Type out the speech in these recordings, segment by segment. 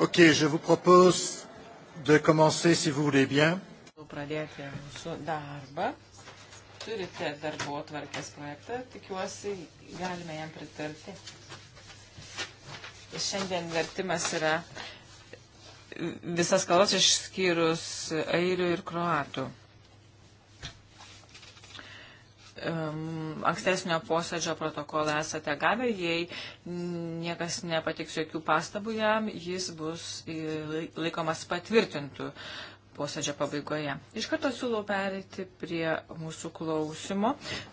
Ok, je vous propose de commencer, si vous voulez bien. Pradėti mūsų darbą. Turite darbo tvarkės projektą, tikiuosi, galime jam pritarti. Šiandien vertimas yra visas kalbas išskyrus airių ir kroatų um, ankstesnio posėdžio protokolą esate gavę, jei niekas nepatiks jokių pastabų jam, jis bus laikomas patvirtintų posėdžio pabaigoje. Iš karto siūlau perėti prie mūsų klausimo.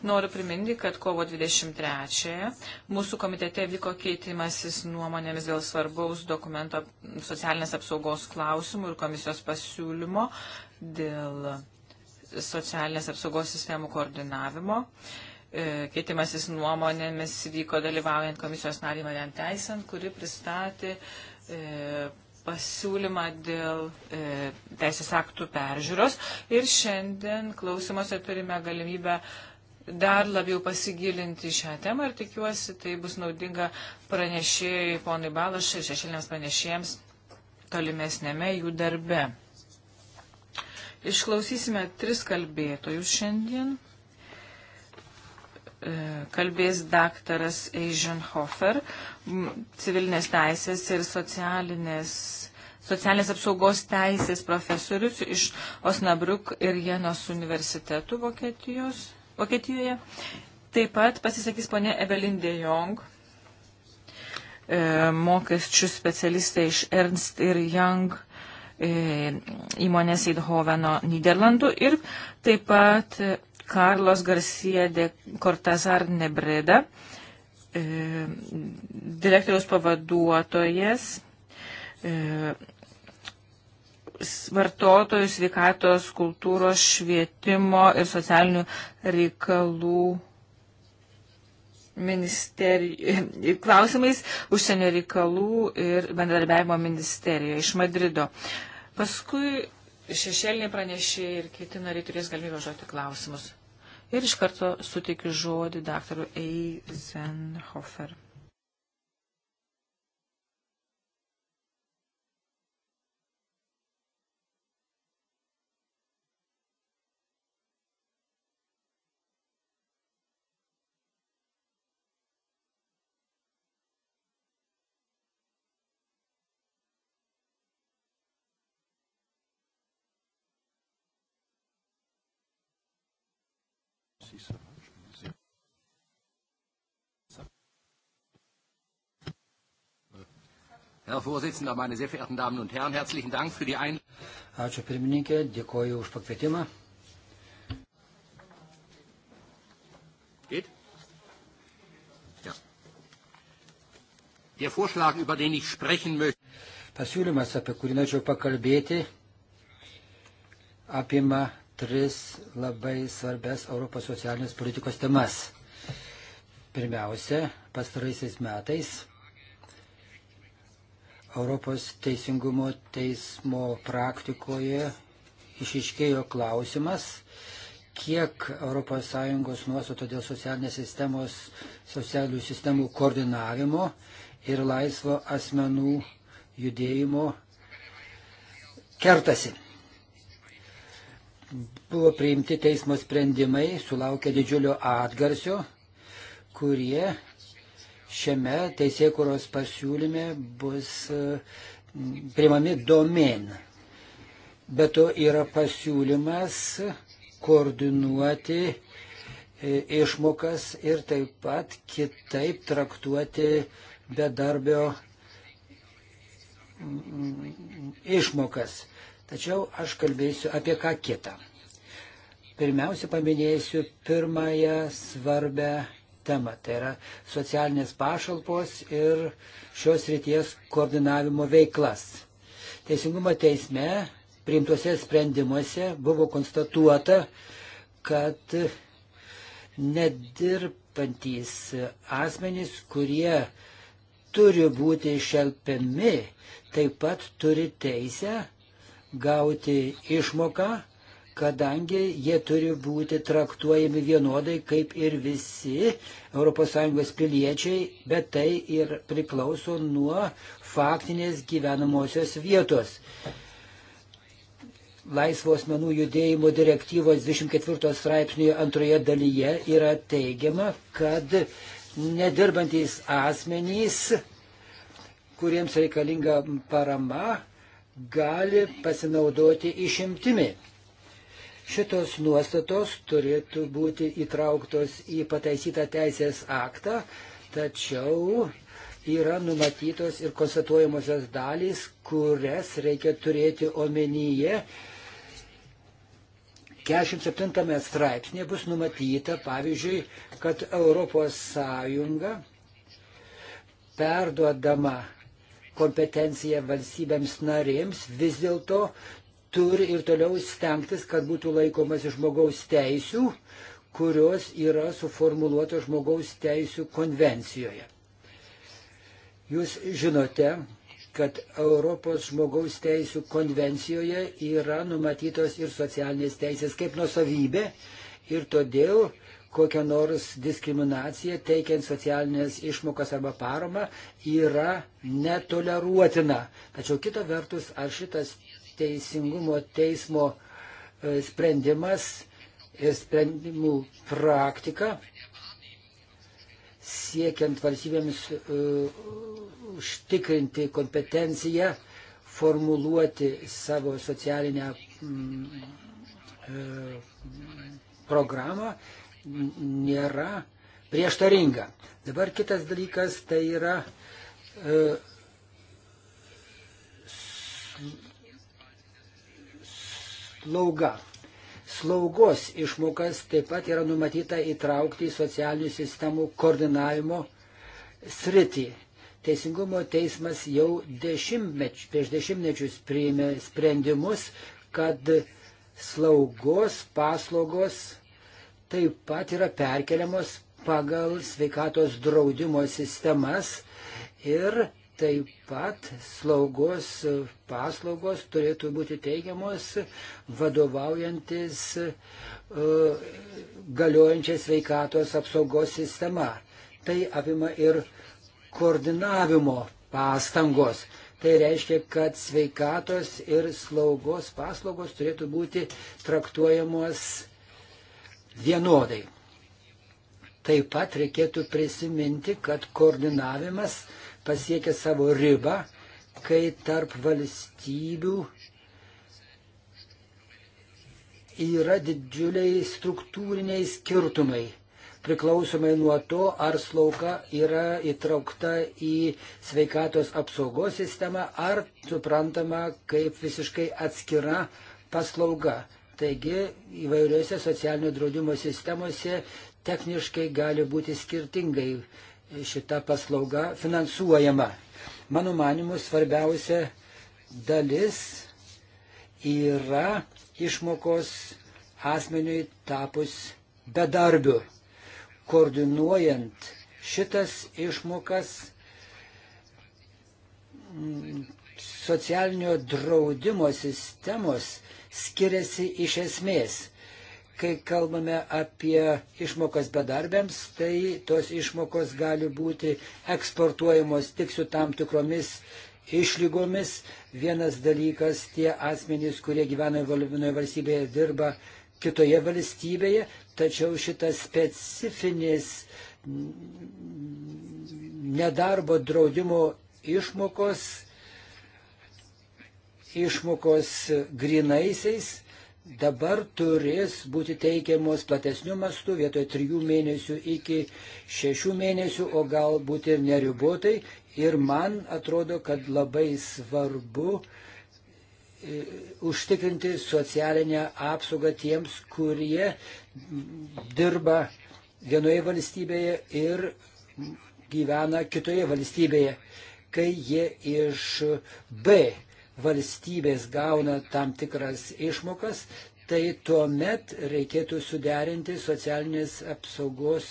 Noriu priminti, kad kovo 23-ąją mūsų komitete vyko keitimasis nuomonėmis dėl svarbaus dokumento socialinės apsaugos klausimų ir komisijos pasiūlymo dėl socialinės apsaugos sistemų koordinavimo. E, keitimasis nuomonėmis vyko dalyvaujant komisijos narį Marian Teisen, kuri pristatė e, pasiūlymą dėl e, teisės aktų peržiūros ir šiandien klausimuose turime galimybę dar labiau pasigilinti šią temą ir tikiuosi, tai bus naudinga pranešėjai ponui Balašai ir šešėliniams pranešėjams tolimesnėme jų darbe. Išklausysime tris kalbėtojus šiandien. E, kalbės daktaras Eisenhofer, civilinės teisės ir socialinės, socialinės apsaugos teisės profesorius iš Osnabruk ir Jenos universitetų Vokietijos, Vokietijoje. Taip pat pasisakys ponė Evelyn de Jong, e, mokesčių specialistė iš Ernst ir Young E, įmonės Eidhoveno Niderlandų ir taip pat Karlos Garcia de Cortazar Nebreda, e, direktoriaus pavaduotojas e, vartotojų sveikatos kultūros švietimo ir socialinių reikalų ministeri... klausimais užsienio reikalų ir bendradarbiavimo ministerijoje iš Madrido. Paskui šešėlinė pranešė ir kiti nariai turės galimybę žodžiu klausimus. Ir iš karto suteikiu žodį daktarui Eisenhofer. qui sera. Je vous ai... Herr Vorsitzender, meine sehr verehrten Damen und Herren, herzlichen Dank für die Einladung. Ačiū pirmininkė, dėkoju už pakvietimą. Geht? Ja. Der Vorschlag, über den ich sprechen möchte. Pasiūlymas, apie kurį norėčiau pakalbėti, apima tris labai svarbes Europos socialinės politikos temas. Pirmiausia, pastaraisiais metais Europos teisingumo teismo praktikoje išiškėjo klausimas, kiek ES nuostato dėl socialinės sistemos, socialinių sistemų koordinavimo ir laisvo asmenų judėjimo kertasi buvo priimti teismo sprendimai, sulaukė didžiulio atgarsio, kurie šiame teisėkuros pasiūlyme bus e, priimami domen. Bet to yra pasiūlymas koordinuoti e, išmokas ir taip pat kitaip traktuoti bedarbio išmokas. Tačiau aš kalbėsiu apie ką kitą. Pirmiausia, paminėsiu pirmąją svarbę temą. Tai yra socialinės pašalpos ir šios ryties koordinavimo veiklas. Teisingumo teisme priimtuose sprendimuose buvo konstatuota, kad nedirbantis asmenys, kurie turi būti šelpiami, taip pat turi teisę gauti išmoką, kadangi jie turi būti traktuojami vienodai kaip ir visi ES piliečiai, bet tai ir priklauso nuo faktinės gyvenamosios vietos. Laisvos menų judėjimo direktyvos 24 straipsnėje antroje dalyje yra teigiama, kad nedirbantys asmenys, kuriems reikalinga parama, gali pasinaudoti išimtimi. Šitos nuostatos turėtų būti įtrauktos į pataisytą teisės aktą, tačiau yra numatytos ir konstatuojamosios dalys, kurias reikia turėti omenyje. 47 straipsnė bus numatyta, pavyzdžiui, kad ES perduodama kompetencija valstybėms narėms, vis dėlto turi ir toliau stengtis, kad būtų laikomas žmogaus teisių, kurios yra suformuluotos žmogaus teisių konvencijoje. Jūs žinote, kad Europos žmogaus teisų konvencijoje yra numatytos ir socialinės teisės kaip nusavybė ir todėl kokią nors diskriminaciją, teikiant socialinės išmokas arba paramą, yra netoleruotina. Tačiau kita vertus, ar šitas teisingumo teismo e, sprendimas ir sprendimų praktika siekiant valstybėms uh, užtikrinti kompetenciją, formuluoti savo socialinę mm, uh, programą, nėra prieštaringa. Dabar kitas dalykas tai yra e, slauga. Slaugos išmokas taip pat yra numatyta įtraukti į socialinių sistemų koordinavimo sritį. Teisingumo teismas jau dešimtmeč, prieš dešimtmečius priėmė sprendimus, kad slaugos paslaugos taip pat yra perkeliamos pagal sveikatos draudimo sistemas ir taip pat slaugos paslaugos turėtų būti teigiamos vadovaujantis uh, galiojančia sveikatos apsaugos sistema. Tai apima ir koordinavimo pastangos. Tai reiškia, kad sveikatos ir slaugos paslaugos turėtų būti traktuojamos vienodai. Taip pat reikėtų prisiminti, kad koordinavimas pasiekia savo ribą, kai tarp valstybių yra didžiuliai struktūriniai skirtumai, priklausomai nuo to, ar slauka yra įtraukta į sveikatos apsaugos sistemą, ar suprantama kaip visiškai atskira paslauga. Taigi įvairiose socialinio draudimo sistemose techniškai gali būti skirtingai šita paslauga finansuojama. Mano manimu, svarbiausia dalis yra išmokos asmeniui tapus bedarbiu. Koordinuojant šitas išmokas socialinio draudimo sistemos skiriasi iš esmės. Kai kalbame apie išmokas bedarbiams, tai tos išmokos gali būti eksportuojamos tik su tam tikromis išlygomis. Vienas dalykas tie asmenys, kurie gyvena vienoje valstybėje ir dirba kitoje valstybėje, tačiau šitas specifinis nedarbo draudimo išmokos išmokos grinaisiais dabar turės būti teikiamos platesnių mastų vietoj trijų mėnesių iki šešių mėnesių, o galbūt ir neribotai. Ir man atrodo, kad labai svarbu e, užtikrinti socialinę apsaugą tiems, kurie dirba vienoje valstybėje ir gyvena kitoje valstybėje, kai jie iš B valstybės gauna tam tikras išmokas, tai tuo met reikėtų suderinti socialinės apsaugos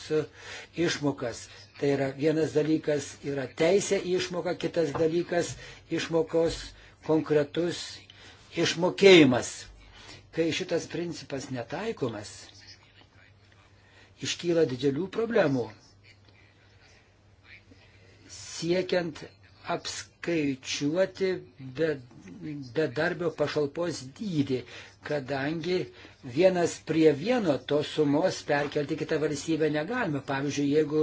išmokas. Tai yra vienas dalykas yra teisė išmoka, kitas dalykas išmokos konkretus išmokėjimas. Kai šitas principas netaikomas, iškyla didelių problemų. Siekiant apskaičiuoti bedarbio pašalpos dydį, kadangi vienas prie vieno tos sumos perkelti kitą valstybę negalime. Pavyzdžiui, jeigu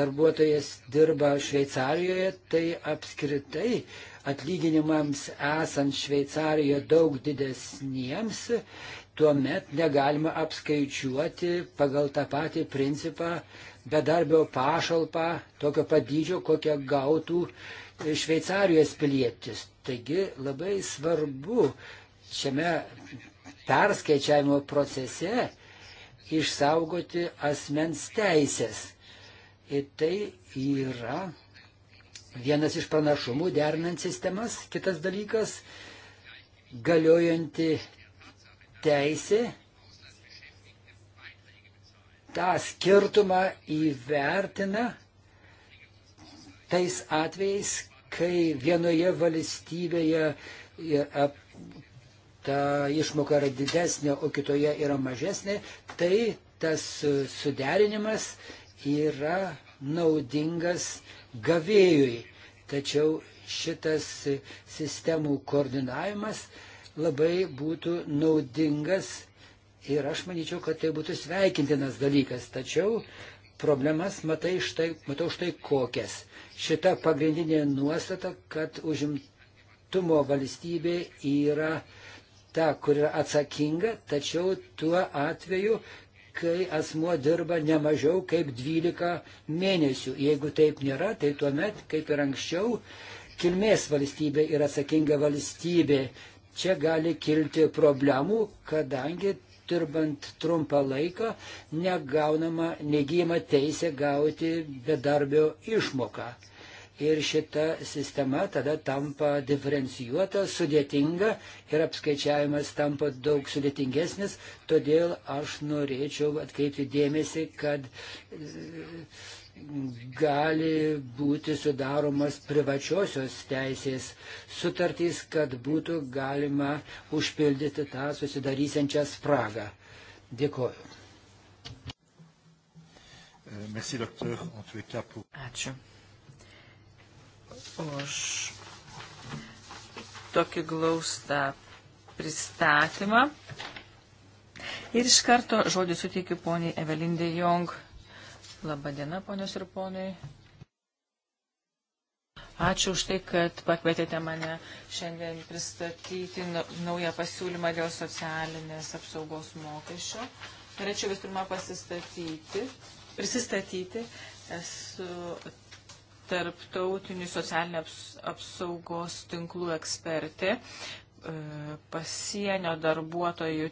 darbuotojas dirba Šveicarijoje, tai apskritai atlyginimams esant Šveicarijoje daug didesniems, tuomet negalima apskaičiuoti pagal tą patį principą bedarbio pašalpą tokio padydžio, kokią gautų Šveicarijos pilietis. Taigi labai svarbu šiame perskaičiavimo procese išsaugoti asmens teisės. Ir tai yra vienas iš pranašumų derinant sistemas. Kitas dalykas - galiojanti teisė tą skirtumą įvertina tais atvejais, kai vienoje valstybėje ta išmoka yra didesnė, o kitoje yra mažesnė, tai tas suderinimas yra naudingas gavėjui. Tačiau šitas sistemų koordinavimas labai būtų naudingas ir aš manyčiau, kad tai būtų sveikintinas dalykas. Tačiau problemas matai štai, matau štai kokias. Šita pagrindinė nuostata, kad užimtumo valstybė yra ta, kur yra atsakinga, tačiau tuo atveju, kai asmuo dirba ne mažiau kaip 12 mėnesių. Jeigu taip nėra, tai tuomet, kaip ir anksčiau, kilmės valstybė yra atsakinga valstybė. Čia gali kilti problemų, kadangi dirbant trumpą laiką, negaunama, negyjama teisė gauti bedarbio išmoką. Ir šita sistema tada tampa diferencijuota, sudėtinga ir apskaičiavimas tampa daug sudėtingesnis. Todėl aš norėčiau atkreipti dėmesį, kad gali būti sudaromas privačiosios teisės sutartys, kad būtų galima užpildyti tą susidarysiančią spragą. Dėkoju. Euh, merci, docteur, en tous les cas pour... Ačiū. Už tokį glaustą pristatymą. Ir iš karto žodį suteikiu poniai Evelindai Jong Labadiena, ponios ir ponai. Ačiū už tai, kad pakvietėte mane šiandien pristatyti naują pasiūlymą dėl socialinės apsaugos mokesčio. Norėčiau vis pirma pasistatyti, prisistatyti. Esu tarptautinių socialinio apsaugos tinklų ekspertė, e, pasienio darbuotojų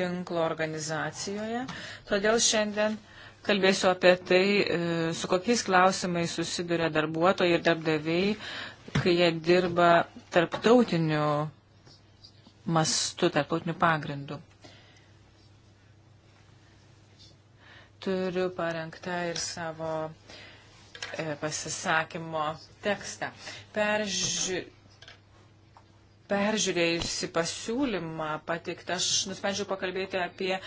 tinklo organizacijoje. Todėl šiandien uh, Kalbėsiu apie tai, e, su kokiais klausimais susiduria darbuotojai ir darbdaviai, kai jie dirba tarptautiniu mastu, tarptautiniu pagrindu. Turiu parengtą ir savo e, pasisakymo tekstą. Perži... Peržiūrėjusi pasiūlymą pateiktą, aš nusprendžiau pakalbėti apie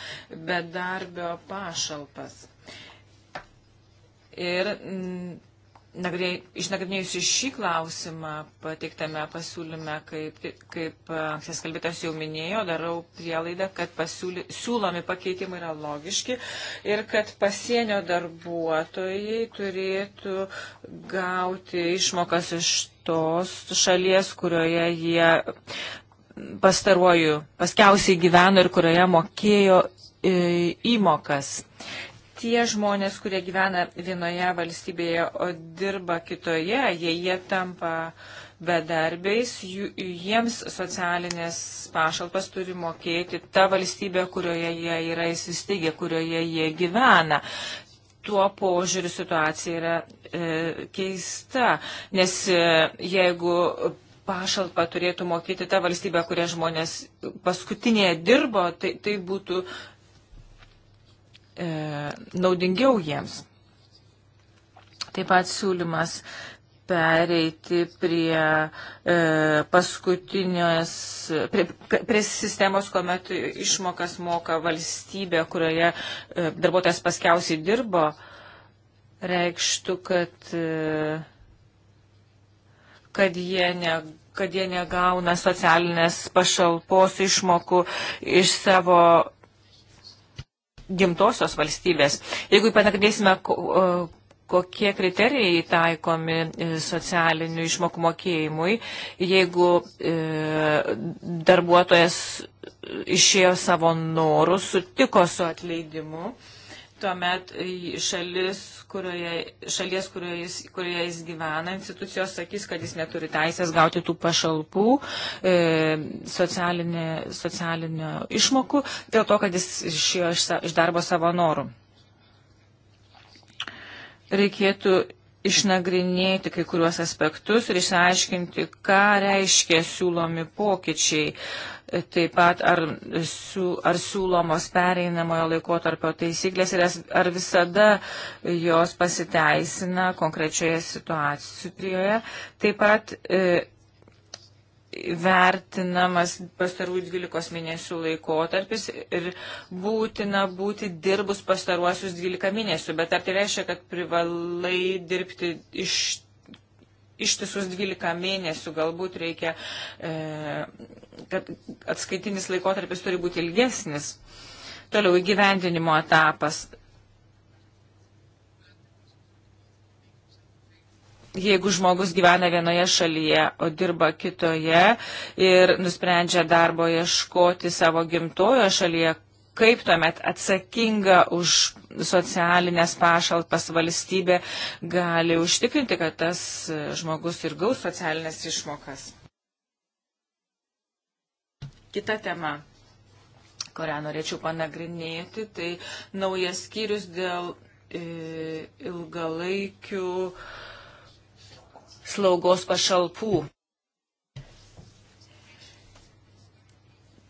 bedarbio pašalpas. Ir mm, nagrė, išnagrinėjusi šį klausimą pateiktame pasiūlyme, kaip, kaip e, ankstės kalbėtas jau minėjo, darau prielaidą, kad pasiūly, siūlomi pakeitimai yra logiški ir kad pasienio darbuotojai turėtų gauti išmokas iš tos šalies, kurioje jie pastaruoju paskiausiai gyveno ir kurioje mokėjo e, įmokas tie žmonės, kurie gyvena vienoje valstybėje, o dirba kitoje, jei jie tampa bedarbiais, jų, jiems socialinės pašalpas turi mokėti ta valstybė, kurioje jie yra įsistigę, kurioje jie gyvena. Tuo požiūriu situacija yra e, keista, nes e, jeigu pašalpą turėtų mokėti ta valstybė, kurie žmonės paskutinėje dirbo, tai, tai būtų e, naudingiau jiems. Taip pat siūlymas pereiti prie e, paskutinės, prie, prie sistemos, kuomet išmokas moka valstybė, kurioje e, darbuotojas paskiausiai dirbo, reikštų, kad, e, kad, jie ne, kad jie negauna socialinės pašalpos išmokų iš savo gimtosios valstybės. Jeigu panagrėsime, kokie kriterijai taikomi e, socialinių išmokų mokėjimui, jeigu e, darbuotojas išėjo savo norų, sutiko su atleidimu tuomet šalis, kurioje, šalies, kurioje jis, kurioje jis gyvena, institucijos sakys, kad jis neturi teisės gauti tų pašalpų, e, socialinė, socialinio išmokų, dėl to, kad jis išėjo iš, iš darbo savo norų. Reikėtų išnagrinėti kai kuriuos aspektus ir išsiaiškinti, ką reiškia siūlomi pokyčiai. Taip pat ar, su, ar siūlomos pereinamojo laikotarpio taisyklės ir ar visada jos pasiteisina konkrečioje situacijoje. Taip pat e, vertinamas pastarųjų 12 mėnesių laikotarpis ir būtina būti dirbus pastaruosius 12 mėnesių. Bet ar tai reiškia, kad privalai dirbti iš, ištisus 12 mėnesių? Galbūt reikia, e, kad atskaitinis laikotarpis turi būti ilgesnis. Toliau įgyvendinimo etapas. jeigu žmogus gyvena vienoje šalyje, o dirba kitoje ir nusprendžia darbo ieškoti savo gimtojo šalyje, kaip tuomet atsakinga už socialinės pašalpas valstybė gali užtikrinti, kad tas žmogus ir gaus socialinės išmokas. Kita tema kurią norėčiau panagrinėti, tai naujas skyrius dėl e, ilgalaikių e, slaugos pašalpų.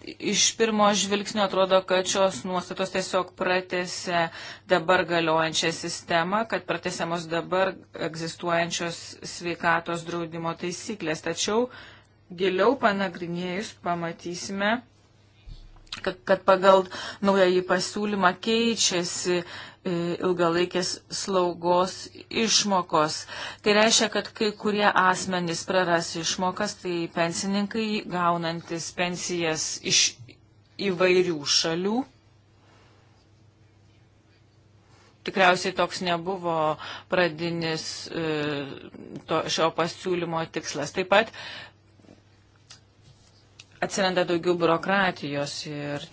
Iš pirmo žvilgsnio atrodo, kad šios nuostatos tiesiog pratėse dabar galiojančią sistemą, kad pratėsiamos dabar egzistuojančios sveikatos draudimo taisyklės. Tačiau giliau panagrinėjus pamatysime, kad pagal naująjį pasiūlymą keičiasi e, ilgalaikės slaugos išmokos. Tai reiškia, kad kai kurie asmenys praras išmokas, tai pensininkai gaunantis pensijas iš įvairių šalių. Tikriausiai toks nebuvo pradinis e, to, šio pasiūlymo tikslas. Taip pat atsiranda daugiau biurokratijos ir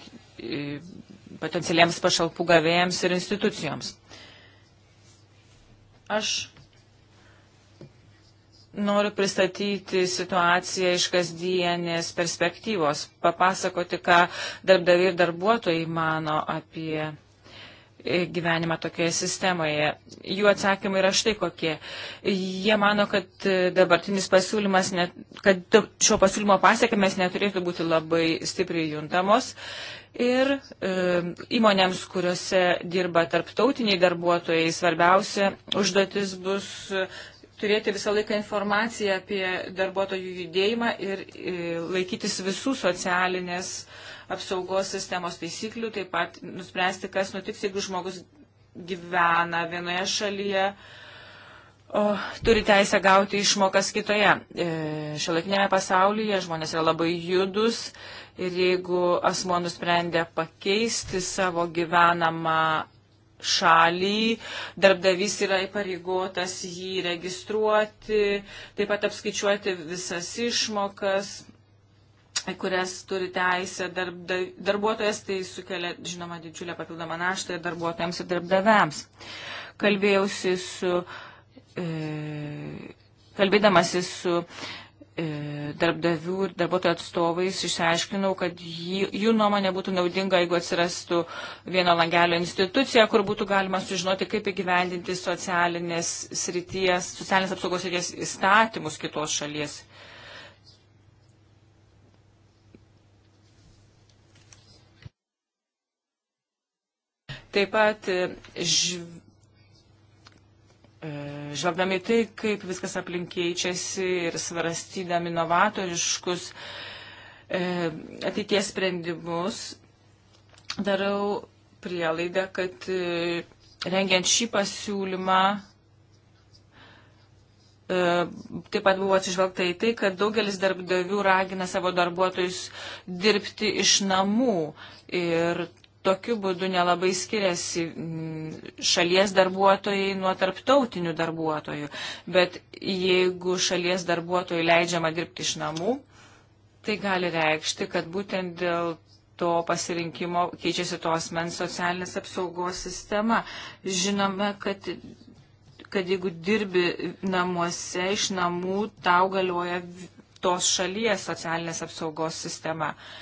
potencialiems pašalpų gavėjams ir institucijoms. Aš noriu pristatyti situaciją iš kasdienės perspektyvos, papasakoti, ką darbdaviai ir darbuotojai mano apie gyvenimą tokioje sistemoje. Jų atsakymai yra štai kokie. Jie mano, kad dabartinis pasiūlymas, net, kad šio pasiūlymo pasiekmes neturėtų būti labai stipriai juntamos. Ir e, įmonėms, kuriuose dirba tarptautiniai darbuotojai, svarbiausia užduotis bus e, turėti visą laiką informaciją apie darbuotojų judėjimą ir e, laikytis visų socialinės e, apsaugos sistemos taisyklių, taip pat nuspręsti, kas nutiks, jeigu žmogus gyvena vienoje šalyje, o turi teisę gauti išmokas kitoje. E, Šiolaikinėme pasaulyje žmonės yra labai judus ir jeigu asmo nusprendė pakeisti savo gyvenamą šalį, darbdavys yra įpareigotas jį registruoti, taip pat apskaičiuoti visas išmokas, kurias turi teisę darbda, darbuotojas, tai sukelia, žinoma, didžiulę papildomą naštą ir darbuotojams ir darbdaviams. Kalbėjausi su, e, kalbėdamasi su e, darbdavių ir darbuotojų atstovais išsiaiškinau, kad jį, jų nuomonė būtų naudinga, jeigu atsirastų vieno langelio institucija, kur būtų galima sužinoti, kaip įgyvendinti socialinės, srities, socialinės apsaugos srities įstatymus kitos šalies Taip pat e, žv... E, žvelgdami tai, kaip viskas aplink keičiasi ir svarstydami novatoriškus e, ateities sprendimus, darau prielaidą, kad rengiant šį pasiūlymą taip pat buvo atsižvelgta į tai, kad daugelis darbdavių ragina savo darbuotojus dirbti iš namų ir tokiu būdu nelabai skiriasi mm, šalies darbuotojai nuo tarptautinių darbuotojų. Bet jeigu šalies darbuotojai leidžiama dirbti iš namų, tai gali reikšti, kad būtent dėl to pasirinkimo keičiasi to asmens socialinės apsaugos sistema. Žinome, kad kad jeigu dirbi namuose, iš namų tau galioja tos šalies socialinės apsaugos sistema. Uh,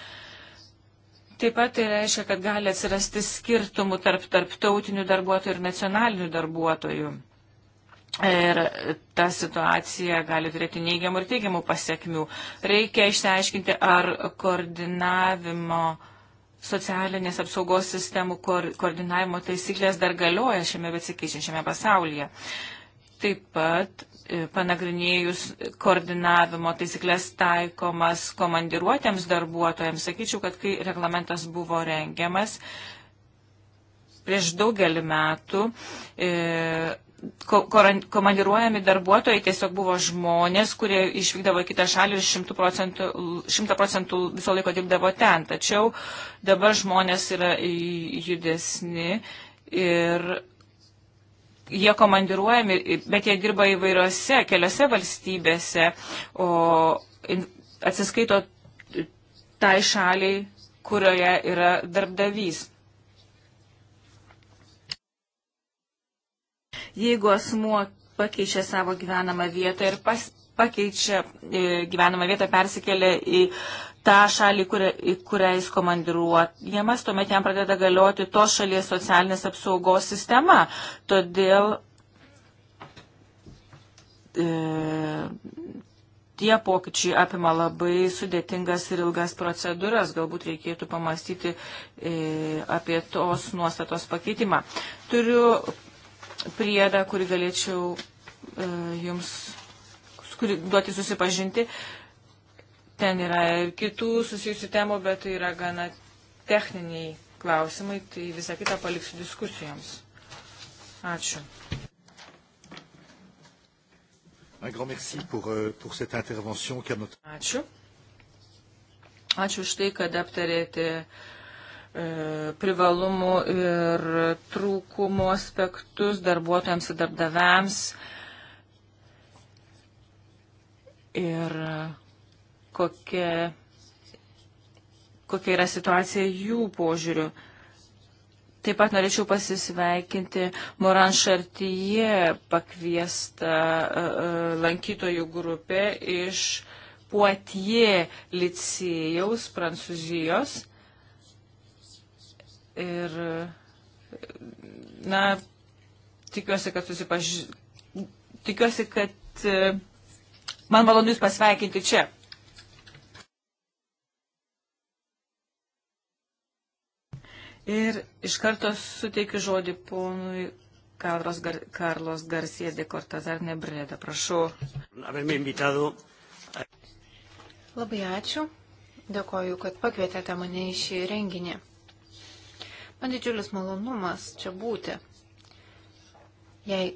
Taip pat tai reiškia, kad gali atsirasti skirtumų tarp tarptautinių darbuotojų ir nacionalinių darbuotojų. Ir ta situacija gali turėti neigiamų ir teigiamų pasiekmių. Reikia išsiaiškinti, ar koordinavimo socialinės apsaugos sistemų ko koordinavimo taisyklės dar galioja šiame besikeičiančiame pasaulyje. Taip pat E, panagrinėjus koordinavimo taisyklės taikomas komandiruotėms darbuotojams, sakyčiau, kad kai reglamentas buvo rengiamas prieš daugelį metų, e, komandiruojami darbuotojai tiesiog buvo žmonės, kurie išvykdavo į kitą šalį ir šimtų procentų, šimtą procentų viso laiko dirbdavo ten. Tačiau dabar žmonės yra judesni ir jie komandiruojami, bet jie dirba įvairiose, keliose valstybėse, o atsiskaito tai šaliai, kurioje yra darbdavys. Jeigu asmuo pakeičia savo gyvenamą vietą ir pas, pakeičia e, gyvenamą vietą, persikelia į uh, tą šalį, kurią, kurią jis komandiruojamas, tuomet jam pradeda galioti tos šalies socialinės apsaugos sistema. Todėl e, tie pokyčiai apima labai sudėtingas ir ilgas procedūras. Galbūt reikėtų pamastyti e, apie tos nuostatos pakeitimą. Turiu priedą, kurį galėčiau e, jums kuri, duoti susipažinti. E, Ten yra ir kitų susijusių temų, bet tai yra gana techniniai klausimai, tai visą kitą paliksiu diskusijoms. Ačiū. Un grand merci pour, euh, pour cette intervention. Ačiū. Ačiū už tai, kad aptarėte e, privalumų ir trūkumų aspektus darbuotojams ir darbdaviams. Ir kokia, kokia yra situacija jų požiūriu. Taip pat norėčiau pasisveikinti Moran Šartyje pakviestą e, e, lankytojų grupę iš Puatie licėjaus Prancūzijos. Ir, na, tikiuosi, kad susipaž... Tikiuosi, kad e, man malonu Jūs pasveikinti čia. Ir iš karto suteikiu žodį ponui Carlos, Gar Carlos Garcia de Cortazar Nebreda. Prašau. Labai ačiū. Dėkoju, kad pakvietėte mane į šį renginį. Man didžiulis malonumas čia būti. Jei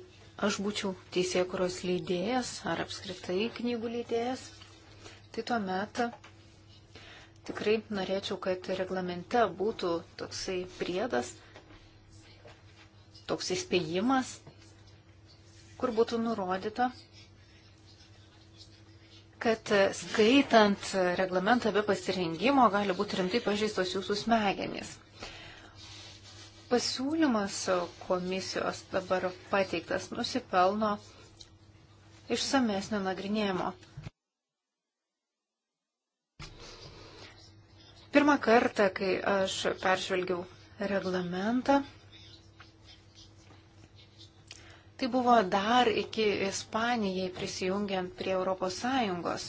aš būčiau teisėkuros leidėjas ar apskritai knygų leidėjas, tai tuomet Tikrai norėčiau, kad reglamente būtų toksai priedas, toks įspėjimas, kur būtų nurodyta, kad skaitant reglamentą be pasirengimo gali būti rimtai pažeistos jūsų smegenys. Pasiūlymas komisijos dabar pateiktas nusipelno išsamesnio nagrinėjimo. Pirmą kartą, kai aš peržvelgiau reglamentą, tai buvo dar iki Ispanijai prisijungiant prie ES.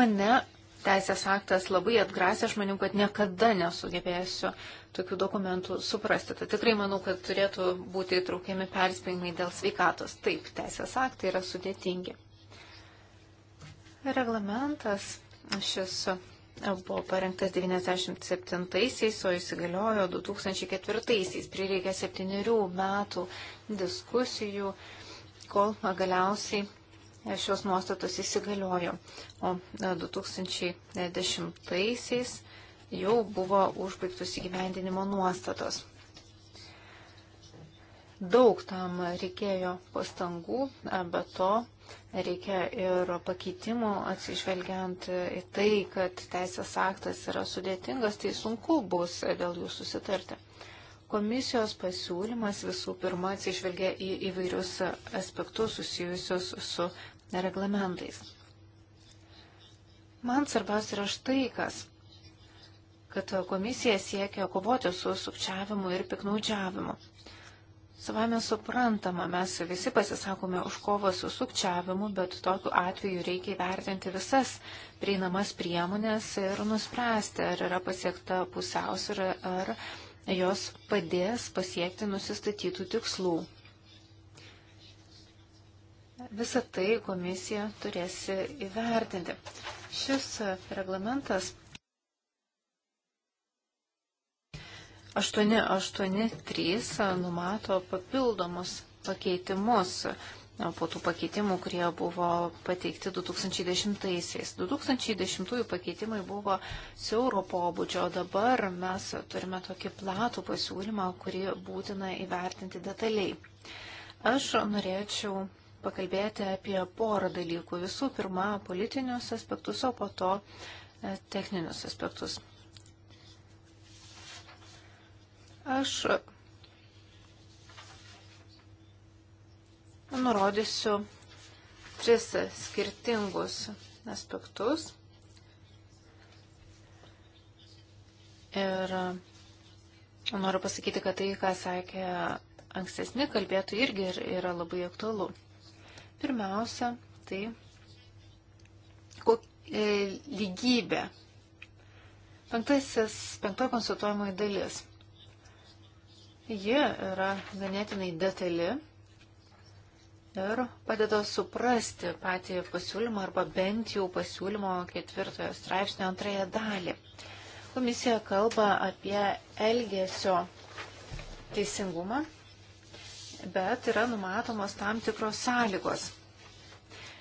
Mane teisės aktas labai atgrasė, aš maniau, kad niekada nesugebėsiu tokių dokumentų suprasti. Tai tikrai manau, kad turėtų būti įtraukiami perspėjimai dėl sveikatos. Taip, teisės aktai yra sudėtingi. Reglamentas šis e, buvo parengtas 97-aisiais, o įsigaliojo 2004-aisiais. Prireikė septyniarių metų diskusijų, kol e, galiausiai e, šios nuostatos įsigaliojo. O 2010-aisiais jau buvo užbaigtus įgyvendinimo nuostatos. Daug tam reikėjo pastangų, bet to Reikia ir pakeitimų atsižvelgiant į tai, kad teisės aktas yra sudėtingas, tai sunku bus dėl jų susitarti. Komisijos pasiūlymas visų pirma atsižvelgia į įvairius aspektus susijusius su reglamentais. Man svarbiausia yra štai kas kad komisija siekia kovoti su sukčiavimu ir piknaudžiavimu. Savame suprantama, mes visi pasisakome už kovą su sukčiavimu, bet tokiu atveju reikia įvertinti visas prieinamas priemonės ir nuspręsti, ar yra pasiekta pusiausvyrą, ar jos padės pasiekti nusistatytų tikslų. Visą tai komisija turės įvertinti. Šis reglamentas 883 numato papildomus pakeitimus po tų pakeitimų, kurie buvo pateikti 2010-aisiais. 2010-ųjų pakeitimai buvo siauro pobūdžio, o dabar mes turime tokį platų pasiūlymą, kurį būtina įvertinti detaliai. Aš norėčiau pakalbėti apie porą dalykų. Visų pirma, politinius aspektus, o po to e, techninius aspektus. Aš nurodysiu tris skirtingus aspektus. Ir noriu pasakyti, kad tai, ką sakė ankstesni kalbėtų, irgi yra labai aktualu. Pirmiausia, tai kok, e, lygybė. Penktasis, penktoji konsultuojamoji dalis. Ji yra ganėtinai detali ir padeda suprasti patį pasiūlymą arba bent jau pasiūlymo ketvirtojo straipsnio antrąją dalį. Komisija kalba apie elgesio teisingumą, bet yra numatomos tam tikros sąlygos.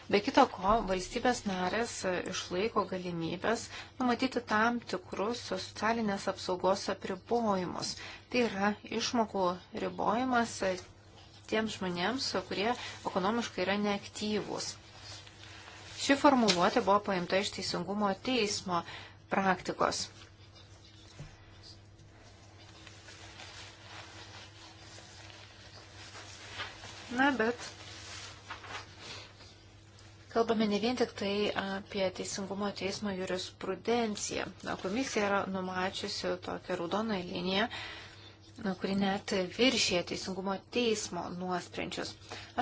Be kito ko, valstybės narės e, išlaiko galimybės numatyti tam tikrus socialinės apsaugos apribojimus. Tai yra išmokų ribojimas e, tiems žmonėms, e, kurie ekonomiškai yra neaktyvūs. Ši formuluotė buvo paimta iš Teisingumo teismo praktikos. Na, bet Kalbame ne vien tik tai apie Teisingumo teismo jurisprudenciją. Komisija yra numačiusi tokią raudoną liniją, kuri net viršė Teisingumo teismo nuosprendžius.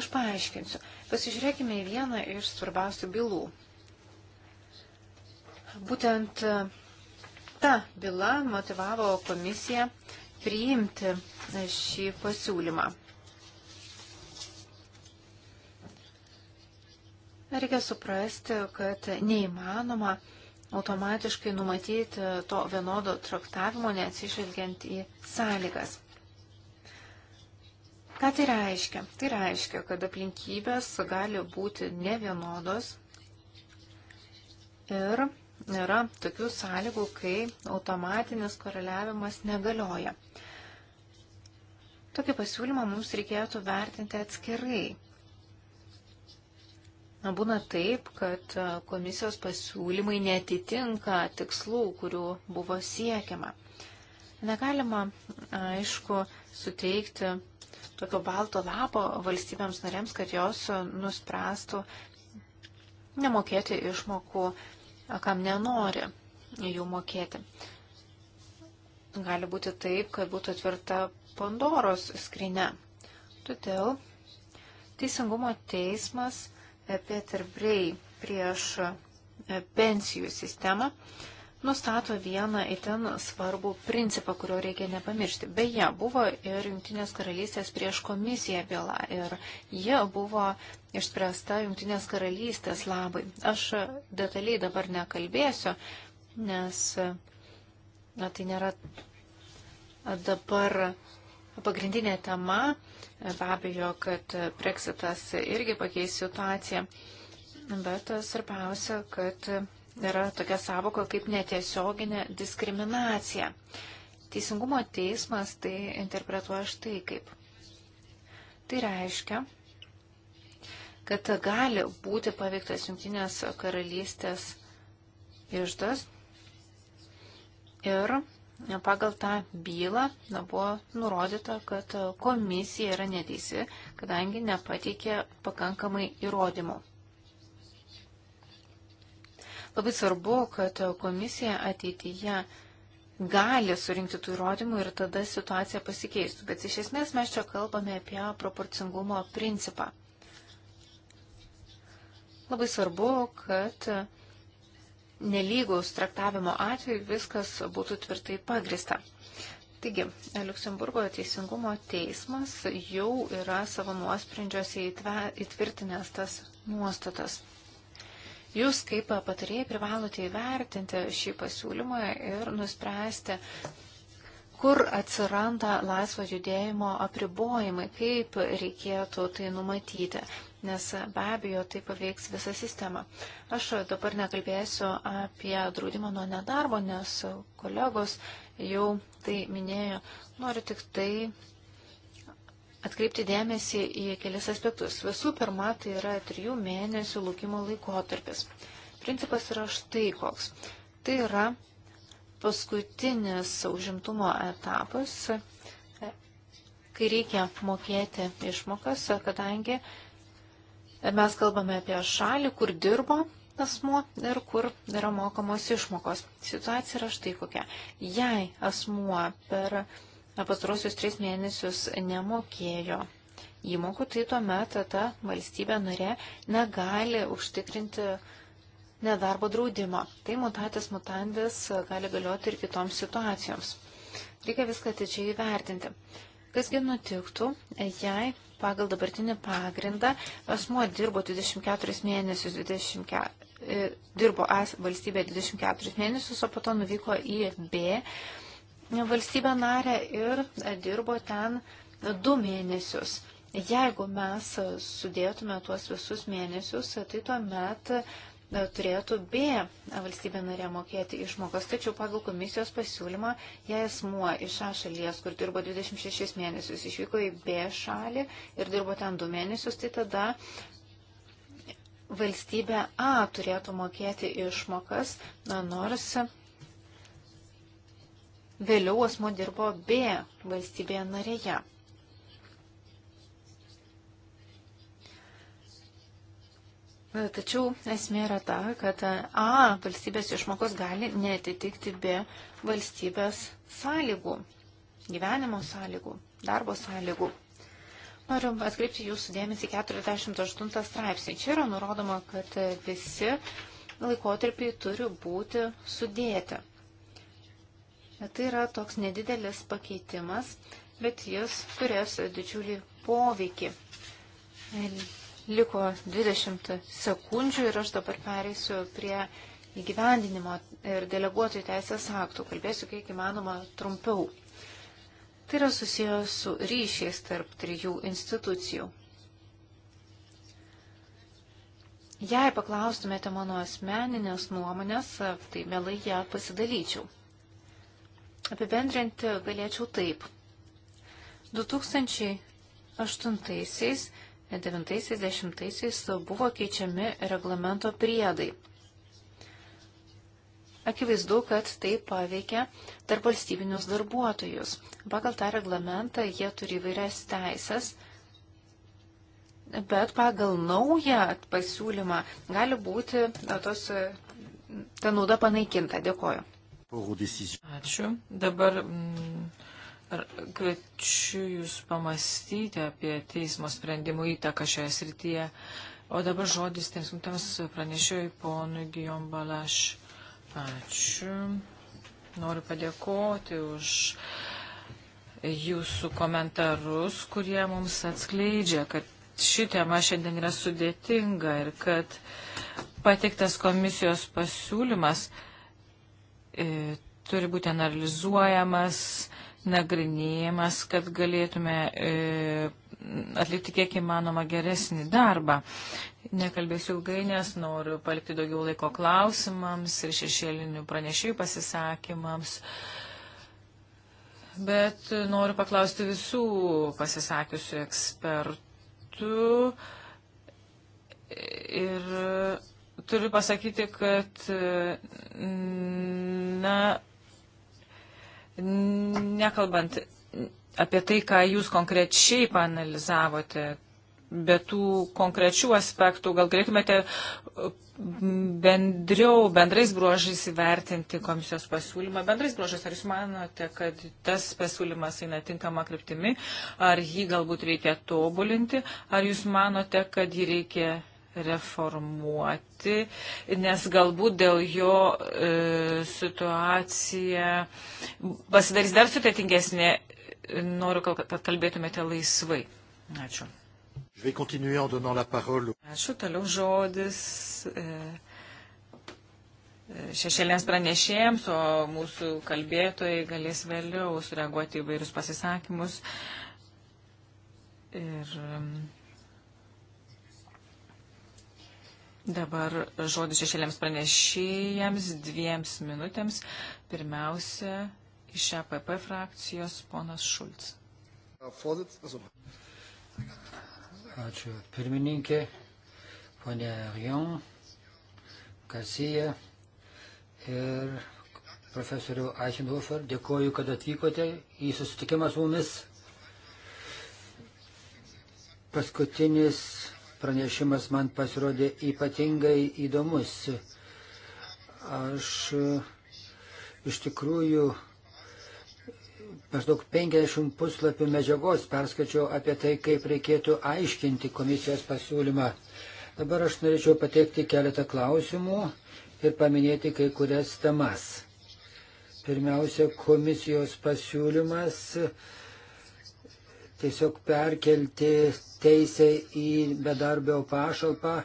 Aš paaiškinsiu. Pasižiūrėkime į vieną iš svarbiausių bylų. Būtent e, ta byla motivavo komisiją priimti šį pasiūlymą. Reikia suprasti, kad neįmanoma automatiškai numatyti to vienodo traktavimo, neatsižvelgiant į sąlygas. Ką tai reiškia? Tai reiškia, kad aplinkybės gali būti ne vienodos ir yra tokių sąlygų, kai automatinis koreliavimas negalioja. Tokį pasiūlymą mums reikėtų vertinti atskirai. Būna taip, kad e, komisijos pasiūlymai netitinka tikslų, kurių buvo siekiama. Negalima, aišku, suteikti tokio balto lapo valstybėms narėms, kad jos nuspręstų nemokėti išmokų, kam nenori jų mokėti. Gali būti taip, kad būtų atvirta Pandoros skrinė. Todėl Teisingumo teismas Peter Bray prieš e, pensijų sistemą nustato vieną itin svarbų principą, kurio reikia nepamiršti. Beje, buvo ir Junktinės karalystės prieš komisiją byla ir ji buvo išspręsta Junktinės karalystės labai. Aš detaliai dabar nekalbėsiu, nes na, tai nėra dabar Pagrindinė tema, be abejo, kad Brexitas irgi pakeis situaciją, bet svarbiausia, kad yra tokia savoka kaip netiesioginė diskriminacija. Teisingumo teismas tai interpretuoja štai kaip. Tai reiškia, kad gali būti paveiktas Junktinės karalystės išdas ir pagal tą bylą na, buvo nurodyta, kad e, komisija yra neteisi, kadangi nepateikė pakankamai įrodymų. Labai svarbu, kad e, komisija ateityje gali surinkti tų įrodymų ir tada situacija pasikeistų. Bet iš esmės mes čia kalbame apie proporcingumo principą. Labai svarbu, kad nelygaus traktavimo atveju viskas būtų tvirtai pagrista. Taigi, Luksemburgo teisingumo teismas jau yra savo nuosprendžiuose įtvirtinęs tas nuostatas. Jūs kaip patarėjai privalote įvertinti šį pasiūlymą ir nuspręsti, kur atsiranda laisvo judėjimo apribojimai, kaip reikėtų tai numatyti, nes be abejo tai paveiks visą sistemą. Aš dabar nekalbėsiu apie draudimą nuo nedarbo, nes kolegos jau tai minėjo. Noriu tik tai atkreipti dėmesį į kelis aspektus. Visų pirma, tai yra trijų mėnesių laukimo laikotarpis. Principas yra štai koks. Tai yra paskutinis užimtumo etapas, kai reikia mokėti išmokas, kadangi mes kalbame apie šalį, kur dirbo asmuo ir kur yra mokamos išmokos. Situacija yra štai kokia. Jei asmuo per pastarosius tris mėnesius nemokėjo įmokų, tai tuomet ta valstybė narė negali užtikrinti nedarbo draudimą. Tai mutatis mutandis e, gali galioti ir kitoms situacijoms. Reikia viską atidžiai įvertinti. Kasgi nutiktų, e, jei pagal dabartinį pagrindą asmuo dirbo 24 mėnesius, 24, e, dirbo as, valstybė 24 mėnesius, o po to nuvyko į B valstybę narę ir dirbo ten 2 mėnesius. Jeigu mes sudėtume tuos visus mėnesius, tai tuomet turėtų B valstybė narė mokėti išmokas, tačiau pagal komisijos pasiūlymą, jei asmuo iš A šalies, kur dirbo 26 mėnesius, išvyko į B šalį ir dirbo ten 2 mėnesius, tai tada valstybė A turėtų mokėti išmokas, nors vėliau asmo dirbo B valstybėje narėje. Tačiau esmė yra ta, kad e, A valstybės išmokos gali netitikti B valstybės sąlygų, gyvenimo sąlygų, darbo sąlygų. Noriu atkreipti jūsų dėmesį 48 straipsnį. Čia yra nurodoma, kad e, visi laikotarpiai turi būti sudėti. Tai yra toks nedidelis pakeitimas, bet jis turės didžiulį poveikį Liko 20 sekundžių ir aš dabar pereisiu prie įgyvendinimo ir deleguotojų teisės aktų. Kalbėsiu kiek įmanoma trumpiau. Tai yra susijęs su ryšiais tarp trijų institucijų. Jei paklaustumėte mano asmeninės nuomonės, tai mielai ją pasidalyčiau. Apibendrinti galėčiau taip. 2008 90-10 buvo keičiami reglamento priedai. Akivaizdu, kad tai paveikia tarp valstybinius darbuotojus. Pagal tą reglamentą jie turi įvairias teisės, bet pagal naują pasiūlymą gali būti tos, ta nauda panaikinta. Dėkoju. Ačiū. Dabar. Mm, Ar kviečiu Jūs pamastyti apie teismo sprendimų įtaką šioje srityje. O dabar žodis tiems mintams pranešėjai ponui Gijom Balaš. Ačiū. Noriu padėkoti už jūsų komentarus, kurie mums atskleidžia, kad ši tema šiandien yra sudėtinga ir kad pateiktas komisijos pasiūlymas e, turi būti analizuojamas, nagrinėjimas, kad galėtume e, atlikti kiek įmanoma geresnį darbą. Nekalbėsiu ilgai, nes noriu palikti daugiau laiko klausimams ir šešėlinių pranešėjų pasisakymams. Bet noriu paklausti visų pasisakiusių ekspertų. Ir turiu pasakyti, kad na, Nekalbant apie tai, ką jūs konkrečiai panalizavote, bet tų konkrečių aspektų gal galėtumėte uh, bendriau, bendrais bruožais įvertinti komisijos pasiūlymą. Bendrais bruožais, ar jūs manote, kad tas pasiūlymas eina tinkama kryptimi, ar jį galbūt reikia tobulinti, ar jūs manote, kad jį reikia reformuoti, nes galbūt dėl jo e, situacija pasidarys dar sudėtingesnė. Noriu, kad kalbėtumėte laisvai. Ačiū. Ačiū, toliau žodis. E, e šešėlės pranešėjams, o mūsų kalbėtojai galės vėliau sureaguoti į vairius pasisakymus. Ir Dabar žodis šešėliams pranešėjams dviems minutėms. Pirmiausia, iš APP e frakcijos ponas Šulc. Ačiū pirmininkė, ponė Rion, Kasija ir profesoriu Eichenhofer. Dėkoju, kad atvykote į susitikimą su mumis. Paskutinis pranešimas man pasirodė ypatingai įdomus. Aš e, iš tikrųjų maždaug 50 puslapių medžiagos perskačiau apie tai, kaip reikėtų aiškinti komisijos pasiūlymą. Dabar aš norėčiau pateikti keletą klausimų ir paminėti kai kurias temas. Pirmiausia, komisijos pasiūlymas tiesiog perkelti teisę į bedarbio pašalpą,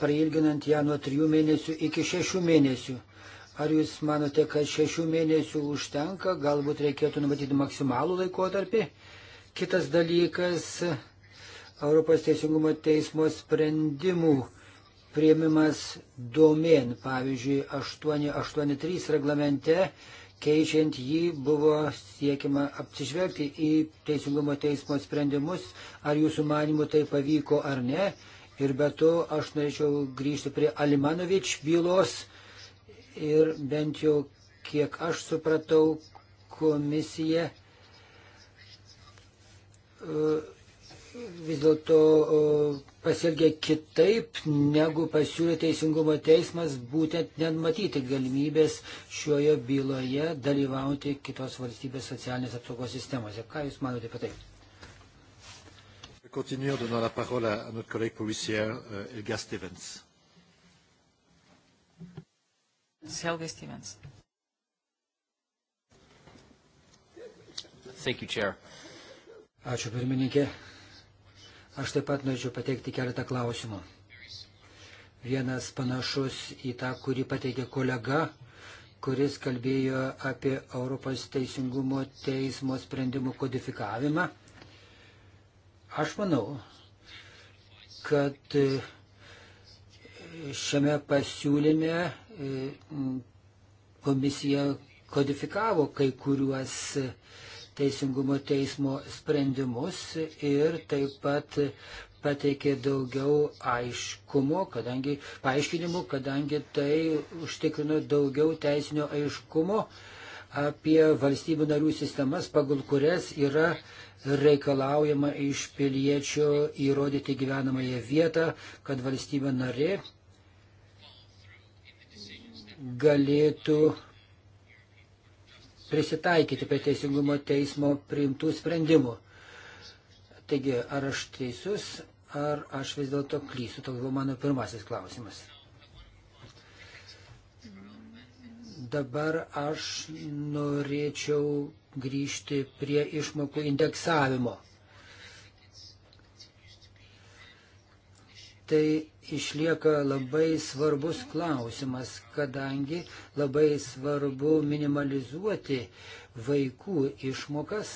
prailginant ją nuo trijų mėnesių iki šešių mėnesių. Ar jūs manote, kad šešių mėnesių užtenka, galbūt reikėtų numatyti maksimalų laikotarpį? Kitas dalykas - Europos Teisingumo teismo sprendimų prieimimas domen, pavyzdžiui, 883 reglamente Keičiant jį buvo siekima atsižvelgti į Teisingumo teismo sprendimus, ar jūsų manimų tai pavyko ar ne. Ir be to aš norėčiau grįžti prie Alimanovič bylos ir bent jau kiek aš supratau, komisija uh, vis dėlto pasielgė kitaip, negu pasiūlė Teisingumo teismas, būtent nematyti galimybės šioje byloje dalyvauti kitos valstybės socialinės apsaugos sistemose. Ką Jūs manote apie tai? Continuons donnant la parole à notre collègue policière euh, Elga Stevens. Helga Stevens. Thank you, Chair. Ačiū pirmininkė. Aš taip pat norėčiau pateikti keletą klausimų. Vienas panašus į tą, kurį pateikė kolega, kuris kalbėjo apie Europos teisingumo teismo sprendimų kodifikavimą. Aš manau, kad e, šiame pasiūlyme e, komisija kodifikavo kai kuriuos teisingumo teismo sprendimus ir taip pat pateikė daugiau aiškumo, kadangi, paaiškinimų, kadangi tai užtikrino daugiau teisinio aiškumo apie valstybių narių sistemas, pagal kurias yra reikalaujama iš piliečio įrodyti gyvenamąją vietą, kad valstybė narė galėtų prisitaikyti prie teisingumo teismo priimtų sprendimų. Taigi, ar aš teisus, ar aš vis dėlto klysiu, toks buvo mano pirmasis klausimas. Dabar aš norėčiau grįžti prie išmokų indeksavimo. tai išlieka labai svarbus klausimas, kadangi labai svarbu minimalizuoti vaikų išmokas,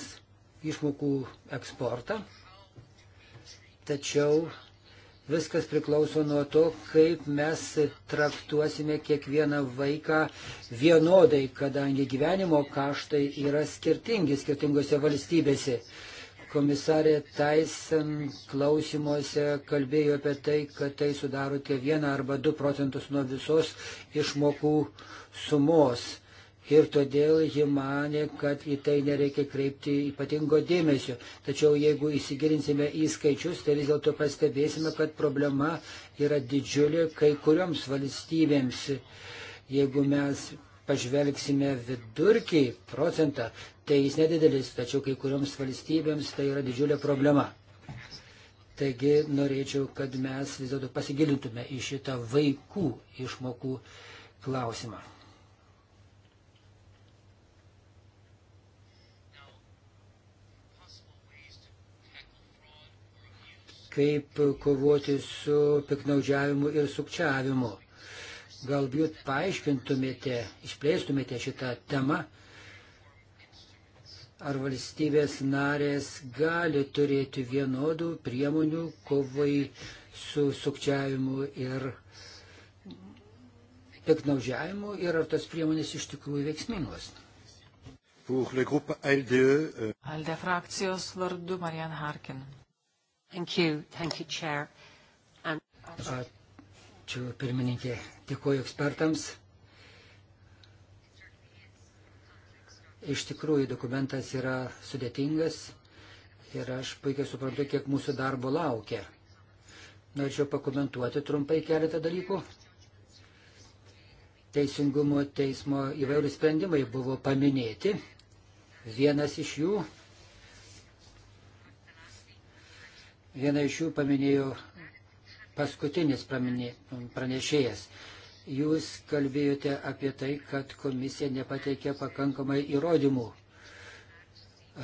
išmokų eksportą. Tačiau Viskas priklauso nuo to, kaip mes traktuosime kiekvieną vaiką vienodai, kadangi gyvenimo kaštai yra skirtingi skirtingose valstybėse. Komisarė Taisen klausimuose kalbėjo apie tai, kad tai sudaro tie vieną arba du procentus nuo visos išmokų sumos. Ir todėl ji mane, kad į tai nereikia kreipti ypatingo dėmesio. Tačiau jeigu įsigilinsime į skaičius, tai vis dėlto pastebėsime, kad problema yra didžiulė kai kurioms valstybėms. Jeigu mes pažvelgsime vidurkį procentą, tai jis nedidelis, tačiau kai kurioms valstybėms tai yra didžiulė problema. Taigi norėčiau, kad mes vis dėlto pasigilintume į šitą vaikų išmokų klausimą. kaip kovoti su piknaudžiavimu ir sukčiavimu. Galbūt paaiškintumėte, išplėstumėte šitą temą, ar valstybės narės gali turėti vienodų priemonių kovai su sukčiavimu ir piknaudžiavimu ir ar tos priemonės iš tikrųjų veiksmingos. ALDE. E, euh, ALDE frakcijos vardu Marian Harkin. Thank you. Thank you, Chair. And... Um, Ačiū pirmininkė. Dėkuoju ekspertams. Iš tikrųjų, dokumentas yra sudėtingas ir aš puikiai suprantu, kiek mūsų darbo laukia. Norėčiau pakomentuoti trumpai keletą dalykų. Teisingumo teismo įvairių sprendimai buvo paminėti. Vienas iš jų, vieną iš jų paminėjo paskutinis pranešėjas. Jūs kalbėjote apie tai, kad komisija nepateikė pakankamai įrodymų,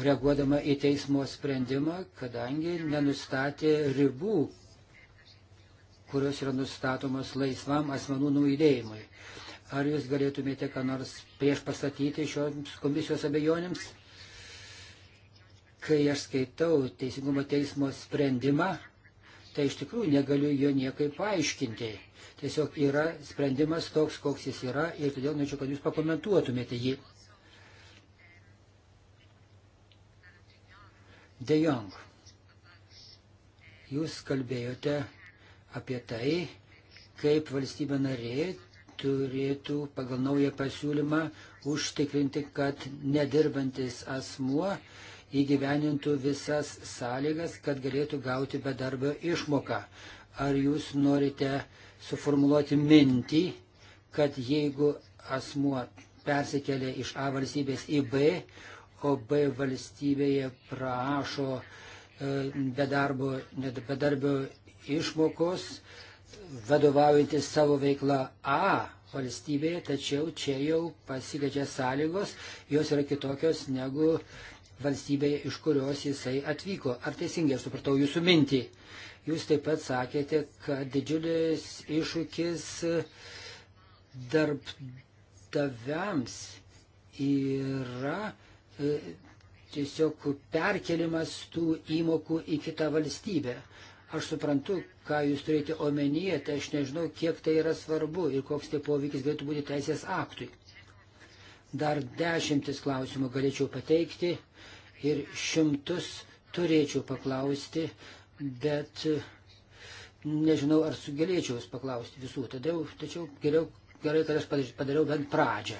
reaguodama į teismo sprendimą, kadangi nenustatė ribų, kurios yra nustatomos laisvam asmenų nuėdėjimui. Ar jūs galėtumėte ką nors prieš pastatyti šioms komisijos abejonėms? Kai aš skaitau Teisingumo teismo sprendimą, tai iš tikrųjų negaliu jo niekaip paaiškinti. Tiesiog yra sprendimas toks, koks jis yra ir todėl norėčiau, kad jūs pakomentuotumėte jį. De Jong, jūs kalbėjote apie tai, kaip valstybė narė turėtų pagal naują pasiūlymą užtikrinti, kad nedirbantis asmuo įgyvenintų visas sąlygas, kad galėtų gauti bedarbio išmoką. Ar jūs norite suformuluoti mintį, kad jeigu asmuo persikėlė iš A valstybės į B, o B valstybėje prašo e, bedarbo, bedarbio išmokos, vadovaujantis savo veiklą A valstybėje, tačiau čia jau pasikeičia sąlygos, jos yra kitokios negu valstybėje, iš kurios jisai atvyko. Ar teisingai supratau jūsų mintį? Jūs taip pat sakėte, kad didžiulis iššūkis darbdaviams yra e, tiesiog perkelimas tų įmokų į kitą valstybę. Aš suprantu, ką jūs turite omenyje, tai aš nežinau, kiek tai yra svarbu ir koks tai poveikis galėtų būti teisės aktui. Dar dešimtis klausimų galėčiau pateikti ir šimtus turėčiau paklausti, bet e, nežinau, ar sugalėčiau jūs paklausti visų. Tadėl, tačiau geriau, gerai, kad aš padariau bent pradžią.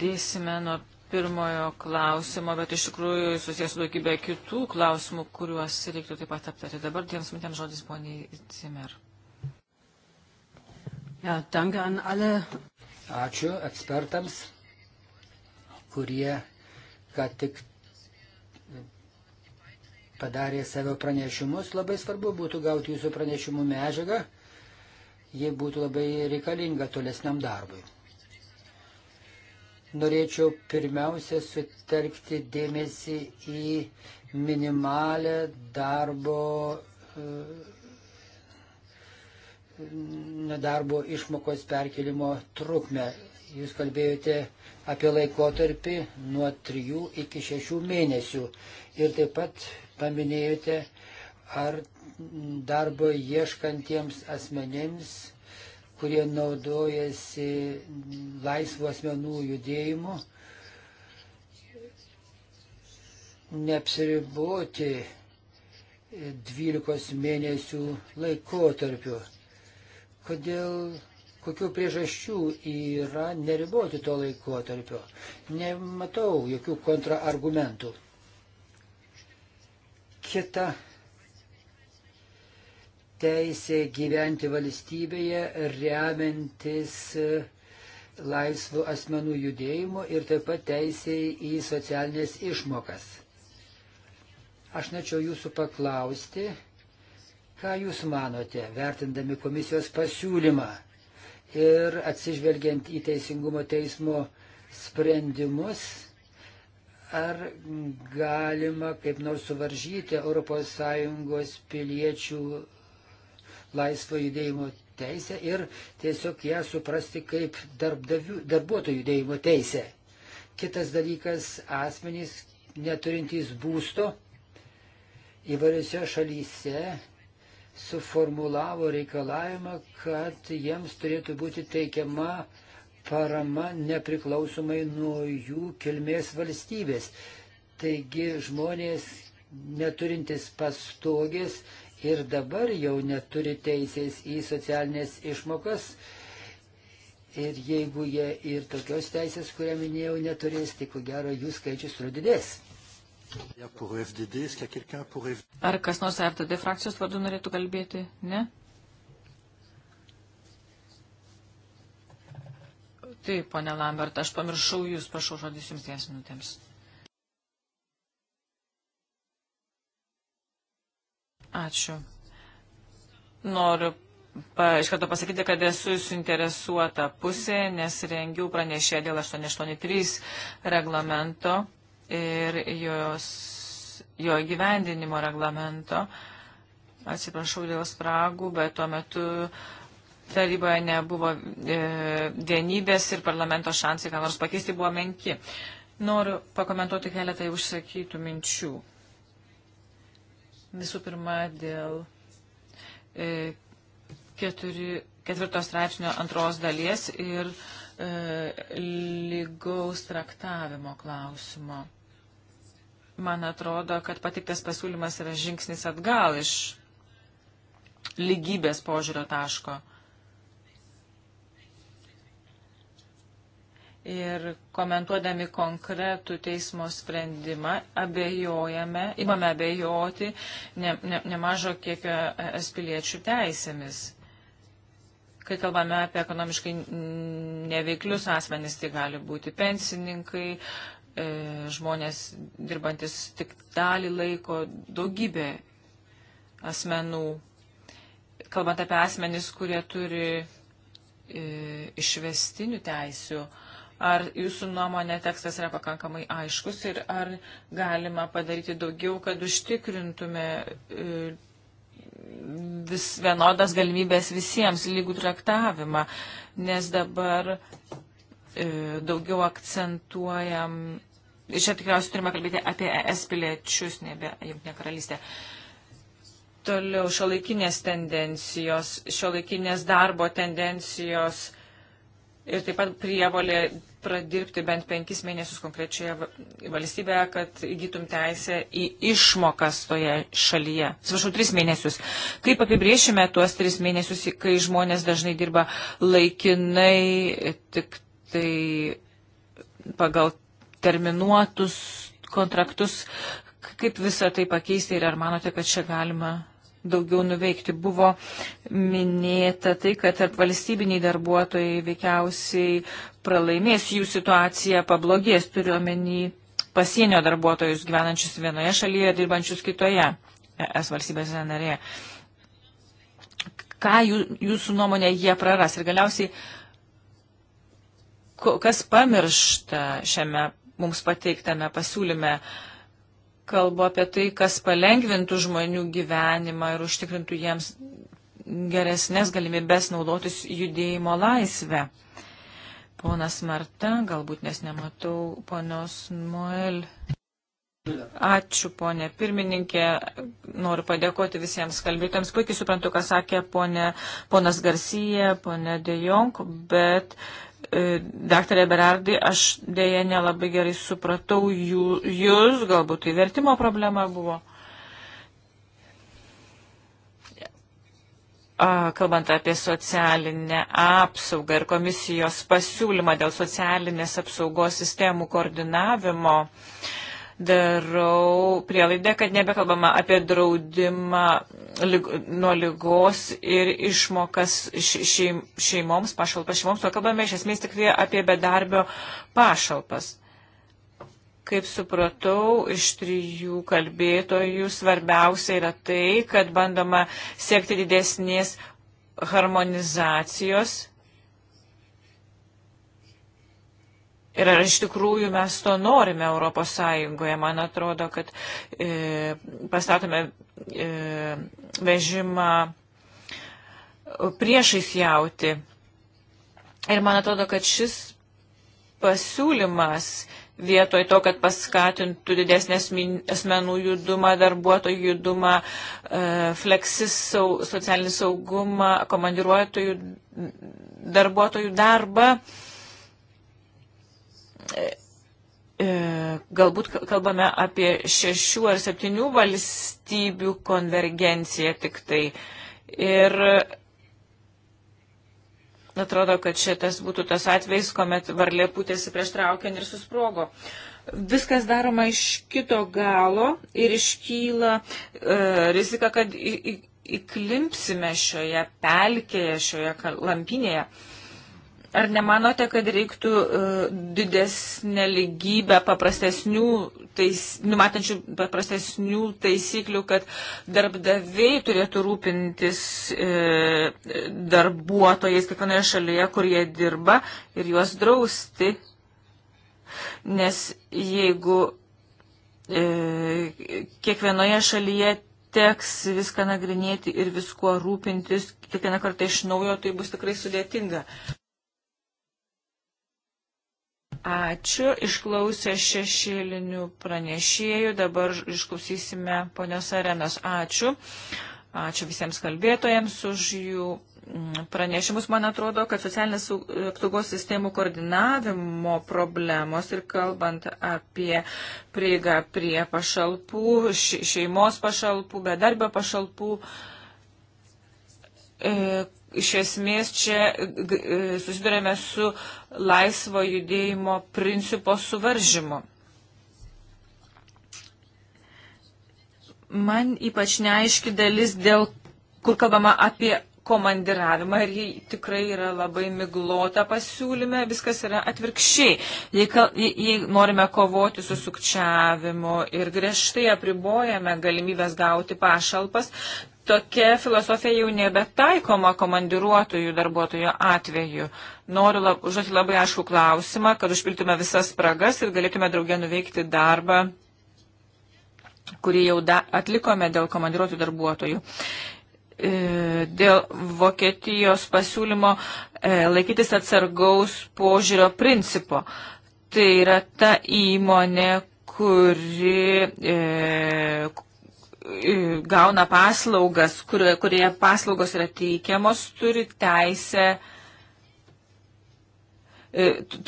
Dėsime nuo pirmojo klausimo, bet iš tikrųjų susijęs su daugybė kitų klausimų, kuriuos reiktų taip pat aptarti. Dabar dviems minutėms žodis poniai Cimer. Ja, danke an alle. Ačiū ekspertams, kurie ką tik padarė savo pranešimus. Labai svarbu būtų gauti jūsų pranešimų medžiagą. Ji būtų labai reikalinga tolesniam darbui. Norėčiau pirmiausia sutelkti dėmesį į minimalę darbo, nedarbo išmokos perkelimo trukmę. Jūs kalbėjote apie laikotarpį nuo 3 iki 6 mėnesių ir taip pat paminėjote, ar darbo ieškantiems asmenėms, kurie naudojasi laisvų asmenų judėjimu, neapsiriboti 12 mėnesių laikotarpiu. Kodėl, kokių priežasčių yra neriboti to laikotarpio? Nematau jokių kontraargumentų kita teisė gyventi valstybėje remiantis e, laisvų asmenų judėjimu ir taip pat teisė į socialinės išmokas. Aš norėčiau jūsų paklausti, ką jūs manote, vertindami komisijos pasiūlymą ir atsižvelgiant į Teisingumo teismo sprendimus ar galima kaip nors suvaržyti ES piliečių laisvo judėjimo teisę ir tiesiog ją suprasti kaip darbdavių, darbuotojų judėjimo teisę. Kitas dalykas - asmenys neturintys būsto įvairiose šalyse suformulavo reikalavimą, kad jiems turėtų būti teikiama uh, parama nepriklausomai nuo jų kilmės valstybės. Taigi žmonės neturintis pastogės ir dabar jau neturi teisės į socialinės išmokas. Ir jeigu jie ir tokios teisės, kurią minėjau, neturės, tai ko gero jų skaičius yra didės. Ar kas nors FDD frakcijos vardu norėtų kalbėti? Ne? kiti, ponė Lambert, aš pamiršau jūs, prašau žodis jums ties minutėms. Ačiū. Noriu pa, iš karto pasakyti, kad esu suinteresuota pusė, nes rengiau pranešę dėl 883 reglamento ir jos, jo gyvendinimo reglamento. Atsiprašau dėl spragų, bet tuo metu uh, taryboje nebuvo e, vienybės ir parlamento šansai ką nors pakeisti buvo menki. Noriu pakomentuoti keletą užsakytų minčių. Visų pirma, dėl e, keturi, ketvirtos straipsnio antros dalies ir e, lygaus traktavimo klausimo. Man atrodo, kad patiktas pasiūlymas yra žingsnis atgal iš lygybės požiūrio taško. ir komentuodami konkretų teismo sprendimą abejojame, imame abejoti ne, ne, nemažo kiekio es piliečių teisėmis. Kai kalbame apie ekonomiškai neveiklius asmenys, tai gali būti pensininkai, e, žmonės dirbantis tik dalį laiko, daugybė asmenų. Kalbant apie asmenys, kurie turi e, išvestinių teisių, e, Ar jūsų nuomonė tekstas yra pakankamai aiškus ir ar galima padaryti daugiau, kad užtikrintume e, vis vienodas galimybės visiems lygų traktavimą, nes dabar e, daugiau akcentuojam čia tikriausiai turime kalbėti apie ES piliečius, nebe Junktinė karalystė. Toliau šiolaikinės tendencijos, šiolaikinės darbo tendencijos ir taip pat prievolė pradirbti bent penkis mėnesius konkrečioje valstybėje, kad įgytum teisę į išmokas toje šalyje. Svašau, tris mėnesius. Kaip apibriešime tuos tris mėnesius, kai žmonės dažnai dirba laikinai, tik tai pagal terminuotus kontraktus, kaip visą tai pakeisti ir ar manote, kad čia galima daugiau nuveikti. Buvo minėta tai, kad tarp valstybiniai darbuotojai veikiausiai pralaimės, jų situacija pablogės, turiu omeny pasienio darbuotojus gyvenančius vienoje šalyje ir dirbančius kitoje es valstybės narėje. Ką jūsų nuomonė jie praras ir galiausiai kas pamiršta šiame mums pateiktame pasiūlyme, uh, kalbu apie tai, kas palengvintų žmonių gyvenimą ir užtikrintų jiems geresnės galimybės naudotis judėjimo laisvę. Ponas Marta, galbūt nes nematau ponios Noel. Ačiū, ponė pirmininkė. Noriu padėkoti visiems kalbėtams. Puikiai suprantu, ką sakė ponė, ponas Garcija, ponė Dejong, bet uh, E, daktarė Berardai, aš dėje nelabai gerai supratau jų, jūs, galbūt tai vertimo problema buvo. Kalbant apie socialinę apsaugą ir komisijos pasiūlymą dėl socialinės apsaugos sistemų koordinavimo, uh, darau prielaidą, kad nebekalbama apie draudimą lig, nuo lygos ir išmokas šeim, šeimoms, pašalpas šeimoms, o kalbame iš esmės tik apie bedarbio pašalpas. Kaip supratau, iš trijų kalbėtojų svarbiausia yra tai, kad bandoma siekti didesnės harmonizacijos Ir ar iš tikrųjų mes to norime Europos Sąjungoje? Man atrodo, kad e, pastatome e, vežimą priešais jauti. Ir man atrodo, kad šis pasiūlymas vietoj to, kad paskatintų didesnį asmenų judumą, darbuotojų judumą, e, fleksis socialinį saugumą, komandiruotojų darbuotojų darbą, E, e, galbūt kalbame apie šešių ar septynių valstybių konvergenciją tik tai. Ir atrodo, kad šitas būtų tas atvejs, kuomet varlė putėsi prieš traukinį ir susprogo. Viskas daroma iš kito galo ir iškyla e, rizika, kad į, į, įklimpsime šioje pelkėje, šioje lampinėje. E, Ar nemanote, kad reiktų uh, didesnę lygybę paprastesnių, tais, numatančių paprastesnių taisyklių, kad darbdaviai turėtų rūpintis uh, darbuotojais kiekvienoje šalyje, kur jie dirba ir juos drausti? Nes jeigu uh, kiekvienoje šalyje teks viską nagrinėti ir viskuo rūpintis kiekvieną kartą iš naujo, tai bus tikrai sudėtinga. Ačiū. Išklausę šešėlinių pranešėjų. Dabar išklausysime ponios arenos. Ačiū. Ačiū visiems kalbėtojams už jų mm, pranešimus. Man atrodo, kad socialinės apsaugos sistemų koordinavimo problemos ir kalbant apie prieigą prie pašalpų, šeimos pašalpų, bedarbio pašalpų, e, iš esmės čia e, susidurėme su laisvo judėjimo principo suvaržymu. Man ypač neaiški dalis, dėl kur kalbama apie komandiravimą ir jį tikrai yra labai miglota pasiūlyme, viskas yra atvirkščiai. Jei, kal, jei norime kovoti su sukčiavimu ir griežtai apribojame galimybės gauti pašalpas, tokia filosofija jau nebetaikoma komandiruotojų darbuotojų atveju. Noriu lab, užduoti labai aišku klausimą, kad užpiltume visas spragas ir galėtume draugė nuveikti darbą, kurį jau da, atlikome dėl komandiruotų darbuotojų. E, dėl Vokietijos pasiūlymo e, laikytis atsargaus požiūrio principo. Tai yra ta įmonė, kuri, e, gauna paslaugas, kurie, kurie paslaugos yra teikiamos, turi teisę,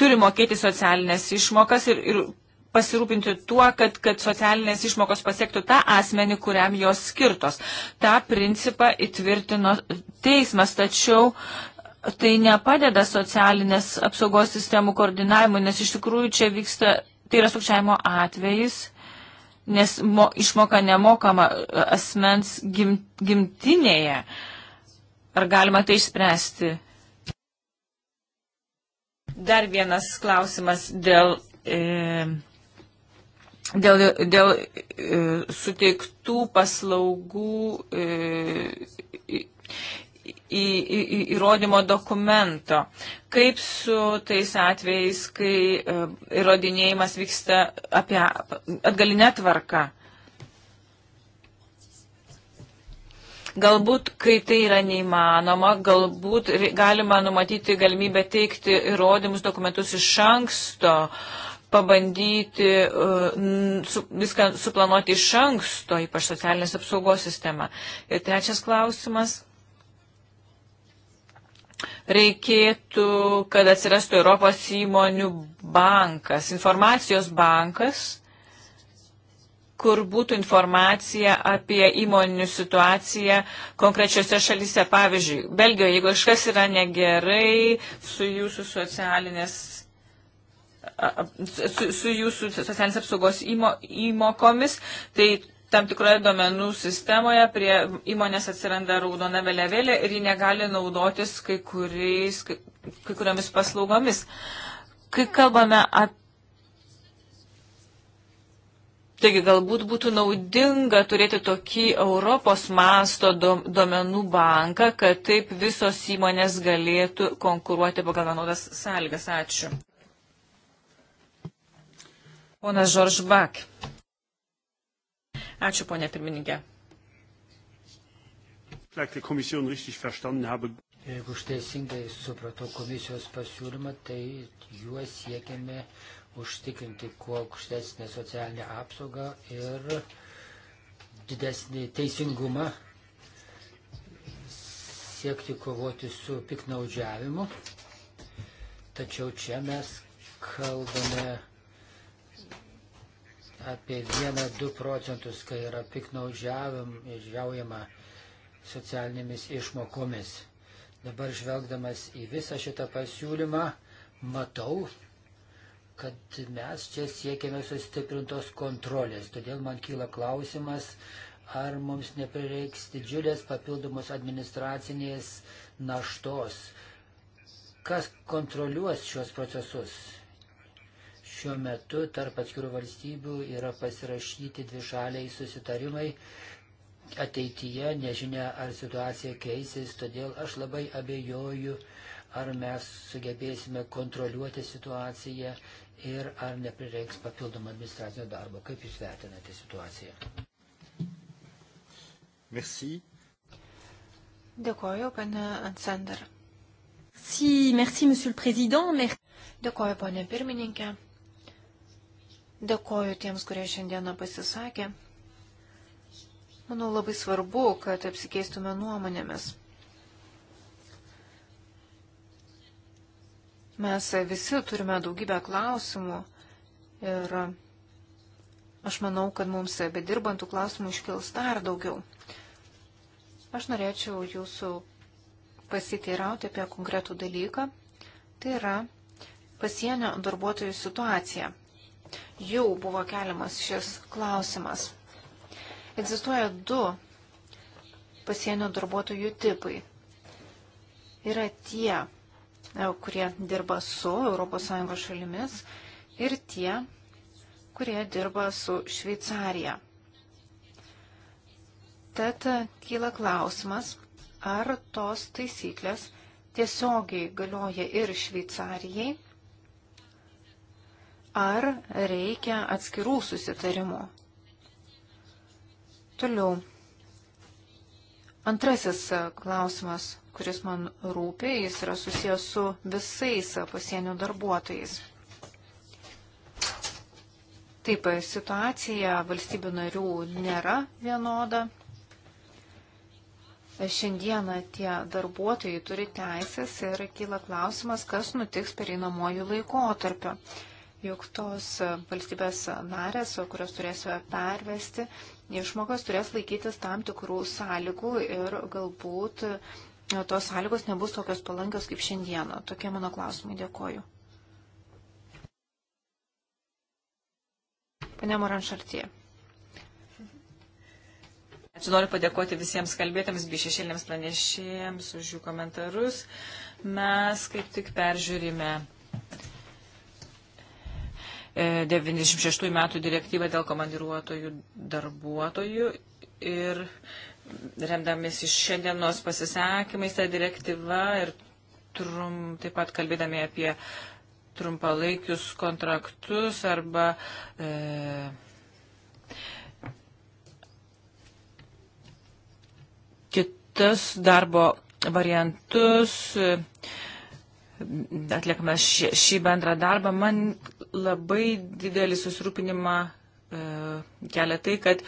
turi mokėti socialinės išmokas ir, ir pasirūpinti tuo, kad, kad socialinės išmokos pasiektų tą asmenį, kuriam jos skirtos. Ta principą įtvirtino teismas, tačiau tai nepadeda socialinės apsaugos sistemų koordinavimui, nes iš tikrųjų čia vyksta, tai yra sukčiavimo atvejis nes mo, išmoka nemokama e, asmens gim, gimtinėje. Ar galima tai išspręsti? Dar vienas klausimas dėl, e, dėl, dėl e, suteiktų paslaugų e, į, į, į įrodymo dokumento. Kaip su tais atvejais, kai e, įrodinėjimas vyksta apie atgalinę tvarką? Galbūt, kai tai yra neįmanoma, galbūt galima numatyti galimybę teikti įrodymus dokumentus iš anksto, pabandyti e, su, viską suplanuoti iš anksto, ypač socialinės apsaugos sistemą. Ir trečias klausimas reikėtų, kad atsirastų Europos įmonių bankas, informacijos bankas, kur būtų informacija apie įmonių situaciją konkrečiose šalyse. Pavyzdžiui, Belgijoje, jeigu kažkas yra negerai su jūsų socialinės su, su jūsų socialinės apsaugos įmo, įmokomis, tai tam tikroje domenų sistemoje prie įmonės atsiranda raudona vėliavėlė ir ji negali naudotis kai, kuriais, kai, kai kuriomis paslaugomis. Kai kalbame apie. Taigi galbūt būtų naudinga turėti tokį Europos masto duomenų banką, kad taip visos įmonės galėtų konkuruoti pagal vienodas sąlygas. Ačiū. Ponas Žoržbak. Ačiū, ponė pirmininkė. Jeigu aš teisingai supratau komisijos pasiūlymą, tai juos siekiame užtikrinti kuo aukštesnę socialinę apsaugą ir didesnį teisingumą, siekti kovoti su piknaudžiavimu. Tačiau čia mes kalbame apie 1-2 procentus, kai yra piknaudžiaujama socialinėmis išmokomis. Dabar žvelgdamas į visą šitą pasiūlymą, matau, kad mes čia siekiame sustiprintos kontrolės. Todėl man kyla klausimas, ar mums neprireiks didžiulės papildomos administracinės naštos. Kas kontroliuos šios procesus? šiuo metu tarp atskirų valstybių yra pasirašyti dvišaliai susitarimai. Ateityje nežinia, ar situacija keisis, todėl aš labai abejoju, ar mes sugebėsime kontroliuoti situaciją ir ar neprireiks papildomą administracinio darbo. Kaip Jūs vertinate situaciją? Merci. Dėkoju, pane Ansander. Merci, merci, monsieur le président. Merci. Dėkoju, ponė pirmininkė. Dėkoju tiems, kurie šiandieną pasisakė. Manau, labai svarbu, kad apsikeistume nuomonėmis. Mes visi turime daugybę klausimų ir aš manau, kad mums bedirbantų klausimų iškils dar daugiau. Aš norėčiau jūsų pasiteirauti apie konkretų dalyką, tai yra pasienio darbuotojų situacija jau buvo keliamas šis klausimas. Egzistuoja du pasienio darbuotojų tipai. Yra tie, e, kurie dirba su ES šalimis ir tie, kurie dirba su Šveicarija. Tad e, kyla klausimas, ar tos taisyklės tiesiogiai galioja ir Šveicarijai, ar reikia atskirų susitarimų. Toliau. Antrasis klausimas, kuris man rūpė, jis yra susijęs su visais pasienio darbuotojais. Taip, situacija valstybių narių nėra vienoda. Šiandieną tie darbuotojai turi teisės ir kyla klausimas, kas nutiks pereinamojų laikotarpiu juk tos e, valstybės narės, kurios turės pervesti, išmokos turės laikytis tam tikrų sąlygų ir galbūt e, tos sąlygos nebus tokios palankios kaip šiandieną. Tokie mano klausimai. Dėkoju. Pane Moranšartie. Ačiū noriu padėkoti visiems kalbėtams bei šešėlėms pranešėjams už jų komentarus. Mes kaip tik peržiūrime 96 e, metų direktyvą dėl komandiruotojų darbuotojų ir remdamis iš šiandienos pasisakymais tą direktyvą ir trum, taip pat kalbėdami apie trumpalaikius kontraktus arba e, kitas darbo variantus. E, atliekame šį, šį bendrą darbą. Man labai didelį susirūpinimą e, kelia tai, kad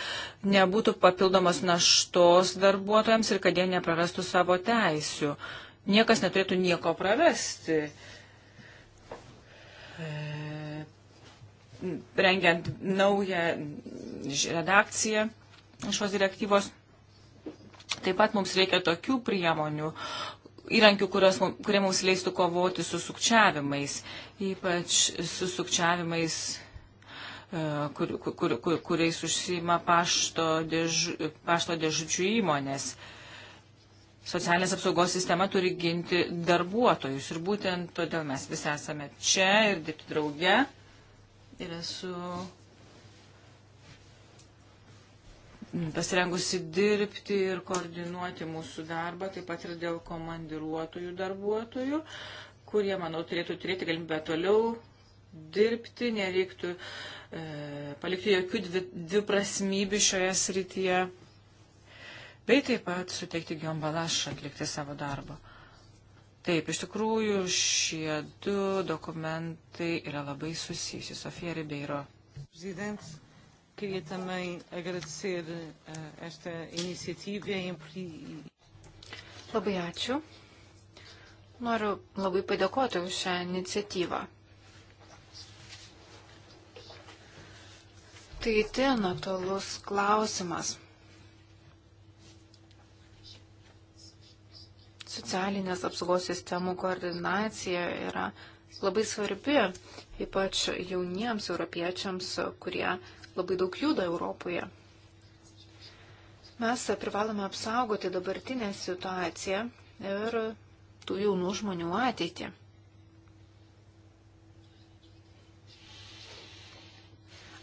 nebūtų papildomos naštos darbuotojams ir kad jie neprarastų savo teisių. Niekas neturėtų nieko prarasti. E, rengiant naują redakciją šios direktyvos. Taip pat mums reikia tokių priemonių, įrankių, kurios, kurie mums leistų kovoti su sukčiavimais, ypač su sukčiavimais, e, kur, kur, kur, kur, kuriais užsima pašto, dėž, pašto dėžučių įmonės. Socialinės apsaugos sistema turi ginti darbuotojus ir būtent todėl mes visi esame čia ir dirbti drauge. Ir esu pasirengusi dirbti ir koordinuoti mūsų darbą, taip pat ir dėl komandiruotojų darbuotojų, kurie, manau, turėtų turėti galimybę toliau dirbti, nereiktų e, palikti jokių dvi, dviprasmybių šioje srityje, bei taip pat suteikti Gimbalaš atlikti savo darbą. Taip, iš tikrųjų šie du dokumentai yra labai susijusi. Sofija Ribeiro. Prezidentas. Queria também agradecer uh, esta iniciativa e. Labai ačiū. Noriu labai padėkoti už šią iniciatyvą. Tai ten aktualus klausimas. Socialinės apsaugos sistemų koordinacija yra labai svarbi, ypač jauniems europiečiams, kurie labai daug juda Europoje. Mes privalome apsaugoti dabartinę situaciją ir tų jaunų žmonių ateitį.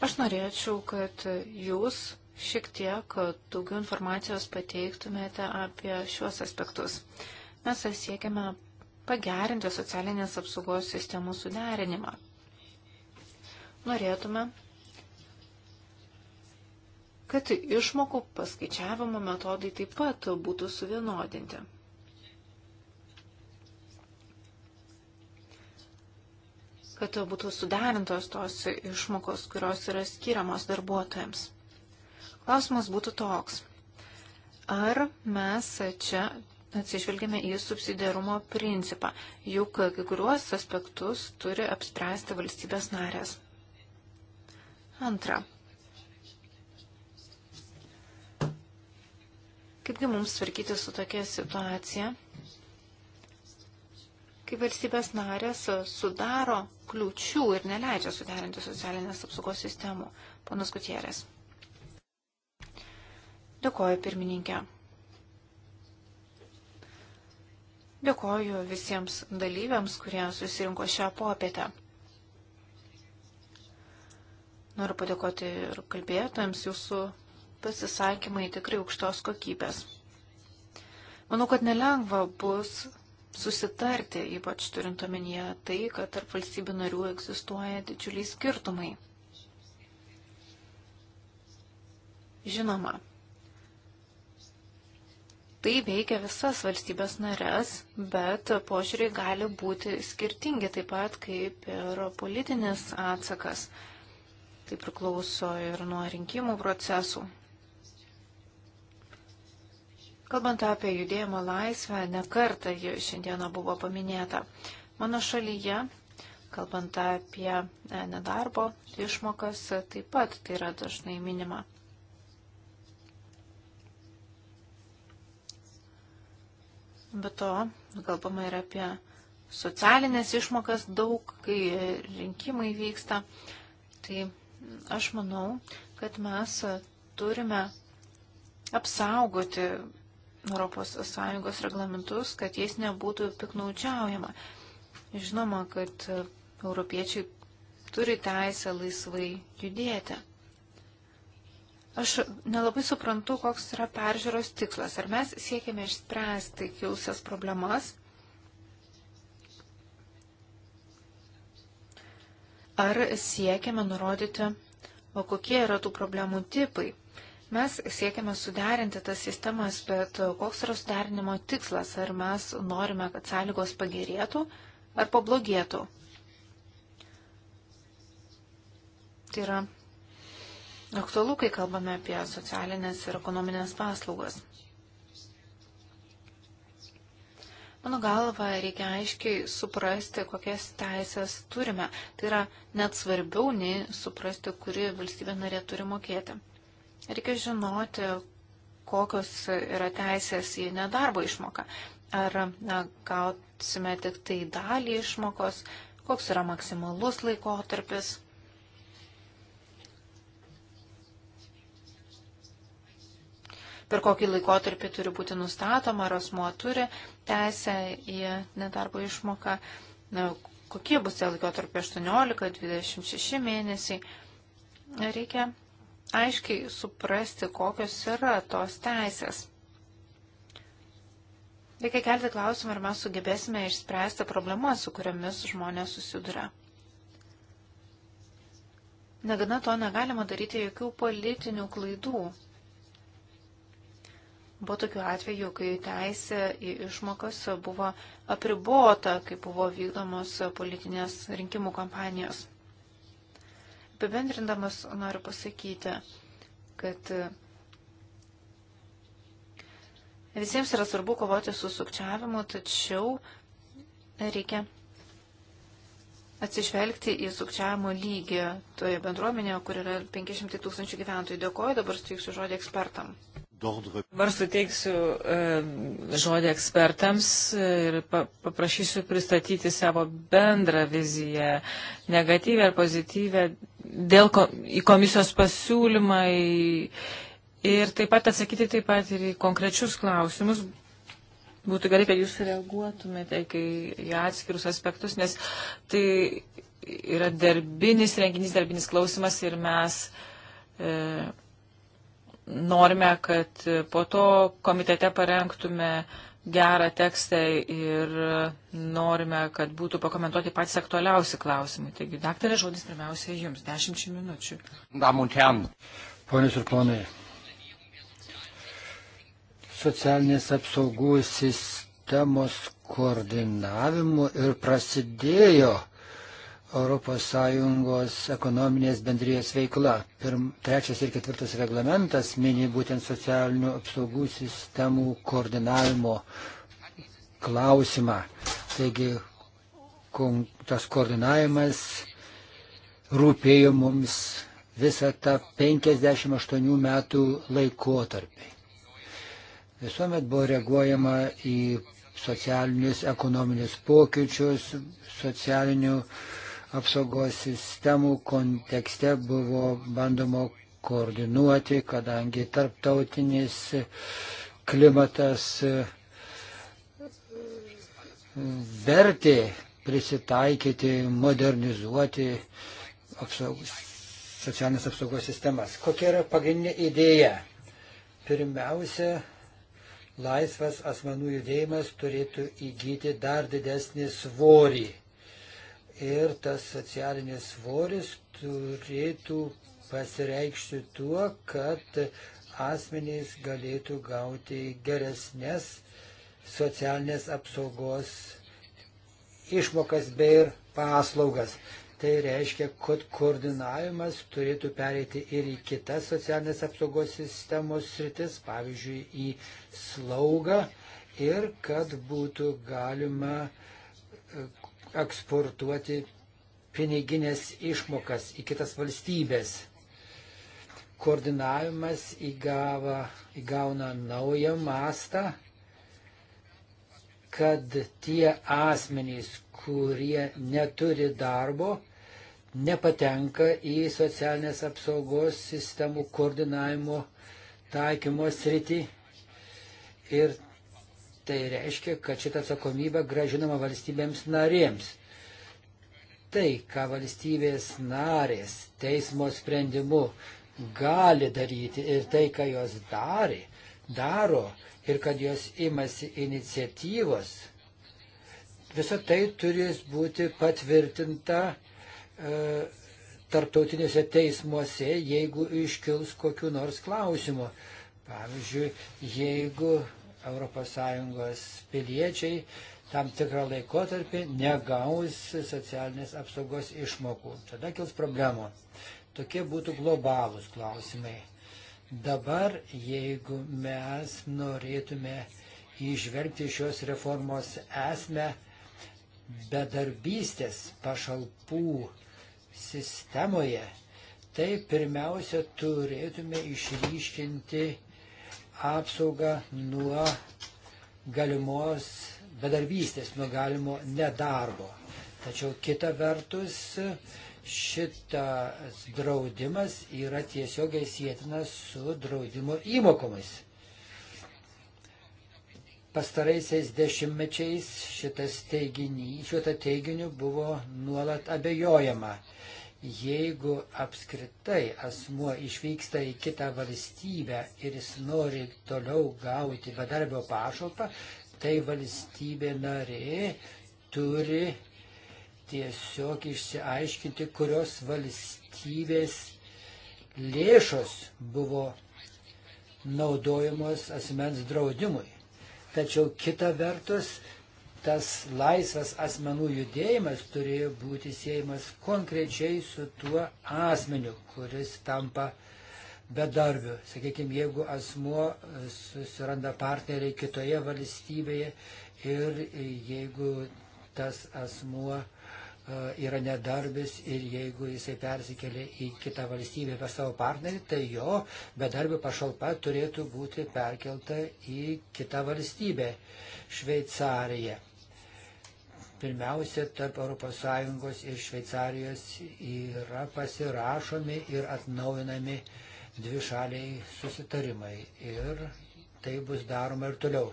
Aš norėčiau, kad jūs šiek tiek daugiau informacijos pateiktumėte apie šiuos aspektus. Mes siekiame pagerinti socialinės apsaugos sistemų suderinimą. Norėtume, kad išmokų paskaičiavimo metodai taip pat būtų suvienodinti. kad būtų sudarintos tos išmokos, kurios yra skiriamos darbuotojams. Klausimas būtų toks. Ar mes čia atsižvelgėme į subsidiarumo principą, juk kai kuriuos aspektus turi apspręsti valstybės narės. Antra. Kaipgi mums tvarkyti su tokia situacija, kai valstybės narės sudaro kliučių ir neleidžia suderinti socialinės apsaugos sistemų. Panas Gutierės. Dėkoju, pirmininkė. Dėkoju visiems dalyviams, kurie susirinko šią popietę. Noriu padėkoti ir kalbėtojams, jūsų pasisakymai tikrai aukštos kokybės. Manau, kad nelengva bus susitarti, ypač turint omenyje tai, kad tarp valstybių narių egzistuoja didžiuliai skirtumai. Žinoma, tai veikia visas valstybės narės, bet požiūriai gali būti skirtingi taip pat kaip ir politinis atsakas. Tai priklauso ir nuo rinkimų procesų. Kalbant apie judėjimo laisvę, nekartą ji šiandieną buvo paminėta. Mano šalyje, kalbant apie e, nedarbo išmokas, taip pat tai yra dažnai minima. Be to, kalbama ir apie socialinės išmokas daug, kai rinkimai vyksta. Tai aš manau, kad mes turime apsaugoti ES reglamentus, kad jais nebūtų piknaučiaujama. Žinoma, kad europiečiai turi teisę laisvai judėti. Aš nelabai suprantu, koks yra peržiūros tikslas. Ar mes siekiame išspręsti kilusias problemas? Ar siekiame nurodyti, o kokie yra tų problemų tipai? Mes siekiame suderinti tas sistemas, bet koks yra suderinimo tikslas? Ar mes norime, kad sąlygos pagerėtų ar pablogėtų? Tai yra aktualu, kai kalbame apie socialinės ir ekonominės paslaugas. Mano galva, reikia aiškiai suprasti, kokias teisės turime. Tai yra net svarbiau nei suprasti, kuri valstybė narė turi mokėti. Reikia žinoti, kokios yra teisės į nedarbo išmoką. Ar na, gausime tik tai dalį išmokos, koks yra maksimalus laikotarpis. per kokį laikotarpį turi būti nustatoma, ar asmuo turi teisę į nedarbo išmoką, na, kokie bus tie laikotarpiai 18, 26 mėnesiai. Reikia aiškiai suprasti, kokios yra tos teisės. Reikia kelti klausimą, ar mes sugebėsime išspręsti problemas, su kuriamis žmonės susiduria. Negana to negalima daryti jokių politinių klaidų. Buvo tokių atvejų, kai teisė į išmokas buvo apribota, kai buvo vykdomos politinės rinkimų kampanijos. Apibendrindamas noriu pasakyti, kad visiems yra svarbu kovoti su sukčiavimu, tačiau reikia atsižvelgti į sukčiavimo lygį toje bendruomenėje, kur yra 500 tūkstančių gyventojų. Dėkoju, dabar steiksiu žodį ekspertam. Dabar suteiksiu e, žodį ekspertams ir pa, paprašysiu pristatyti savo bendrą viziją, negatyvę ar pozityvę, dėl ko, į komisijos pasiūlymą į, ir taip pat atsakyti taip pat ir į konkrečius klausimus. Būtų gerai, kad jūs reaguotumėte į atskirus aspektus, nes tai yra darbinis renginys, darbinis klausimas ir mes. E, norime, kad po to komitete parengtume gerą tekstą ir norime, kad būtų pakomentuoti patys aktualiausi klausimai. Taigi, daktarė, žodis pirmiausia jums, dešimčių minučių. Damuntiam. Ponius ir ponai, socialinės apsaugų sistemos koordinavimu ir prasidėjo ES ekonominės bendrijos veikla. Pirm, trečias ir ketvirtas reglamentas mini būtent socialinių apsaugų sistemų koordinavimo klausimą. Taigi tas koordinavimas rūpėjo mums visą tą 58 metų laikotarpį. Visuomet buvo reaguojama į socialinius, ekonominius pokyčius, socialinių uh, apsaugos sistemų kontekste buvo bandoma koordinuoti, kadangi tarptautinis klimatas e, vertė prisitaikyti, modernizuoti apsaugos, socialinės apsaugos sistemas. Kokia yra pagrindinė idėja? Pirmiausia, laisvas asmenų judėjimas turėtų įgyti dar didesnį svorį ir tas socialinis svoris turėtų pasireikšti tuo, kad asmenys galėtų gauti geresnės socialinės apsaugos išmokas bei ir paslaugas. Tai reiškia, kad koordinavimas turėtų pereiti ir į kitas socialinės apsaugos sistemos sritis, pavyzdžiui, į slaugą ir kad būtų galima eksportuoti piniginės išmokas į kitas valstybės. Koordinavimas įgava, įgauna naują mastą, kad tie asmenys, kurie neturi darbo, nepatenka į socialinės apsaugos sistemų koordinavimo taikymo sritį ir Tai reiškia, kad šitą atsakomybę gražinama valstybėms narėms. Tai, ką valstybės narės teismo sprendimu gali daryti ir tai, ką jos darė, daro ir kad jos imasi iniciatyvos, visą tai turės būti patvirtinta e, tarptautiniuose teismuose, jeigu iškils kokiu nors klausimu. Pavyzdžiui, jeigu ES piliečiai tam tikrą laikotarpį negaus socialinės apsaugos išmokų. Tada kils problemų. Tokie būtų globalūs klausimai. Dabar, jeigu mes norėtume įžvelgti šios reformos esmę, bedarbystės pašalpų sistemoje, tai pirmiausia turėtume išryškinti apsaugą nuo galimos bedarbystės, nuo galimo nedarbo. Tačiau kita vertus, šitas draudimas yra tiesiogiai sėtinas su draudimo įmokomis. Pastaraisiais dešimtmečiais šitas teiginys, šitą teiginių buvo nuolat abejojama. Jeigu apskritai asmuo išvyksta į kitą valstybę ir jis nori toliau gauti bedarbio pašalpą, tai valstybė narė turi tiesiog išsiaiškinti, kurios valstybės lėšos buvo naudojamos asmens draudimui. Tačiau kita vertus, tas laisvas asmenų judėjimas turėjo būti siejamas konkrečiai su tuo asmeniu, kuris tampa bedarbiu. Sakykime, jeigu asmuo e, susiranda partneriai kitoje valstybėje ir jeigu tas asmuo e, yra nedarbis ir jeigu jisai persikelia į kitą valstybę per savo partnerį, tai jo bedarbio pašalpa turėtų būti perkelta į kitą valstybę - Šveicariją. Pirmiausia, tarp ES ir Šveicarijos yra pasirašomi ir atnaujinami dvi šaliai susitarimai. Ir tai bus daroma ir toliau.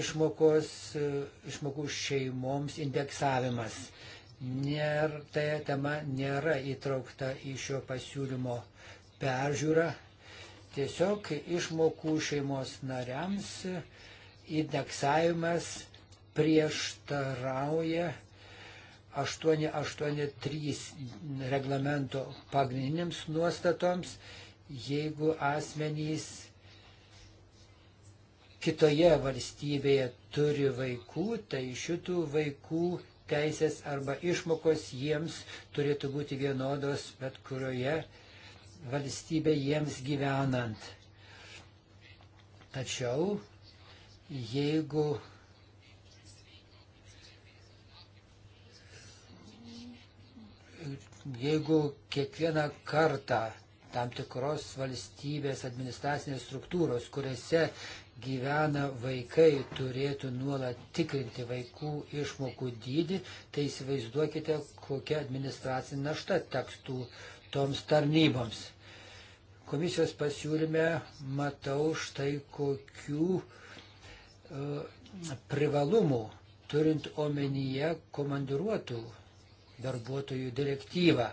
Išmokos, išmokų šeimoms indeksavimas. Nėr, ta tema nėra įtraukta į šio pasiūlymo peržiūrą. Tiesiog išmokų šeimos nariams indeksavimas prieštarauja 883 reglamento pagrindiniams nuostatoms, jeigu asmenys kitoje valstybėje turi vaikų, tai šitų vaikų teisės arba išmokos jiems turėtų būti vienodos, bet kurioje valstybė jiems gyvenant. Tačiau jeigu jeigu kiekvieną kartą tam tikros valstybės administracinės struktūros, kuriuose gyvena vaikai, turėtų nuolat tikrinti vaikų išmokų dydį, tai įsivaizduokite, kokia administracinė našta tekstų toms tarnyboms. Komisijos pasiūlyme matau štai kokių e, privalumų, turint omenyje komandiruotų darbuotojų direktyvą.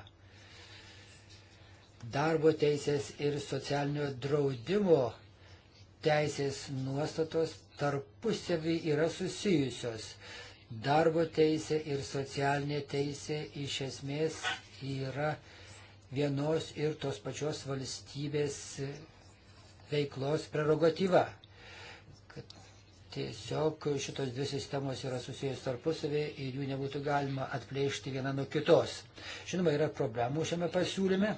Darbo teisės ir socialinio draudimo teisės nuostatos tarpusavį yra susijusios. Darbo teisė ir socialinė teisė iš esmės yra vienos ir tos pačios valstybės veiklos prerogatyva. Tiesiog šitos dvi sistemos yra susijęs tarpusavį ir jų nebūtų galima atplėšti viena nuo kitos. Žinoma, yra problemų šiame pasiūlyme.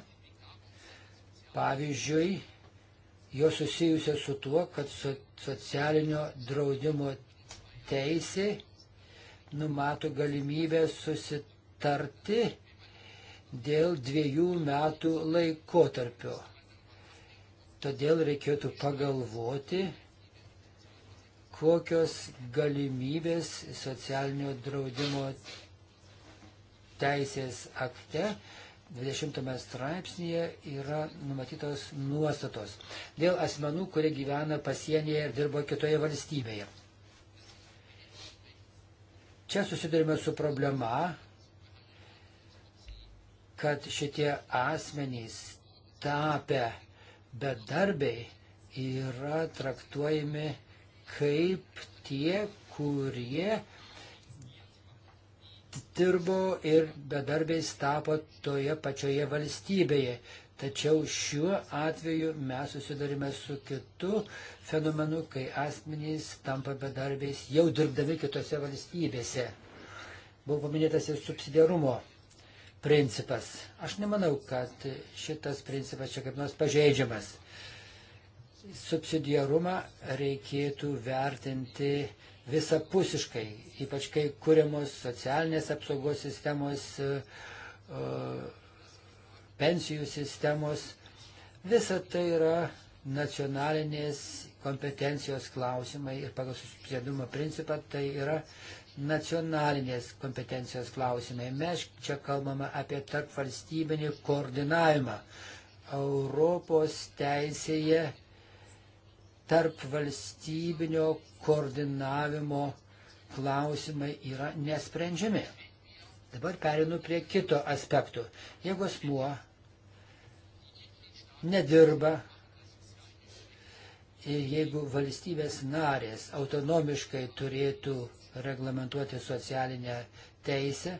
Pavyzdžiui, jo susijusia su tuo, kad socialinio draudimo teisė numato galimybę susitarti dėl dviejų metų laikotarpio. Todėl reikėtų pagalvoti, kokios galimybės socialinio draudimo teisės akte 20 straipsnėje yra numatytos nuostatos dėl asmenų, kurie gyvena pasienyje ir dirbo kitoje valstybėje. Čia susidurime su problema, kad šitie asmenys tapę bedarbiai yra traktuojami kaip tie, kurie dirbo ir bedarbiais tapo toje pačioje valstybėje. Tačiau šiuo atveju mes susidarime su kitu fenomenu, kai asmenys tampa bedarbiais jau dirbdami kitose valstybėse. Buvo paminėtas ir subsidiarumo principas. Aš nemanau, kad šitas principas čia kaip nors pažeidžiamas subsidiarumą reikėtų vertinti visapusiškai, ypač kai kuriamos socialinės apsaugos sistemos, e, pensijų sistemos. Visa tai yra nacionalinės kompetencijos klausimai ir pagal susipėdumo principą tai yra nacionalinės kompetencijos klausimai. Mes čia kalbame apie tarp valstybinį koordinavimą. Europos teisėje tarp valstybinio koordinavimo klausimai yra nesprendžiami. Dabar perinu prie kito aspektų. Jeigu asmuo nedirba ir jeigu valstybės narės autonomiškai turėtų reglamentuoti socialinę teisę,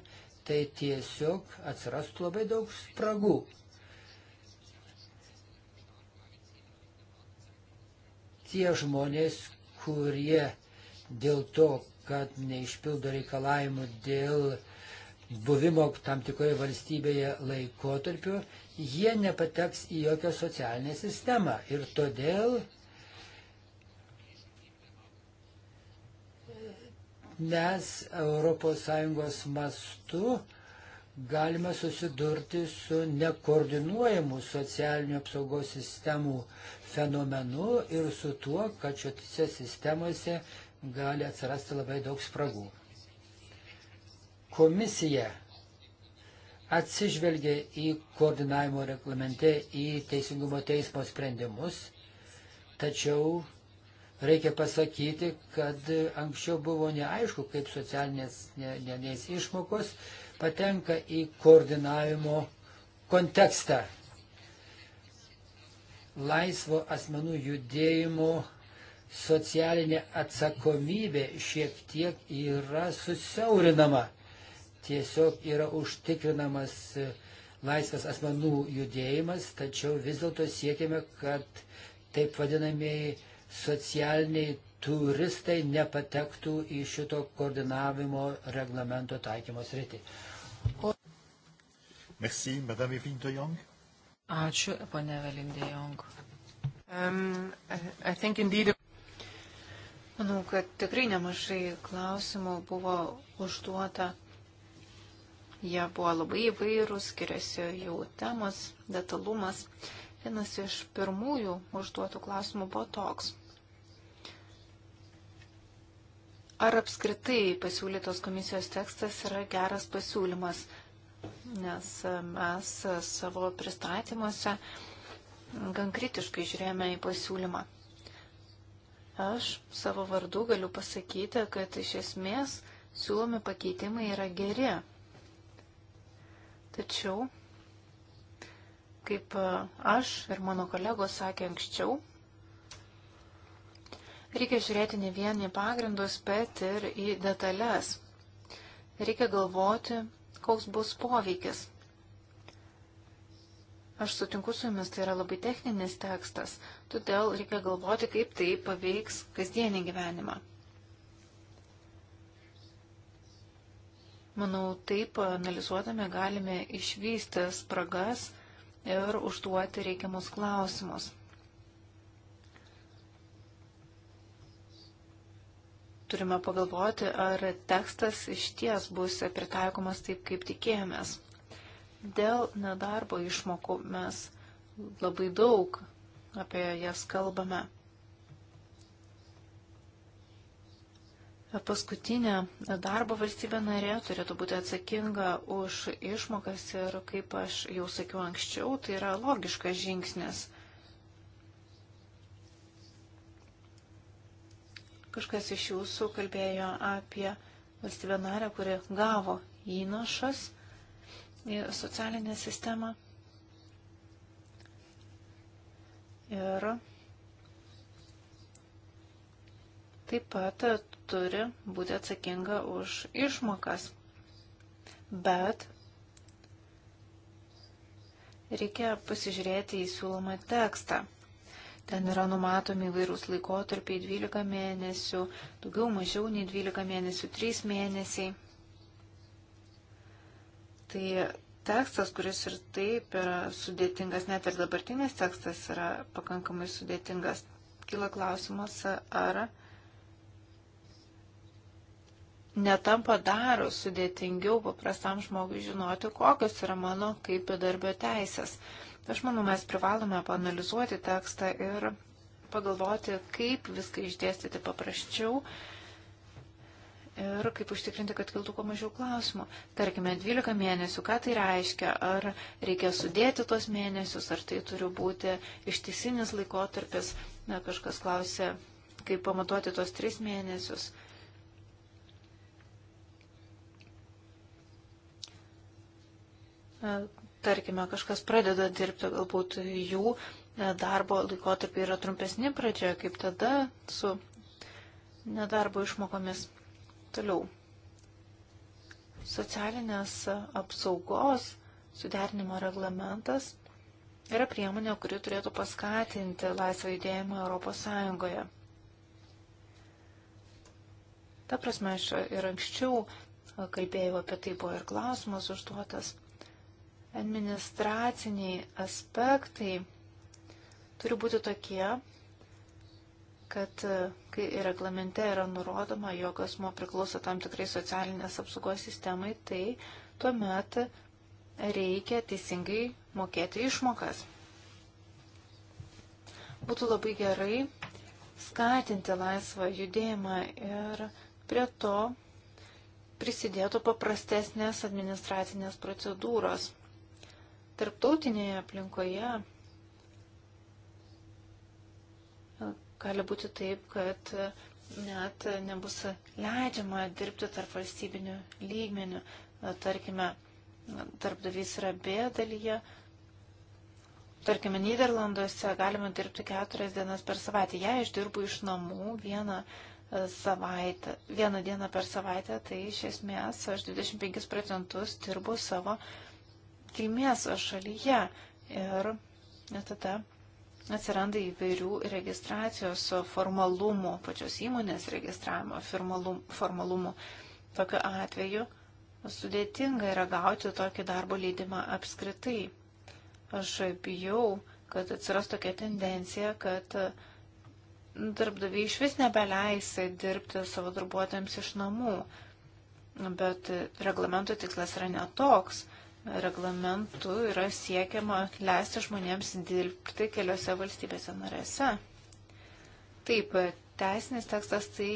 tai tiesiog atsirastų labai daug spragų. tie žmonės, kurie dėl to, kad neišpildo reikalavimų dėl buvimo tam tikroje valstybėje laikotarpiu, jie nepateks į jokią socialinę sistemą. Ir todėl mes ES mastu galime susidurti su nekoordinuojamu socialinių apsaugos sistemų fenomenu ir su tuo, kad šiose sistemose gali atsirasti labai daug spragų. Komisija atsižvelgia į koordinavimo reglamente į Teisingumo teismo sprendimus, tačiau reikia pasakyti, kad anksčiau buvo neaišku, kaip socialinės ne, ne, išmokos patenka į koordinavimo kontekstą laisvo asmenų judėjimo socialinė atsakomybė šiek tiek yra susiaurinama. Tiesiog yra užtikrinamas e, laisvas asmenų judėjimas, tačiau vis dėlto siekime, kad taip vadinamieji socialiniai turistai nepatektų į šito koordinavimo reglamento taikymo sritį. O... Merci, Madame Evelyne de Jong. Ačiū, ponė Velindė Jong. Um, I, I indeed... Manau, kad tikrai nemažai klausimų buvo užduota. Jie buvo labai įvairūs, skiriasi jų temos, detalumas. Vienas iš pirmųjų užduotų klausimų buvo toks. Ar apskritai pasiūlytos komisijos tekstas yra geras pasiūlymas? nes e, mes e, savo pristatymuose gan kritiškai žiūrėjome į pasiūlymą. Aš savo vardu galiu pasakyti, kad iš esmės siūlomi pakeitimai yra geri. Tačiau, kaip e, aš ir mano kolegos sakė anksčiau, reikia žiūrėti ne vien į pagrindus, bet ir į detalės. Reikia galvoti koks bus poveikis. Aš sutinku su jumis, tai yra labai techninis tekstas, todėl reikia galvoti, kaip tai paveiks kasdienį gyvenimą. Manau, taip analizuodami galime išvysti spragas ir užduoti reikiamus klausimus. turime pagalvoti, ar tekstas iš ties bus pritaikomas taip, kaip tikėjomės. Dėl nedarbo išmokų mes labai daug apie jas kalbame. Paskutinė darbo valstybė narė turėtų būti atsakinga už išmokas ir, kaip aš jau sakiau anksčiau, tai yra logiškas žingsnis. Kažkas iš jūsų kalbėjo apie valstybę narę, kuri gavo įnašas į socialinę sistemą. Ir taip pat turi būti atsakinga už išmokas. Bet reikia pasižiūrėti į siūlomą tekstą. Ten yra numatomi įvairūs laikotarpiai 12 mėnesių, daugiau mažiau nei 12 mėnesių, 3 mėnesiai. Tai tekstas, kuris ir taip yra sudėtingas, net ir dabartinis tekstas yra pakankamai sudėtingas. Kila klausimas, ar netampa dar sudėtingiau paprastam žmogui žinoti, kokios yra mano kaip bedarbio teisės. Aš manau, mes privalome panalizuoti tekstą ir pagalvoti, kaip viską išdėstyti paprasčiau ir kaip užtikrinti, kad kiltų kuo mažiau klausimų. Tarkime, 12 mėnesių, ką tai reiškia, ar reikia sudėti tuos mėnesius, ar tai turi būti ištisinis laikotarpis, na, kažkas klausė, kaip pamatuoti tuos 3 mėnesius. Tarkime, kažkas pradeda dirbti, galbūt jų e, darbo laikotarpiai yra trumpesni pradžioje, kaip tada su nedarbo išmokomis. Toliau. Socialinės apsaugos suderinimo reglamentas yra priemonė, kuri turėtų paskatinti laisvą judėjimą Europos Sąjungoje. Ta prasme, aš ir anksčiau kalbėjau apie tai, buvo ir klausimas užduotas administraciniai aspektai turi būti tokie, kad e, kai reglamente yra nurodoma, jog asmo priklauso tam tikrai socialinės apsaugos sistemai, tai tuomet reikia teisingai mokėti išmokas. Būtų labai gerai skatinti laisvą judėjimą ir prie to prisidėtų paprastesnės administracinės procedūros. Tarptautinėje aplinkoje gali būti taip, kad net nebus leidžiama dirbti tarp valstybinių lygmenių. Tarkime, darbdavys yra B dalyje. Tarkime, Niderlanduose galima dirbti keturias dienas per savaitę. Jei aš dirbu iš namų vieną savaitę, vieną dieną per savaitę, tai iš esmės aš 25 procentus dirbu savo kilmės šalyje ir tada atsiranda įvairių registracijos formalumų, pačios įmonės registravimo formalumų. Tokiu atveju sudėtinga yra gauti tokį darbo leidimą apskritai. Aš bijau, kad atsiras tokia tendencija, kad darbdaviai iš vis nebeleis dirbti savo darbuotojams iš namų. Bet reglamento tikslas yra netoks reglamentu yra siekiama leisti žmonėms dirbti keliose valstybėse narėse. Taip, teisinis tekstas tai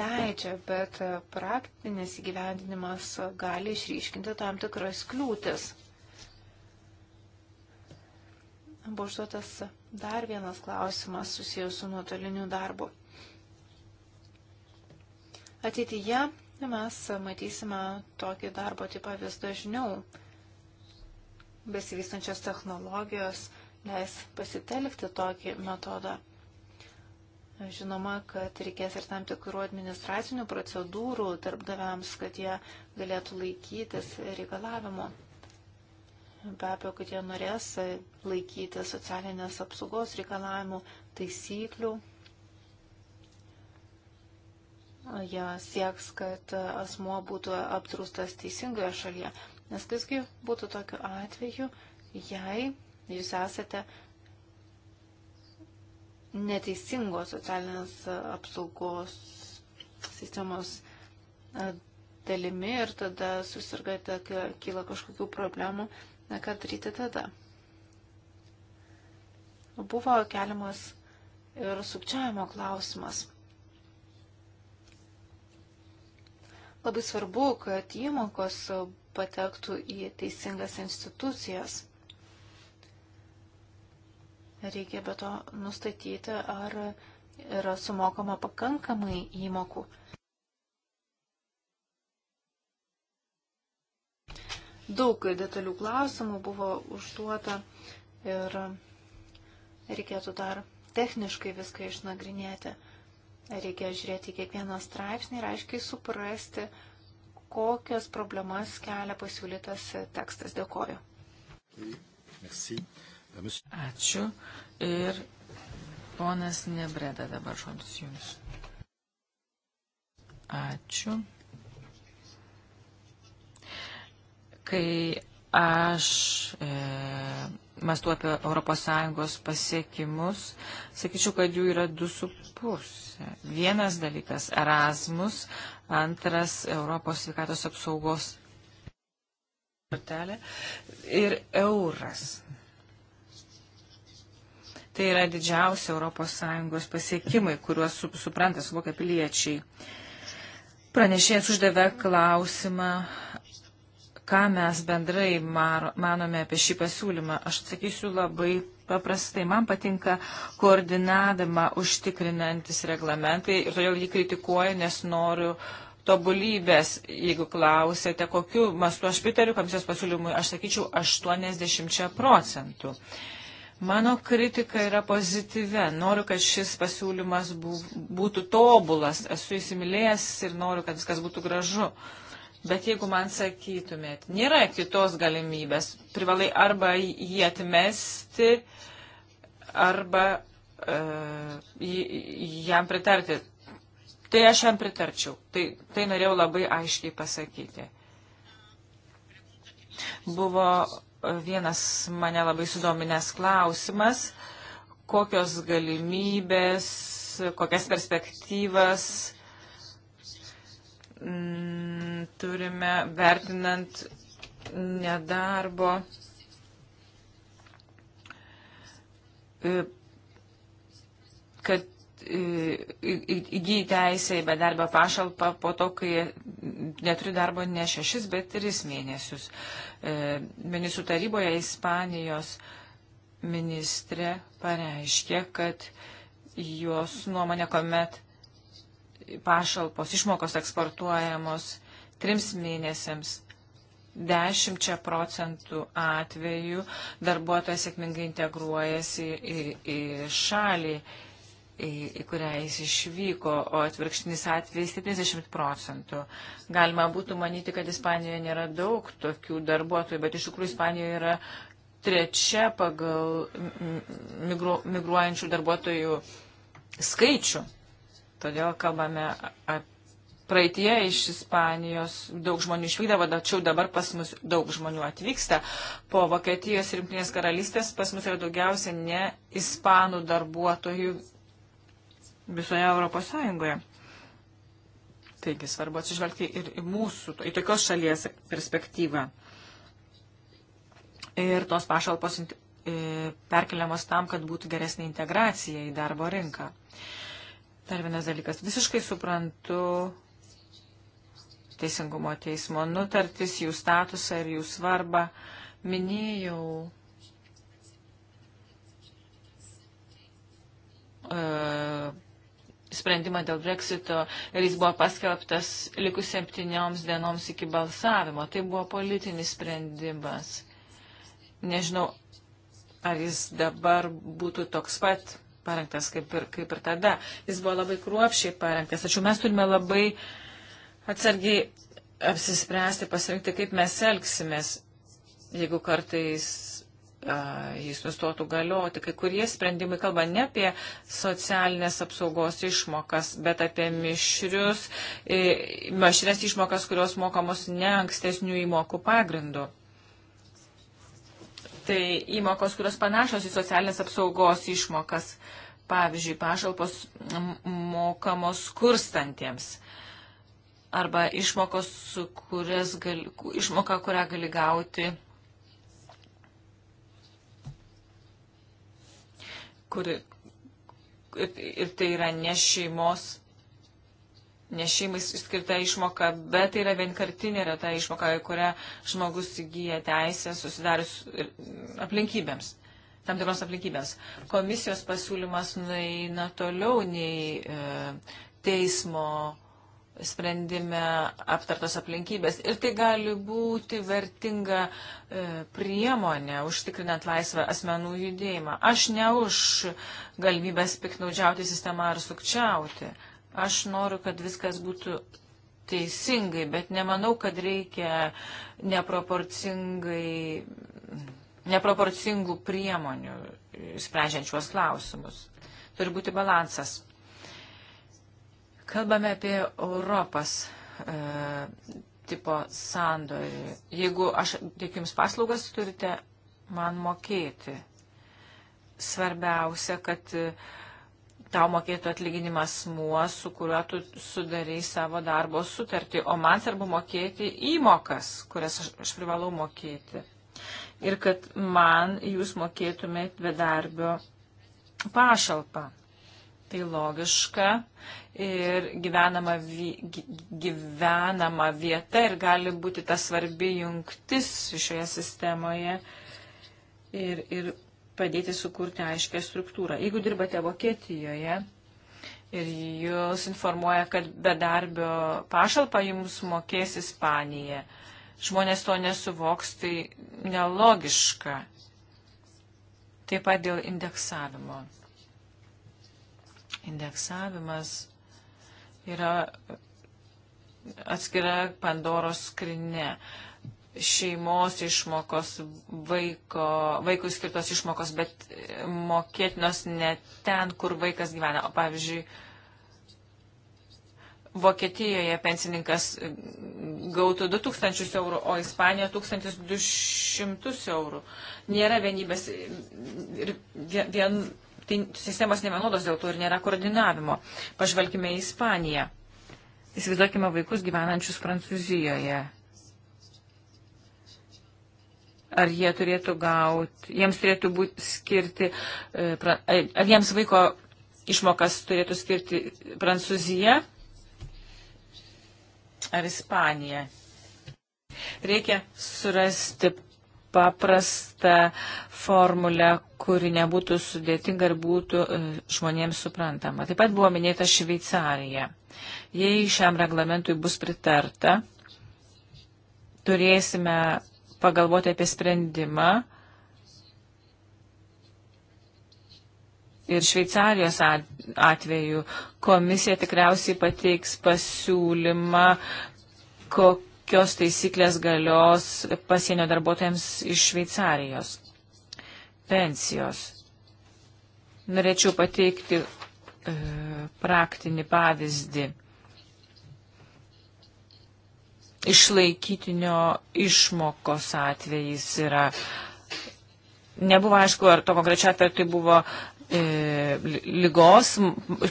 leidžia, bet praktinis įgyvendinimas gali išryškinti tam tikras kliūtis. Buvo užduotas dar vienas klausimas susijęs su nuotoliniu darbu. Ateityje mes matysime tokį darbo tipą vis dažniau besivystančios technologijos leis pasitelkti tokį metodą. Žinoma, kad reikės ir tam tikrų administracinių procedūrų darbdaviams, kad jie galėtų laikytis reikalavimų. Be abejo, kad jie norės laikyti socialinės apsaugos reikalavimų, taisyklių. Jie sieks, kad asmuo būtų aptrūstas teisingoje šalyje. Nes kasgi būtų tokiu atveju, jei jūs esate neteisingos socialinės apsaugos sistemos dalimi ir tada susirgate, kyla kažkokių problemų, na ką daryti tada. Buvo keliamas ir sukčiavimo klausimas. Labai svarbu, kad įmokos patektų į teisingas institucijas. Reikia be to nustatyti, ar yra sumokama pakankamai įmokų. Daug detalių klausimų buvo užduota ir reikėtų dar techniškai viską išnagrinėti. Reikia žiūrėti kiekvieną straipsnį ir aiškiai suprasti, kokias problemas kelia pasiūlytas tekstas. Dėkoju. Euh, Ačiū. Ir ponas Nebreda dabar žodis jums. Ačiū. Kai aš e, mastu apie ES pasiekimus, sakyčiau, kad jų yra du su pusė. Vienas dalykas - Erasmus, antras Europos sveikatos apsaugos kortelė ir euras. Tai yra didžiausia ES pasiekimai, kuriuos su, supranta suvokia piliečiai. Pranešėjas uždavė klausimą, ką mes bendrai mar, manome apie šį pasiūlymą. Aš atsakysiu labai paprastai man patinka koordinavimą užtikrinantis reglamentai ir todėl jį kritikuoju, nes noriu tobulybės. Jeigu klausėte, kokiu mastu aš pritariu komisijos pasiūlymui, aš sakyčiau 80 procentų. Mano kritika yra pozityvi. Noriu, kad šis pasiūlymas būtų tobulas. Esu įsimylėjęs ir noriu, kad viskas būtų gražu. Uh, Bet jeigu man sakytumėt, nėra kitos galimybės, privalai arba jį atmesti, arba uh, jam pritarti. Tai aš jam pritarčiau. Tai, tai norėjau labai aiškiai pasakyti. Buvo e, vienas mane labai sudominęs klausimas, kokios galimybės, kokias perspektyvas. Mm, turime vertinant nedarbo e, kad e, įgyji teisę į bedarbio pašalpą po to, kai neturi darbo ne šešis, bet tris mėnesius. E, ministrų taryboje Ispanijos ministrė pareiškė, kad jos nuomonė, kuomet pašalpos išmokos eksportuojamos trims mėnesiams. 10 procentų atvejų darbuotojas sėkmingai integruojasi į, į, į šalį, į, į kurią jis išvyko, o atvirkštinis atvejis 70 procentų. Galima būtų manyti, kad Ispanijoje nėra daug tokių darbuotojų, bet iš tikrųjų Ispanijoje yra trečia pagal migru, migruojančių darbuotojų skaičių. Todėl kalbame apie praeitie iš Ispanijos daug žmonių išvykdavo, tačiau dabar pas mus daug žmonių atvyksta. Po Vokietijos ir Junktinės karalystės pas mus yra daugiausia ne ispanų darbuotojų visoje Europos Sąjungoje. Taigi svarbu atsižvelgti ir į mūsų, į tokios šalies perspektyvą. Ir tos pašalpos e, perkeliamos tam, kad būtų geresnė integracija į darbo rinką. Dar vienas dalykas. Visiškai suprantu teisingumo teismo nutartis, jų statusą ir jų svarbą. Minėjau uh, sprendimą dėl Brexito ir jis buvo paskelbtas likus septynioms dienoms iki balsavimo. Tai buvo politinis sprendimas. Nežinau, ar jis dabar būtų toks pat parengtas kaip ir, kaip ir tada. Jis buvo labai kruopšiai parengtas, tačiau mes turime labai uh, atsargiai apsispręsti, pasirinkti, kaip mes elgsimės, jeigu kartais uh, jis nustotų galioti. Kai kurie sprendimai kalba ne apie socialinės apsaugos išmokas, bet apie mišrius, mišrias išmokas, kurios mokamos ne ankstesnių įmokų pagrindų. Tai įmokos, kurios panašios į socialinės apsaugos išmokas, pavyzdžiui, pašalpos mokamos kurstantiems arba išmokos, kurias gali, išmoka, kurią gali gauti, kuri, ir tai yra ne šeimos, ne šeimai skirta išmoka, bet tai yra vienkartinė reta išmoka, kurią žmogus įgyja teisę susidarius aplinkybėms tam tikros aplinkybės. Komisijos pasiūlymas nueina toliau nei e, teismo sprendime aptartos aplinkybės. Ir tai gali būti vertinga e, priemonė, užtikrinant laisvą asmenų judėjimą. Aš ne už galimybės piknaudžiauti sistemą ar sukčiauti. Aš noriu, kad viskas būtų teisingai, bet nemanau, kad reikia neproporcingai, neproporcingų priemonių sprendžiančios klausimus. Turi būti balansas. Kalbame apie Europos e, tipo sandorį. Jeigu aš teikiu Jums paslaugas, turite man mokėti. Svarbiausia, kad e, tau mokėtų atlyginimas muo, su kuriuo tu sudarai savo darbo sutartį, o man svarbu mokėti įmokas, kurias aš, aš privalau mokėti. Ir kad man jūs mokėtumėt bedarbio pašalpą tai logiška ir gyvenama, gyvenama vieta ir gali būti ta svarbi jungtis šioje sistemoje ir, ir padėti sukurti aiškę struktūrą. Jeigu dirbate Vokietijoje ir jūs informuoja, kad bedarbio pašalpą jums mokės Ispanija, žmonės to nesuvoks, tai nelogiška. Taip pat dėl indeksavimo indeksavimas yra atskira Pandoros skrinė. Šeimos išmokos, vaiko, vaikui skirtos išmokos, bet mokėtinos ne ten, kur vaikas gyvena. O pavyzdžiui, Vokietijoje pensininkas gautų 2000 eurų, o Ispanijoje 1200 eurų. Nėra vienybės ir vien, tai sistemos nevienodos dėl to ir nėra koordinavimo. Pažvelkime į Ispaniją. Įsivaizduokime vaikus gyvenančius Prancūzijoje. Ar jie turėtų gauti, jiems turėtų būti skirti, e, e, ar jiems vaiko išmokas turėtų skirti Prancūzija ar Ispanija? Reikia surasti paprastą formulę, kuri nebūtų sudėtinga ir būtų e, žmonėms suprantama. Taip pat buvo minėta Šveicarija. Jei šiam reglamentui bus pritarta, turėsime pagalvoti apie sprendimą ir Šveicarijos atveju komisija tikriausiai pateiks pasiūlymą, kok tokios taisyklės galios pasienio darbuotojams iš Šveicarijos. Pensijos. Norėčiau pateikti e, praktinį pavyzdį. Išlaikytinio išmokos atvejais yra. Nebuvo aišku, ar to konkrečiai atveju tai buvo e, lygos,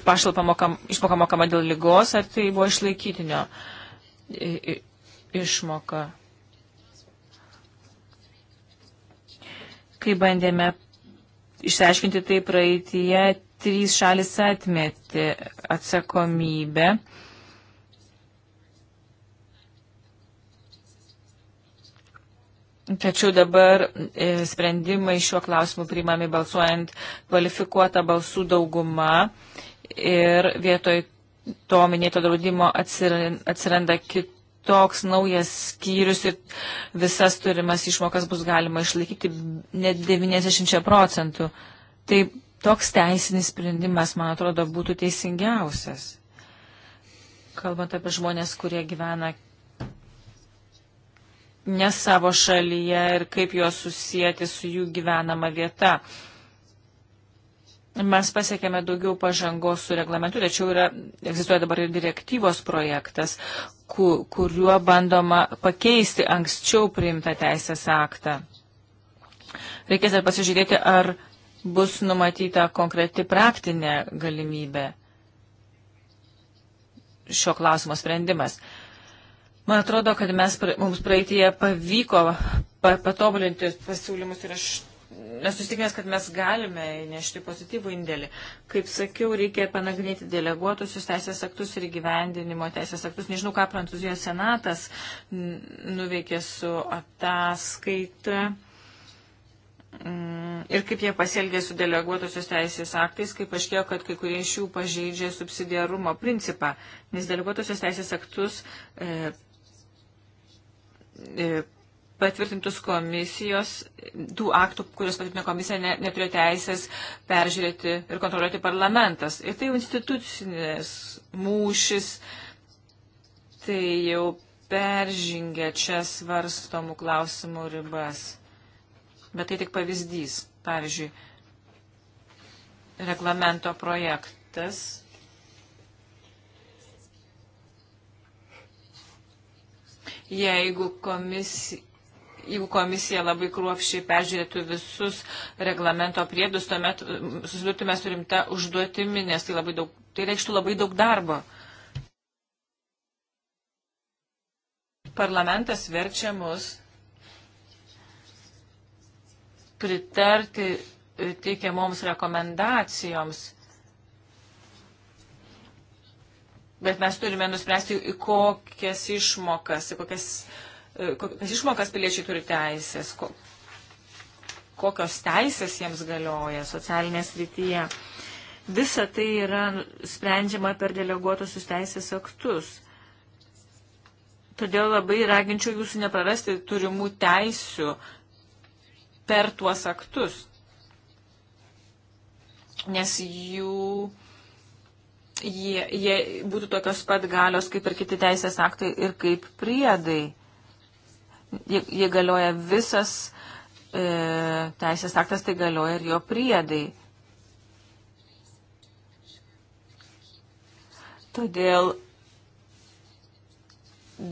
pašalpa mokam, išmoka mokama dėl lygos, ar tai buvo išlaikytinio išmoką. Kai bandėme išsiaiškinti tai praeitie, trys šalis atmeti atsakomybę. Tačiau dabar e, sprendimai šiuo klausimu priimami balsuojant kvalifikuotą balsų daugumą ir vietoj to minėto draudimo atsiranda kit, toks naujas skyrius ir visas turimas išmokas bus galima išlaikyti net 90 procentų. Tai toks teisinis sprendimas, man atrodo, būtų teisingiausias. Kalbant apie žmonės, kurie gyvena ne savo šalyje ir kaip juos susijęti su jų gyvenama vieta. Mes pasiekėme daugiau pažangos su reglamentu, tačiau yra, egzistuoja dabar ir direktyvos projektas, kuriuo bandoma pakeisti anksčiau priimtą teisės aktą. Reikės dar pasižiūrėti, ar bus numatyta konkreti praktinė galimybė šio klausimo sprendimas. Man atrodo, kad mes, mums praeitie pavyko patobulinti pasiūlymus ir aš mes susitikimės, kad mes galime nešti pozityvų indėlį. Kaip sakiau, reikia panagrinėti deleguotusius teisės aktus ir gyvendinimo teisės aktus. Nežinau, ką Prancūzijos senatas nuveikė su ataskaita. Mm, ir kaip jie pasielgė su deleguotusios teisės aktais, kaip aškėjo, kad kai kurie iš jų pažeidžia subsidiarumo principą, nes deleguotusios teisės aktus e, e, patvirtintus komisijos, tų aktų, kuriuos patvirtino komisija, ne, neturėjo teisės peržiūrėti ir kontroliuoti parlamentas. Ir tai jau institucinės mūšis, tai jau peržengia čia svarstomų klausimų ribas. Bet tai tik pavyzdys. Pavyzdžiui, reglamento projektas. Jeigu komisija jeigu komisija labai kruopšiai peržiūrėtų visus reglamento priedus, tuomet susidurtume su rimta užduotimi, nes tai, labai daug, tai reikštų labai daug darbo. Parlamentas verčia mus pritarti e, teikiamoms rekomendacijoms. Bet mes turime nuspręsti, į kokias išmokas, į kokias E, kokias išmokas piliečiai turi teisės, kokios teisės jiems galioja socialinės rytyje. Visa tai yra sprendžiama per deleguotusius teisės aktus. Todėl labai raginčiau jūsų neprarasti turimų teisių per tuos aktus, nes jų jie, jie būtų tokios pat galios kaip ir kiti teisės aktai ir kaip priedai jie, jie galioja visas e, teisės aktas, tai galioja ir jo priedai. Todėl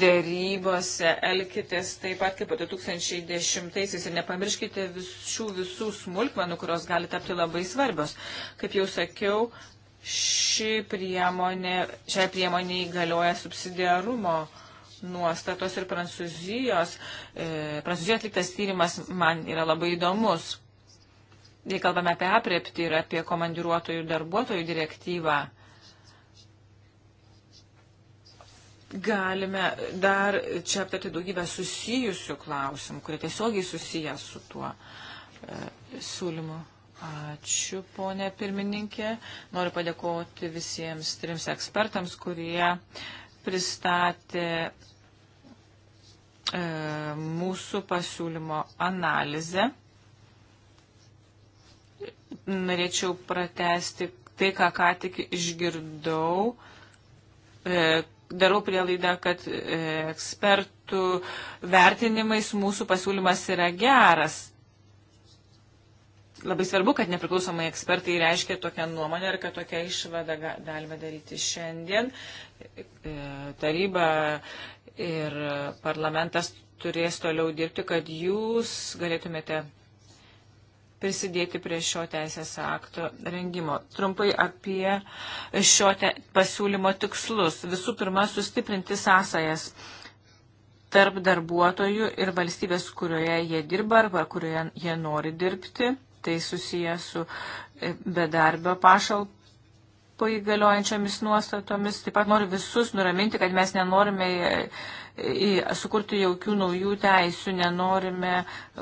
dėrybose elkitės taip pat kaip 2010-aisiais ir nepamirškite visų, visų smulkmenų, kurios gali tapti labai svarbios. Kaip jau sakiau, ši priemonė, šiai priemonė įgalioja subsidiarumo uh, nuostatos ir Prancūzijos, e, Prancūzijos atliktas tyrimas man yra labai įdomus. Jei kalbame apie apriepti ir apie komandiruotojų ir darbuotojų direktyvą, galime dar čia aptarti daugybę susijusių klausimų, kurie tiesiogiai susiję su tuo e, siūlymu. Ačiū, ponė pirmininkė. Noriu padėkoti visiems trims ekspertams, kurie pristatė E, mūsų pasiūlymo analizę. Norėčiau pratesti tai, ką ką tik išgirdau. E, darau prielaidą, kad e, ekspertų vertinimais mūsų pasiūlymas yra geras. Labai svarbu, kad nepriklausomai ekspertai reiškia tokią nuomonę ir kad tokią išvadą galime daryti šiandien. Taryba ir parlamentas turės toliau dirbti, kad jūs galėtumėte prisidėti prie šio teisės akto rengimo. Trumpai apie šio pasiūlymo tikslus. Visų pirma, sustiprinti sąsajas tarp darbuotojų ir valstybės, kurioje jie dirba arba kurioje jie nori dirbti. Tai susiję su e, bedarbio pašalp, po įgaliojančiomis nuostatomis. Taip pat noriu visus nuraminti, kad mes nenorime sukurti jokių naujų teisių, nenorime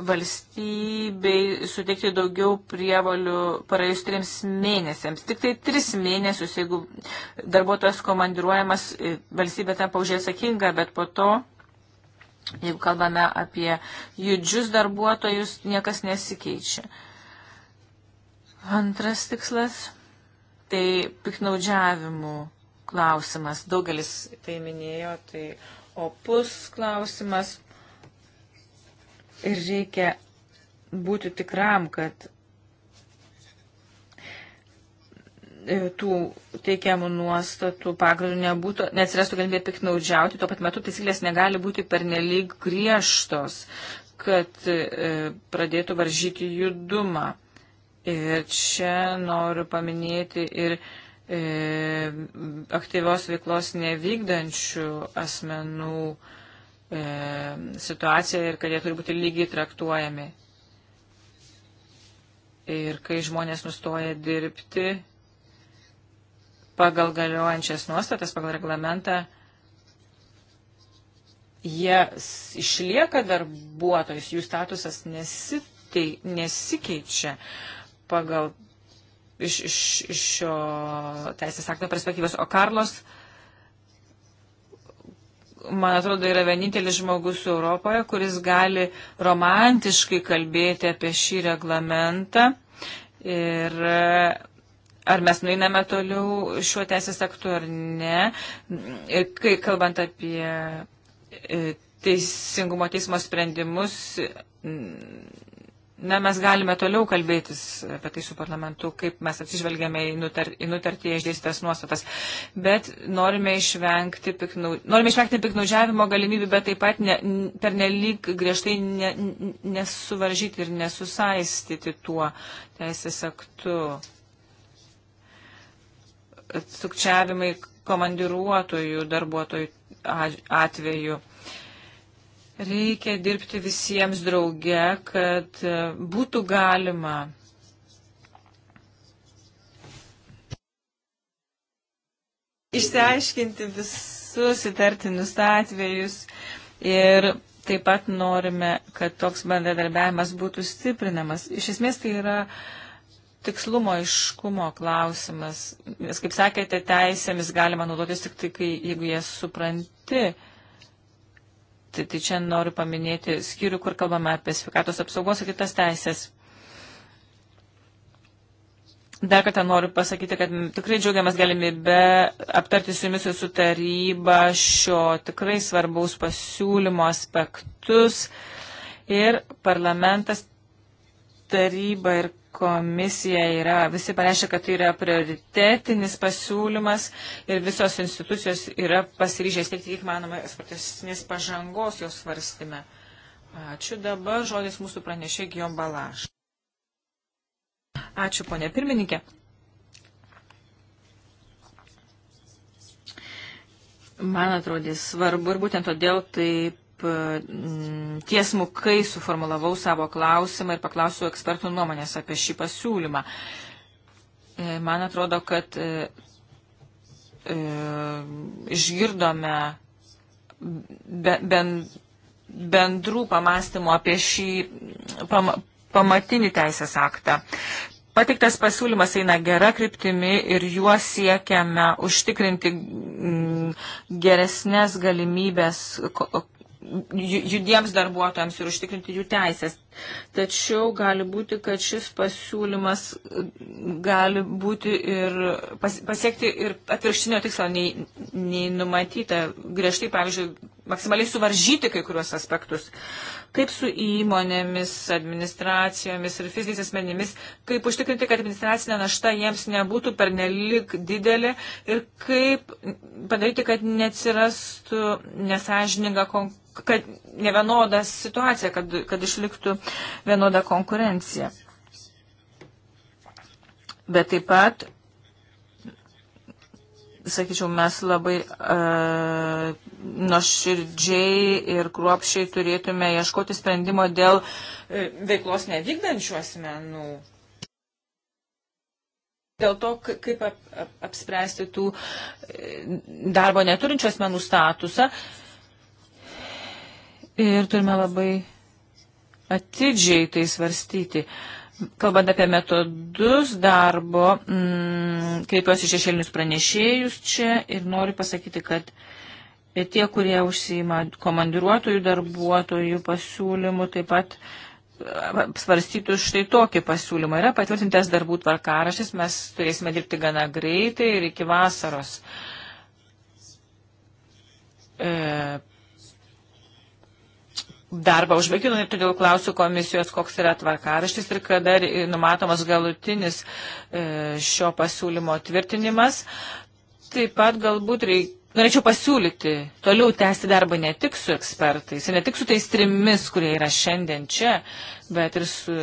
valstybei suteikti daugiau prievalių praėjus trims mėnesiams. Tik tai tris mėnesius, jeigu darbuotojas komandiruojamas, e, valstybė tampa už jį atsakinga, bet po to. Jeigu kalbame apie judžius darbuotojus, niekas nesikeičia. Antras tikslas Tai piknaudžiavimų klausimas, daugelis tai minėjo, tai opus klausimas. Ir reikia būti tikram, kad e, tų teikiamų nuostatų pagrindų nebūtų, neatsirastų galimybė piknaudžiauti, tuo pat metu taisyklės negali būti pernelyg griežtos, kad e, pradėtų varžyti judumą. Ir e, čia noriu paminėti ir e, aktyvios veiklos nevykdančių asmenų e, situaciją ir kad jie turi būti lygiai traktuojami. Ir kai žmonės nustoja dirbti pagal galiojančias nuostatas, pagal reglamentą, jie išlieka darbuotojais, jų statusas nesit, nesikeičia pagal iš, iš, iš šio teisės akto perspektyvos. O Karlos, man atrodo, yra vienintelis žmogus Europoje, kuris gali romantiškai kalbėti apie šį reglamentą. Ir e, ar mes nueiname toliau šiuo teisės aktu ar ne. Ir kai kalbant apie e, teisingumo teismo sprendimus, Na, mes galime toliau kalbėtis apie tai su parlamentu, kaip mes atsižvelgiame į, nutar, į nutartį išdėstytas nuostatas, bet norime išvengti, piknau, norime išvengti piknaudžiavimo galimybių, bet taip pat ne, per nelik griežtai ne, nesuvaržyti ir nesusaistyti tuo teisės aktu. Sukčiavimai komandiruotojų darbuotojų atveju Reikia dirbti visiems drauge, kad e, būtų galima išsiaiškinti visus įtartinus atvejus ir taip pat norime, kad toks bendradarbiavimas būtų stiprinamas. Iš esmės tai yra tikslumo iškumo klausimas, nes, kaip sakėte, teisėmis galima naudotis tik tai, kai, jeigu jas supranti. Tai čia noriu paminėti skyrių, kur kalbame apie sveikatos apsaugos ir kitas teisės. Dar kartą noriu pasakyti, kad tikrai džiaugiamės galimybę aptarti su jumis jūsų tarybą šio tikrai svarbaus pasiūlymo aspektus. Ir parlamentas taryba ir komisija yra, visi pareiškia, kad tai yra prioritetinis pasiūlymas ir visos institucijos yra pasiryžęs teikti, kiek manoma, spartesnės pažangos jos svarstime. Ačiū dabar, žodis mūsų pranešė Gijom Balaš. Ačiū, ponė pirmininkė. Man atrodė svarbu ir būtent todėl taip taip e, tiesmukai suformulavau savo klausimą ir paklausiu ekspertų nuomonės apie šį pasiūlymą. E, man atrodo, kad e, išgirdome bendrų pamastymų apie šį pamatinį teisės aktą. Pateiktas pasiūlymas eina gera kryptimi ir juo siekiame užtikrinti geresnės galimybės judiems darbuotojams ir užtikrinti jų teisės. Tačiau gali būti, kad šis pasiūlymas gali būti ir pas, pasiekti ir atviršinio tikslo nei, nei numatyta. Griežtai, pavyzdžiui, maksimaliai suvaržyti kai kuriuos aspektus kaip su įmonėmis, administracijomis ir fiziniais asmenimis, kaip užtikrinti, kad administracinė našta jiems nebūtų pernelik didelė ir kaip padaryti, kad neatsirastų nesažininga konkurencija kad nevienoda situacija, kad, kad išliktų vienoda konkurencija. Bet taip pat sakyčiau, mes labai uh, nuoširdžiai ir kruopšiai turėtume ieškoti sprendimo dėl uh, veiklos nevykdančių asmenų. Dėl to, kaip ap, ap, apspręsti tų e, darbo neturinčių asmenų statusą. Ir turime labai atidžiai tai svarstyti. Uh, Kalbant apie metodus darbo, mm, kreipiuosi šešėlinius pranešėjus čia ir noriu pasakyti, kad tie, kurie užsima komandiruotojų darbuotojų pasiūlymų, taip pat svarstytų štai tokį pasiūlymą. Yra patvirtintas darbų tvarkaraštis, mes turėsime dirbti gana greitai ir iki vasaros. E, darbą užbaigti, nu, todėl klausiu komisijos, koks yra tvarkaraštis ir kada numatomas galutinis e, šio pasiūlymo tvirtinimas. Taip pat galbūt reikia norėčiau pasiūlyti toliau tęsti darbą ne tik su ekspertais, ne tik su tais trimis, kurie yra šiandien čia, bet ir su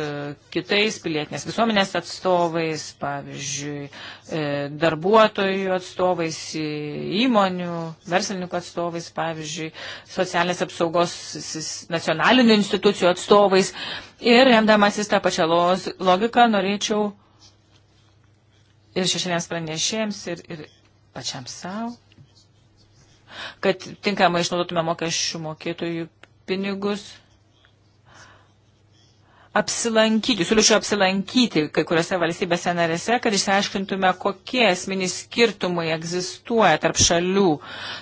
kitais pilietinės visuomenės atstovais, pavyzdžiui, e, darbuotojų atstovais, įmonių, verslininkų atstovais, pavyzdžiui, socialinės apsaugos nacionalinių institucijų atstovais. Ir remdamasis tą pačią logiką norėčiau ir šešėlėms pranešėjams, ir, ir pačiam savo kad tinkamai išnaudotume mokesčių mokėtojų pinigus. Apsilankyti, siūlyčiau apsilankyti kai kuriuose valstybėse narėse, kad išsiaiškintume, kokie esminiai skirtumai egzistuoja tarp šalių,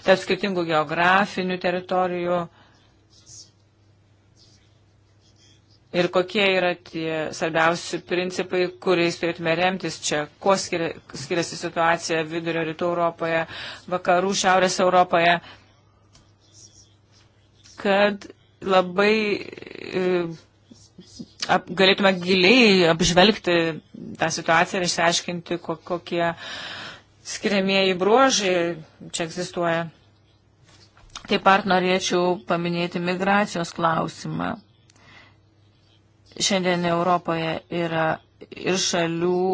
tarp skirtingų geografinių teritorijų Ir kokie yra tie svarbiausi principai, kuriais turėtume remtis čia, kuo skiria, skiriasi situacija vidurio rytų Europoje, vakarų, šiaurės Europoje, kad labai e, ap, galėtume giliai apžvelgti tą situaciją ir išsiaiškinti, kokie skiriamieji bruožai čia egzistuoja. Taip pat norėčiau paminėti migracijos klausimą šiandien Europoje yra ir šalių,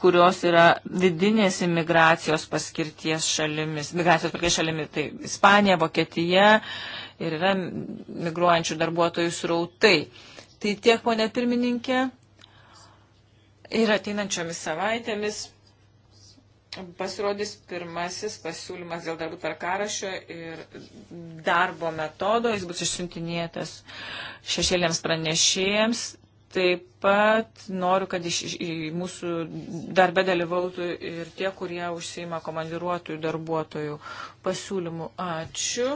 kurios yra vidinės imigracijos paskirties šalimis, migracijos paskirties šalimis, tai Ispanija, Vokietija ir yra migruojančių darbuotojų srautai. Tai tiek, ponė pirmininkė, ir ateinančiomis savaitėmis pasirodys pirmasis pasiūlymas dėl darbų tvarkarašio ir darbo metodo. Jis bus išsiuntinėtas šešėliams pranešėjams. Taip pat noriu, kad iš, į mūsų darbę dalyvautų ir tie, kurie užsima komandiruotojų darbuotojų pasiūlymų. Ačiū.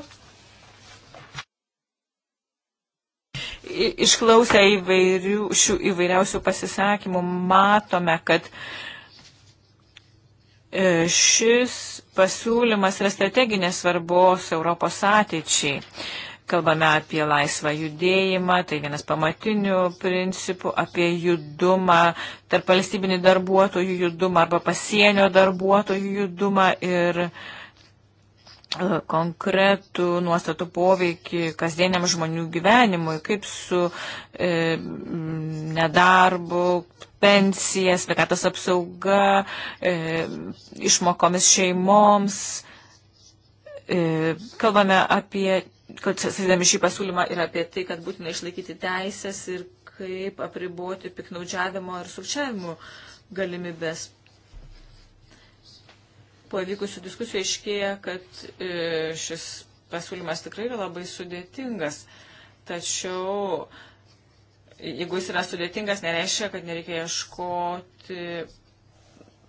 Išklausę įvairių, šių įvairiausių pasisakymų, matome, kad uh, E, šis pasiūlymas yra strateginės svarbos Europos ateičiai. Kalbame apie laisvą judėjimą, tai vienas pamatinių principų, apie judumą, tarp valstybinį darbuotojų judumą arba pasienio darbuotojų judumą ir uh, E, konkretų nuostatų poveikį kasdieniam žmonių gyvenimui, kaip su e, nedarbu, pensija, sveikatos apsauga, e, išmokomis šeimoms. E, kalbame apie, kad sėdami šį pasiūlymą ir apie tai, kad būtina išlaikyti teisės ir kaip apriboti piknaudžiavimo ir sukčiavimo galimybės. Po vykusių diskusijų aiškėja, kad e, šis pasiūlymas tikrai yra labai sudėtingas. Tačiau, jeigu jis yra sudėtingas, nereiškia, kad nereikia ieškoti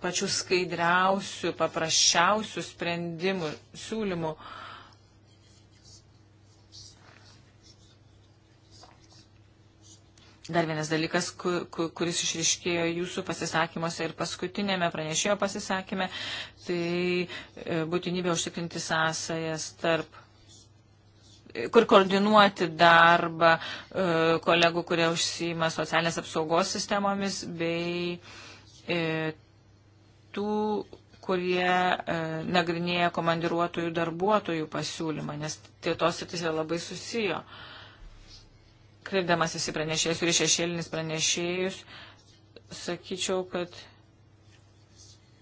pačių skaidriausių, paprasčiausių sprendimų, siūlymų. Dar vienas dalykas, kuris išriškėjo jūsų pasisakymuose ir paskutinėme pranešėjo pasisakymė, tai e, būtinybė užtikrinti sąsajas tarp e, kur koordinuoti darbą e, kolegų, kurie užsima socialinės apsaugos sistemomis, bei tų, kurie nagrinėja komandiruotojų darbuotojų pasiūlymą, nes tie tos sritis yra labai susijo. Kreipdamasis į pranešėjus ir šešėlinis pranešėjus, sakyčiau, kad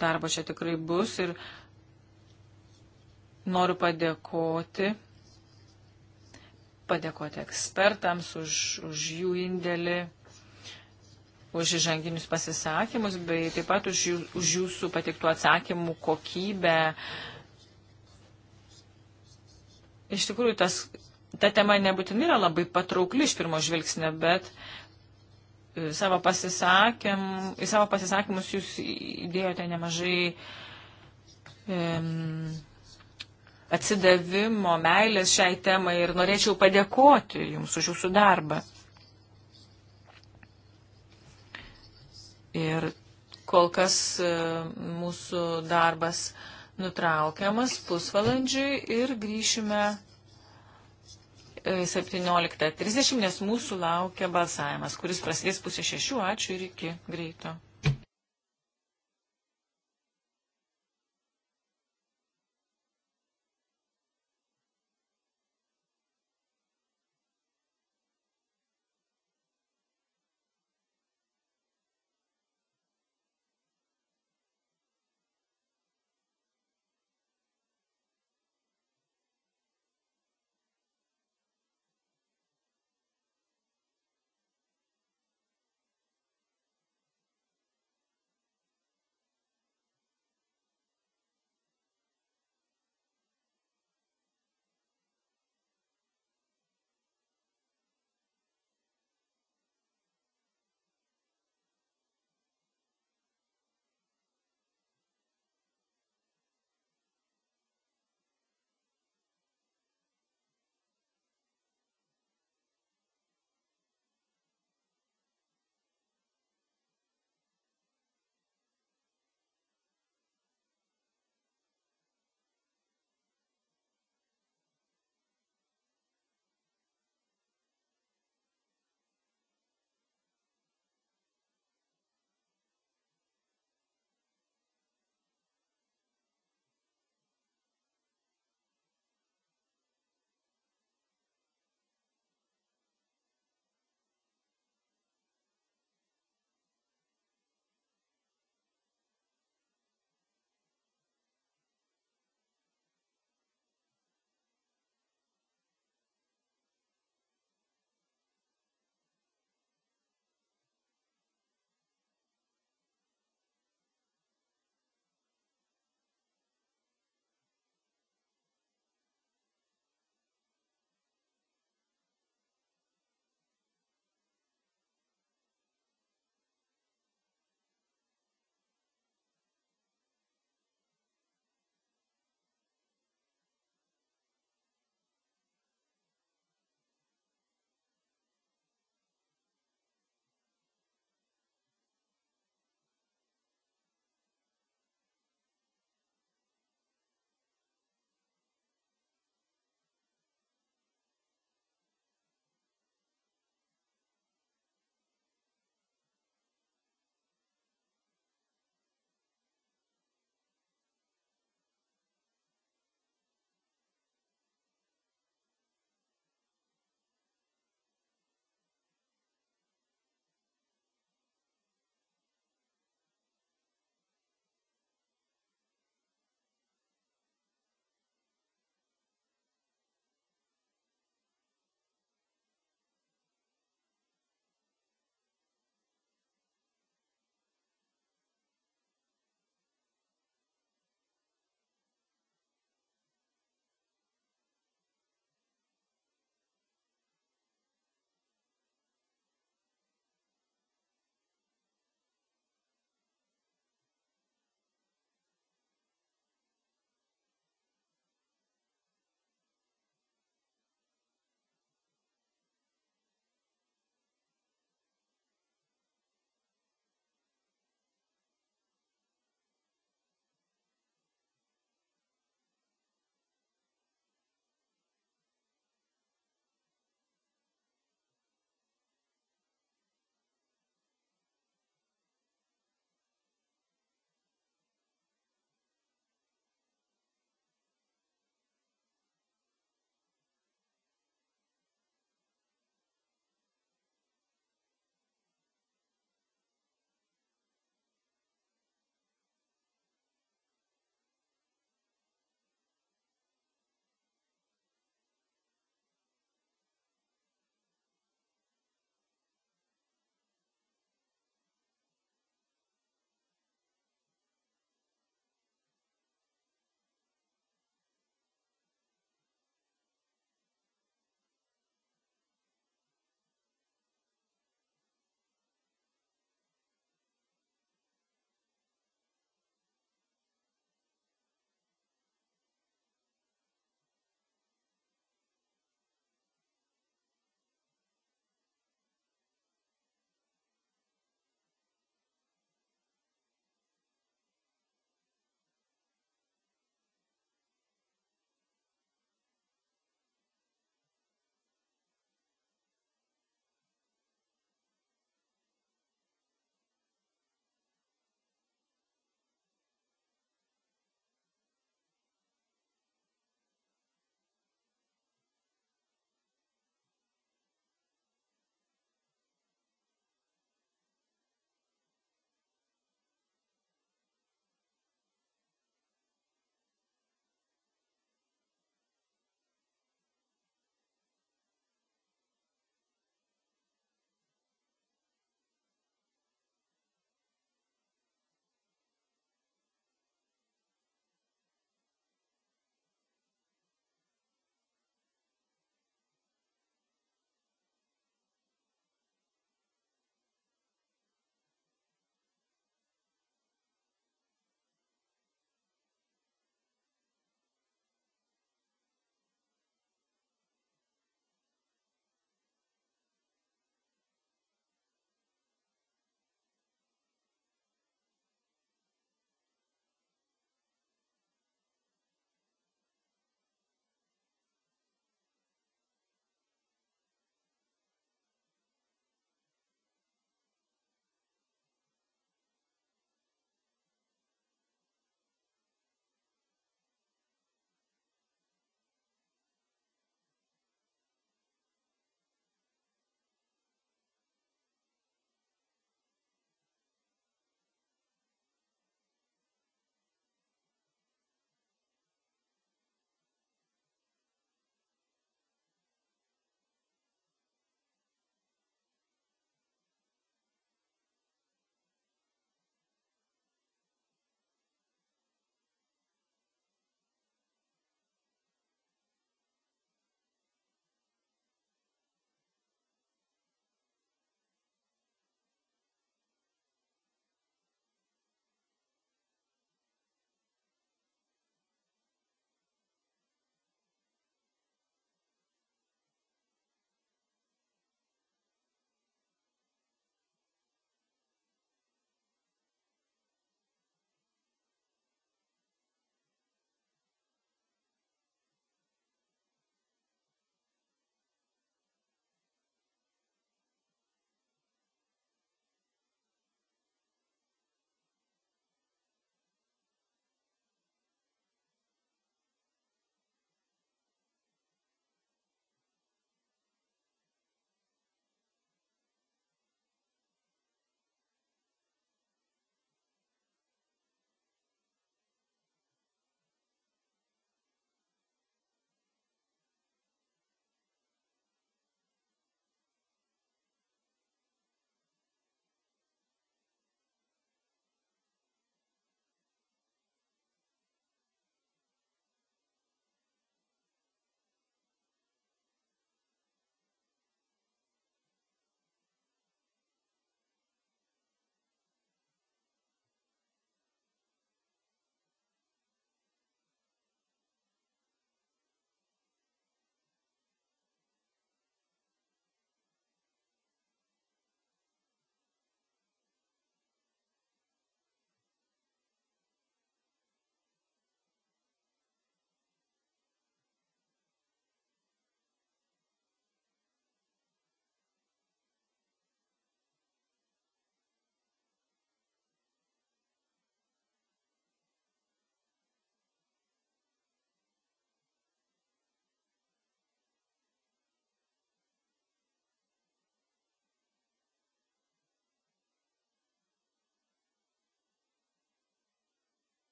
darbo čia tikrai bus ir noriu padėkoti, padėkoti ekspertams už, už jų indėlį, už įžanginius pasisakymus, bei taip pat už, jų, už jūsų patiktų atsakymų kokybę. Iš tikrųjų, tas, ta tema nebūtinai yra labai patraukli iš pirmo žvilgsnio, bet uh, E, savo, pasisakym, į savo pasisakymus jūs įdėjote nemažai um, atsidavimo, meilės šiai temai ir norėčiau padėkoti Jums už Jūsų darbą. Ir kol kas e, mūsų darbas nutraukiamas pusvalandžiui ir grįšime 17.30, nes mūsų laukia balsavimas, kuris prasidės pusė šešių. Ačiū ir iki greito.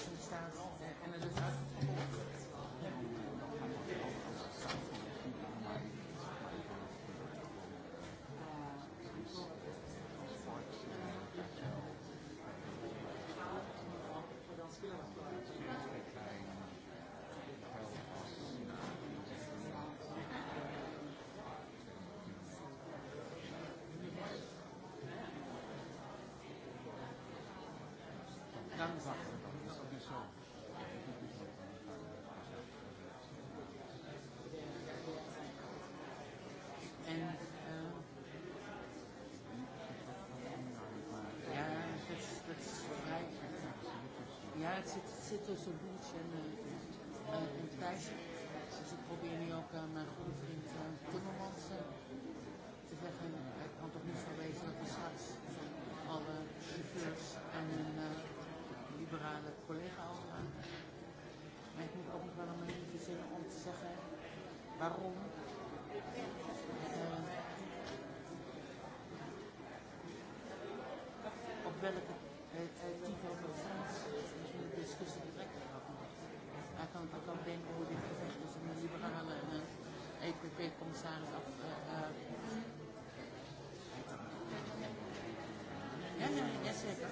understands and, and understands. zit tussen Beach en, uh, uh, en Thijssen. Dus ik probeer nu ook aan uh, mijn goede vriend uh, Timmermans uh, te zeggen, het kan toch niet zo wezen dat we straks alle chauffeurs en hun uh, liberale collega overgaan. Maar ik moet ook nog wel een manier verzinnen om te zeggen waarom uh, denk hoe dit gevecht tussen de liberalen en de EPP-commissaris af. Uh, uh, ja, ja, ja, zeker.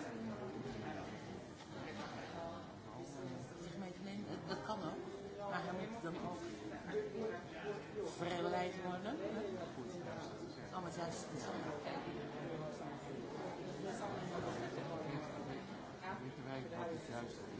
Zich meenemen, dat kan ook. Maar hij moet dan ook verleid worden. Om het juist te zijn. Weten wij wat het juiste is?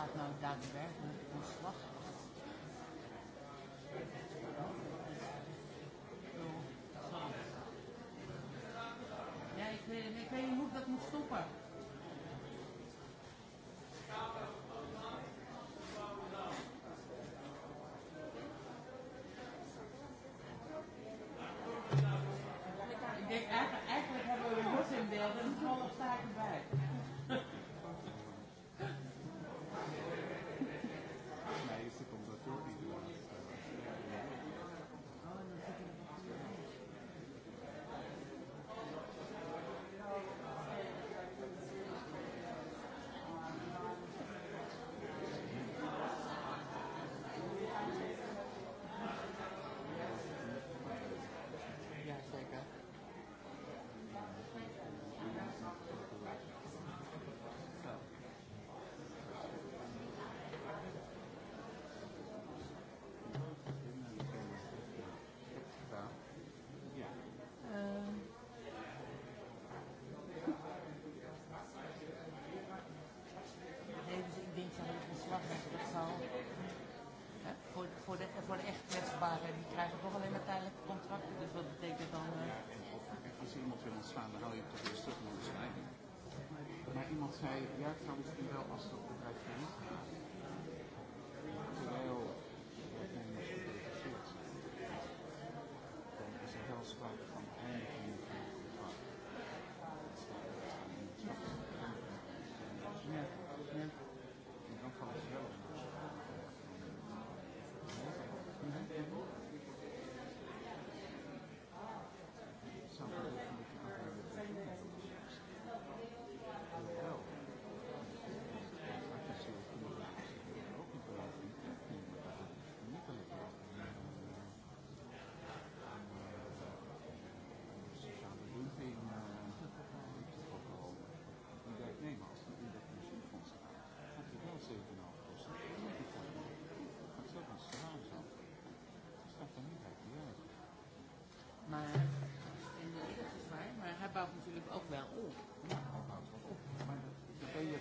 gaat nou daadwerkelijk ontslag Ja, ik weet, ik weet niet hoe ik dat moet stoppen. moeten ontslaan, dan haal je toch weer stuk moeten zijn. Maar iemand zei, ja, het zou misschien wel als het bedrijf failliet gaat.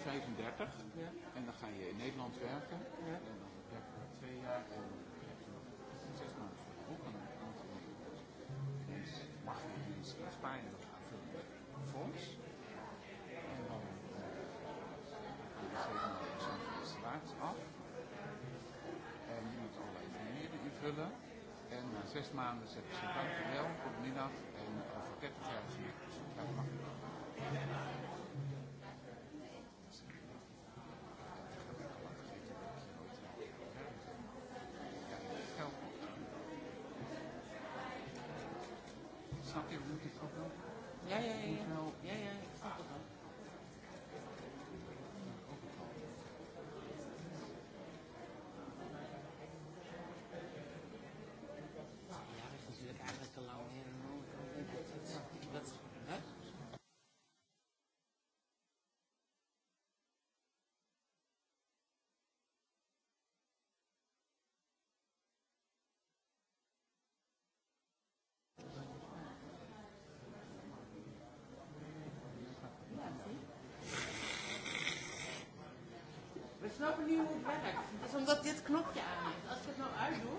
35 ja. en dan ga je in Nederland werken. Ja. En dan werk je twee jaar en dan heb je nog zes maanden voor de boek. En dan mag je in Spanje nog aanvullen met een fonds. En dan ga je 7,5% van je salaris af. En je moet allerlei formulieren invullen. En na zes maanden zeggen ze dankjewel, goedemiddag. En over 30 jaar zie ik je. Dat mag ik. moet het ook wel. Ja, ja, ja. ja. Moet wel, ja, ja, ik snap het wel. nu niet werkt. Het is omdat dit knopje aan is. Als ik het nou uitdoe...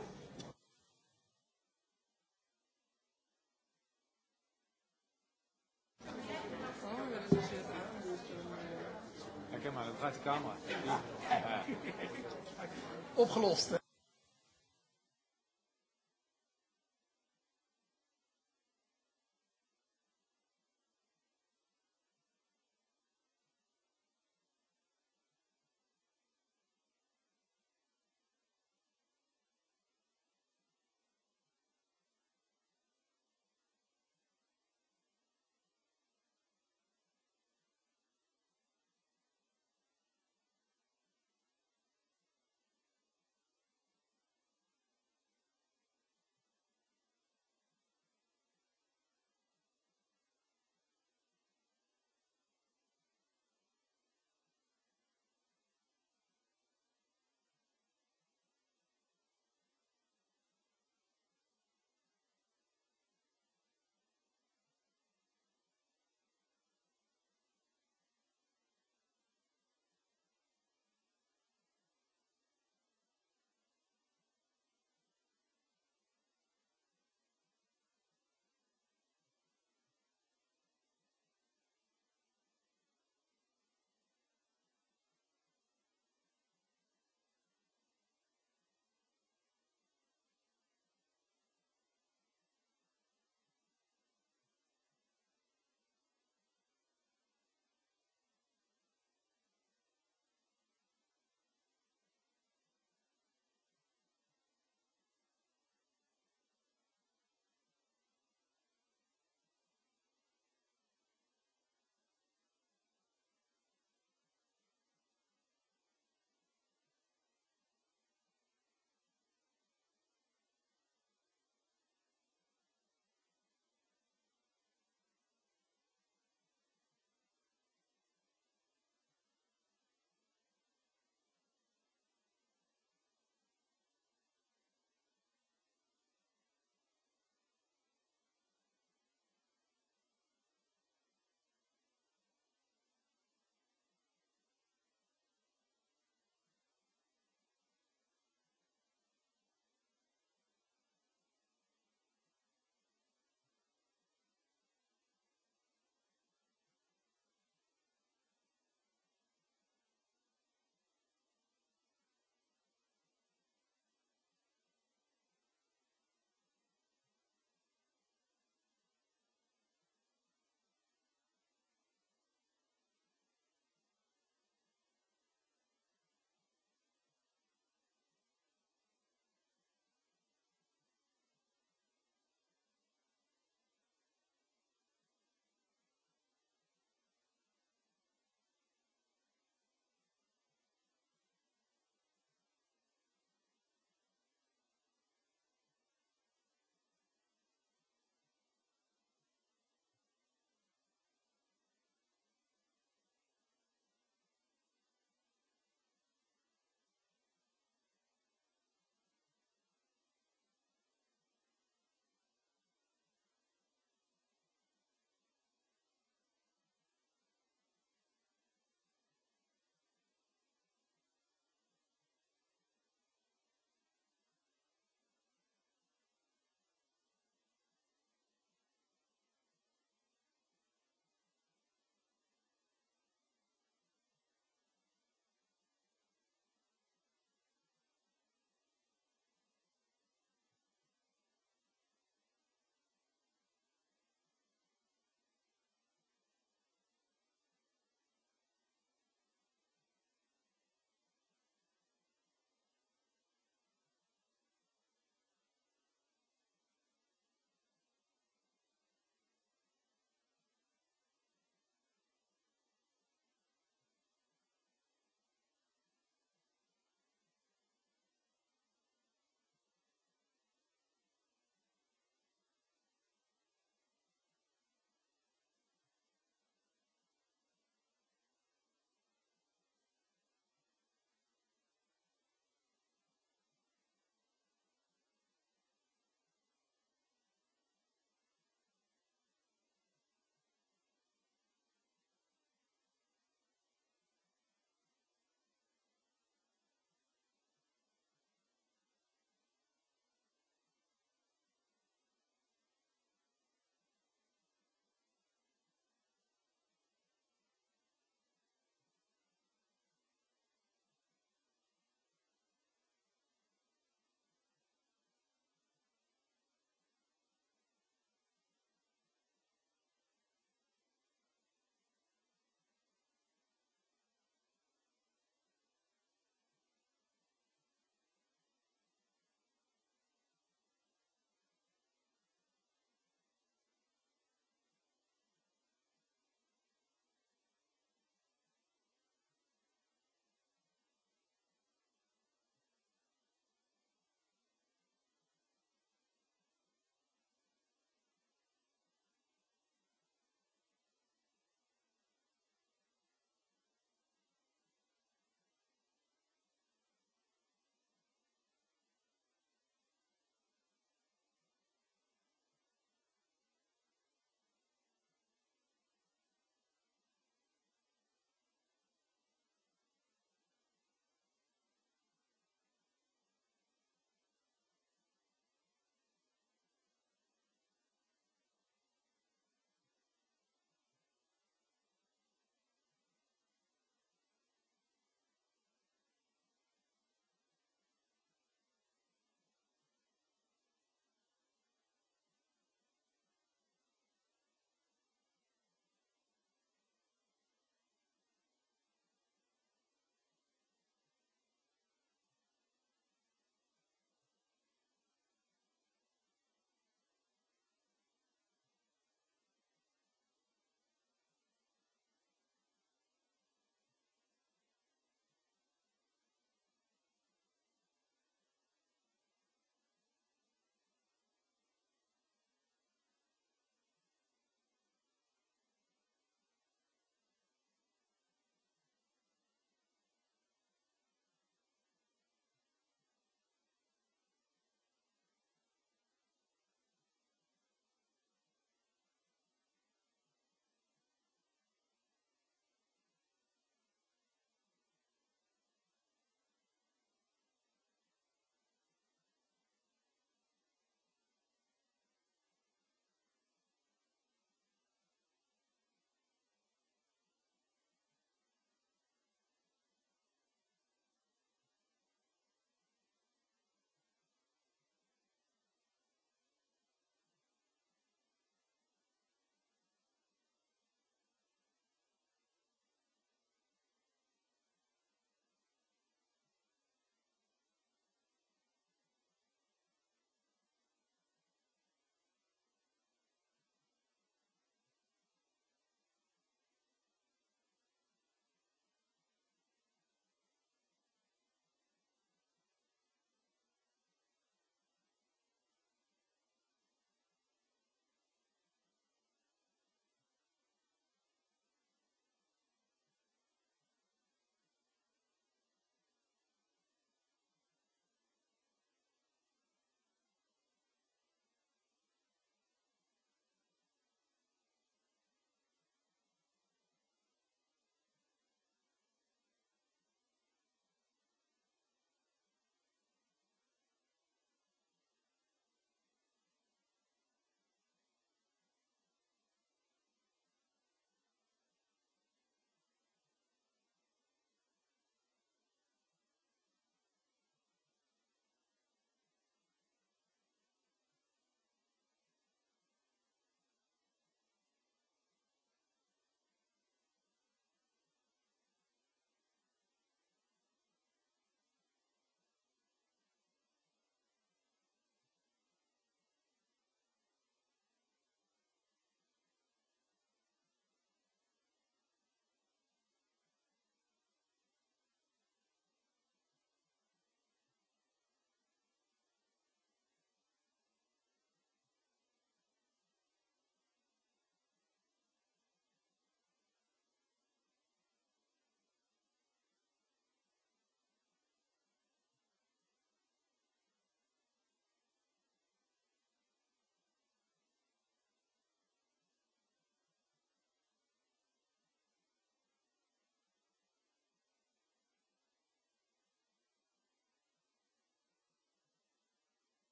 Kijk maar, dat draait de camera. Ja. Opgelost.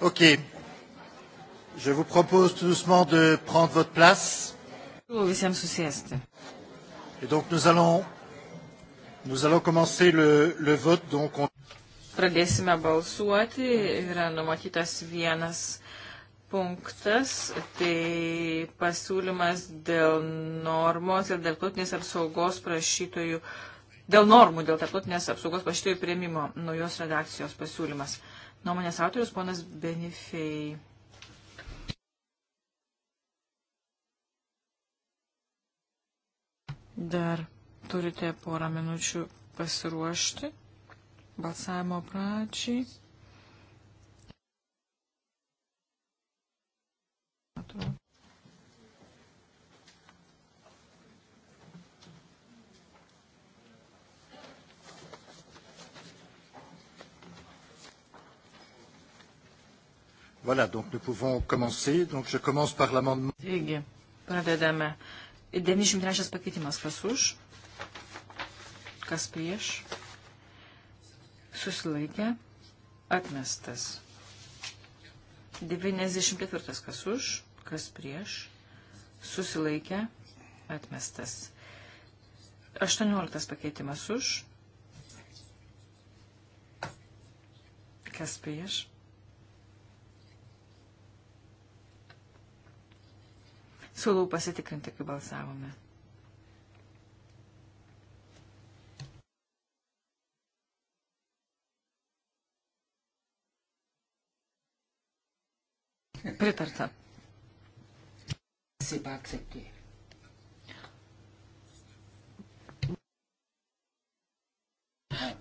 Ok. Je vous propose tout doucement de prendre votre place. Visiems susėsti. Et donc nous allons, nous allons commencer le, le vote. Donc on... Pradėsime balsuoti. Yra numatytas vienas punktas. Tai pasiūlymas dėl normos ir dėl tautinės apsaugos prašytojų. Dėl normų, dėl tarptautinės apsaugos prašytojų prieimimo naujos redakcijos pasiūlymas. Nuomonės autorius ponas Benifei. Dar turite porą minučių pasiruošti balsavimo pradžiai. Voilà, donc nous pouvons commencer. Donc je commence par l'amendement. Taigi, pradedame. 93 pakeitimas, kas už, kas prieš, susilaikė, atmestas. 94 kas už, kas prieš, susilaikė, atmestas. 18 pakeitimas už, kas prieš, Siūlau pasitikrinti, kaip balsavome. Pritarta. C'est pas accepté.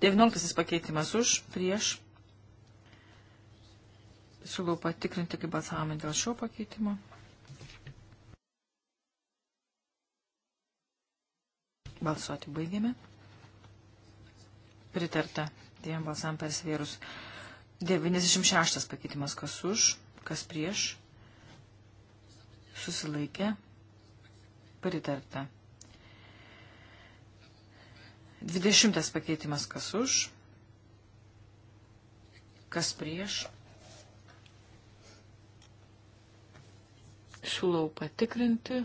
Devynioliktasis pakeitimas už, prieš. Siūlau patikrinti, kaip balsavome dėl šio pakeitimo. Balsuoti baigėme. Pritarta dviem balsam persvėrus. 96 pakeitimas kas už, kas prieš. Susilaikė. Pritarta. 20 pakeitimas kas už, kas prieš. Siūlau patikrinti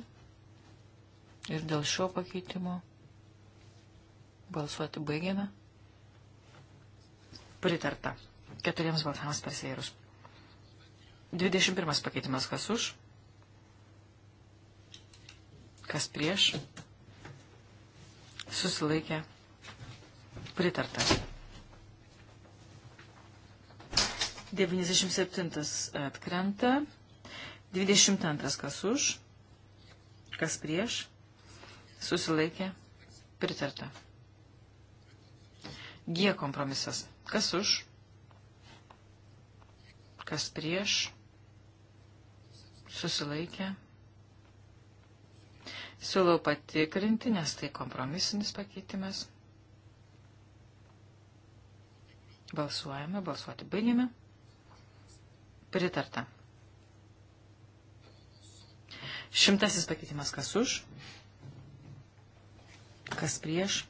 ir dėl šio pakeitimo. Balsuoti baigėme. Pritarta. Keturiems balsams persėrus. 21 pakeitimas kas už? Kas prieš? Susilaikė. Pritarta. 97 atkrenta. 22 kas už? Kas prieš? Susilaikė. Pritarta. G kompromisas. Kas už? Kas prieš? Susilaikė. Siūlau patikrinti, nes tai kompromisinis pakeitimas. Balsuojame, balsuoti baigėme. Pritarta. Šimtasis pakeitimas kas už, kas prieš,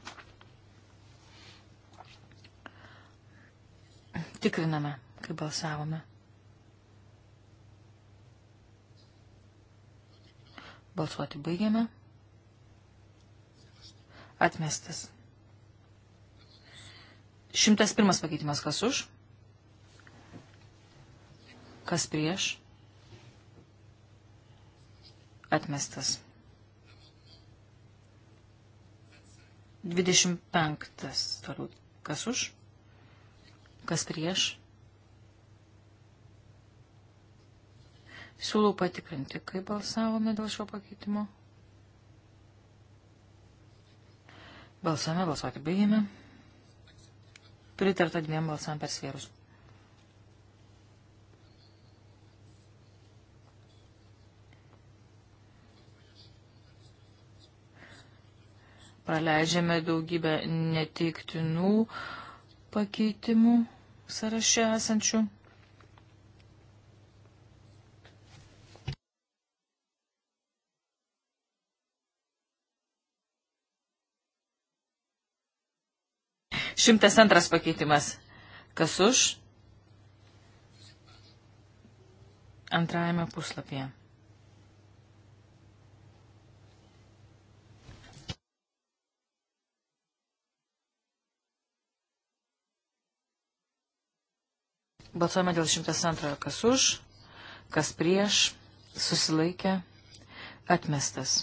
Tikriname, kaip balsavome. Balsuoti baigiame. Atmestas. Šimtas pirmas pakeitimas kas už? Kas prieš? Atmestas. Dvidešimt penktas toliau. Kas už? Kas prieš? Siūlau patikrinti, kaip balsavome dėl šio pakeitimo. Balsame, balsuoti baigėme. Pritarta dviem balsam per svėrus. Praleidžiame daugybę neteiktinų pakeitimų sąraše esančių. Šimtas antras pakeitimas. Kas už? Antrajame puslapyje. Balsuojame dėl 102. Kas už, kas prieš, susilaikė, atmestas.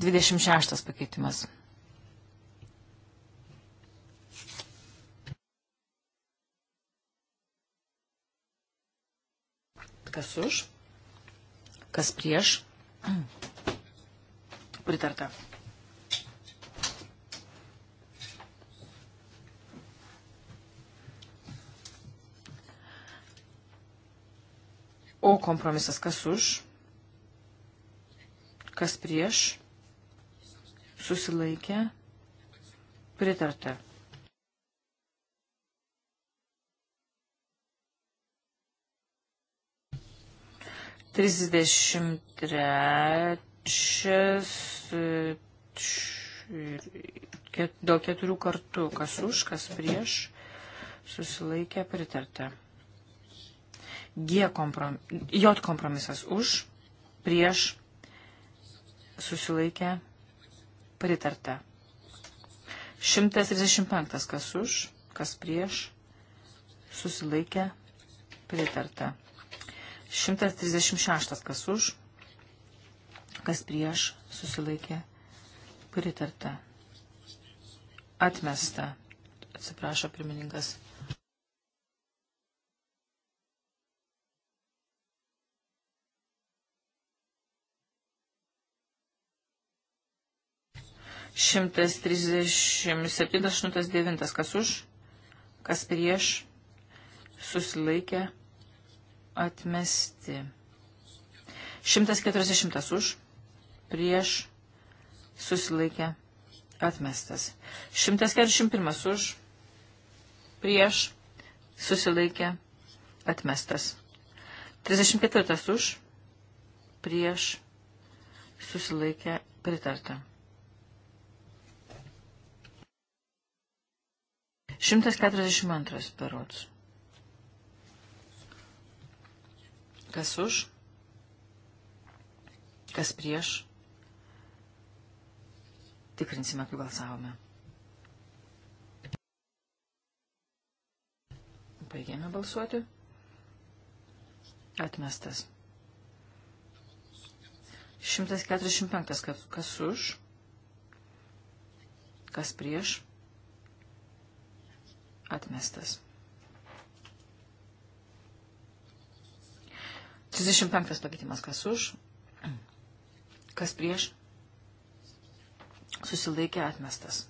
26 pakeitimas. Kas už, kas prieš, pritarta. O kompromisas kas už, kas prieš, susilaikė, pritarta. Trisdešimt trečias e, dėl keturių kartų, kas už, kas prieš, susilaikė pritarta. G komprom, J kompromisas už, prieš, susilaikę, pritarta. 135 kas už, kas prieš, susilaikę, pritarta. 136 kas už, kas prieš, susilaikė, pritarta. Atmesta, atsiprašo pirmininkas. 137, 89, kas už, kas prieš, susilaikė, atmesti. 140 už, prieš, susilaikė, atmestas. 141 už, prieš, susilaikė, atmestas. 34 už, prieš, susilaikė, pritarta. 142 berods. Kas už? Kas prieš? Tikrinsime, kaip balsavome. Baigėme balsuoti. Atmestas. 145. Kas, kas už? Kas prieš? Atmestas. 35 pakeitimas. Kas už? Kas prieš? Susilaikė atmestas.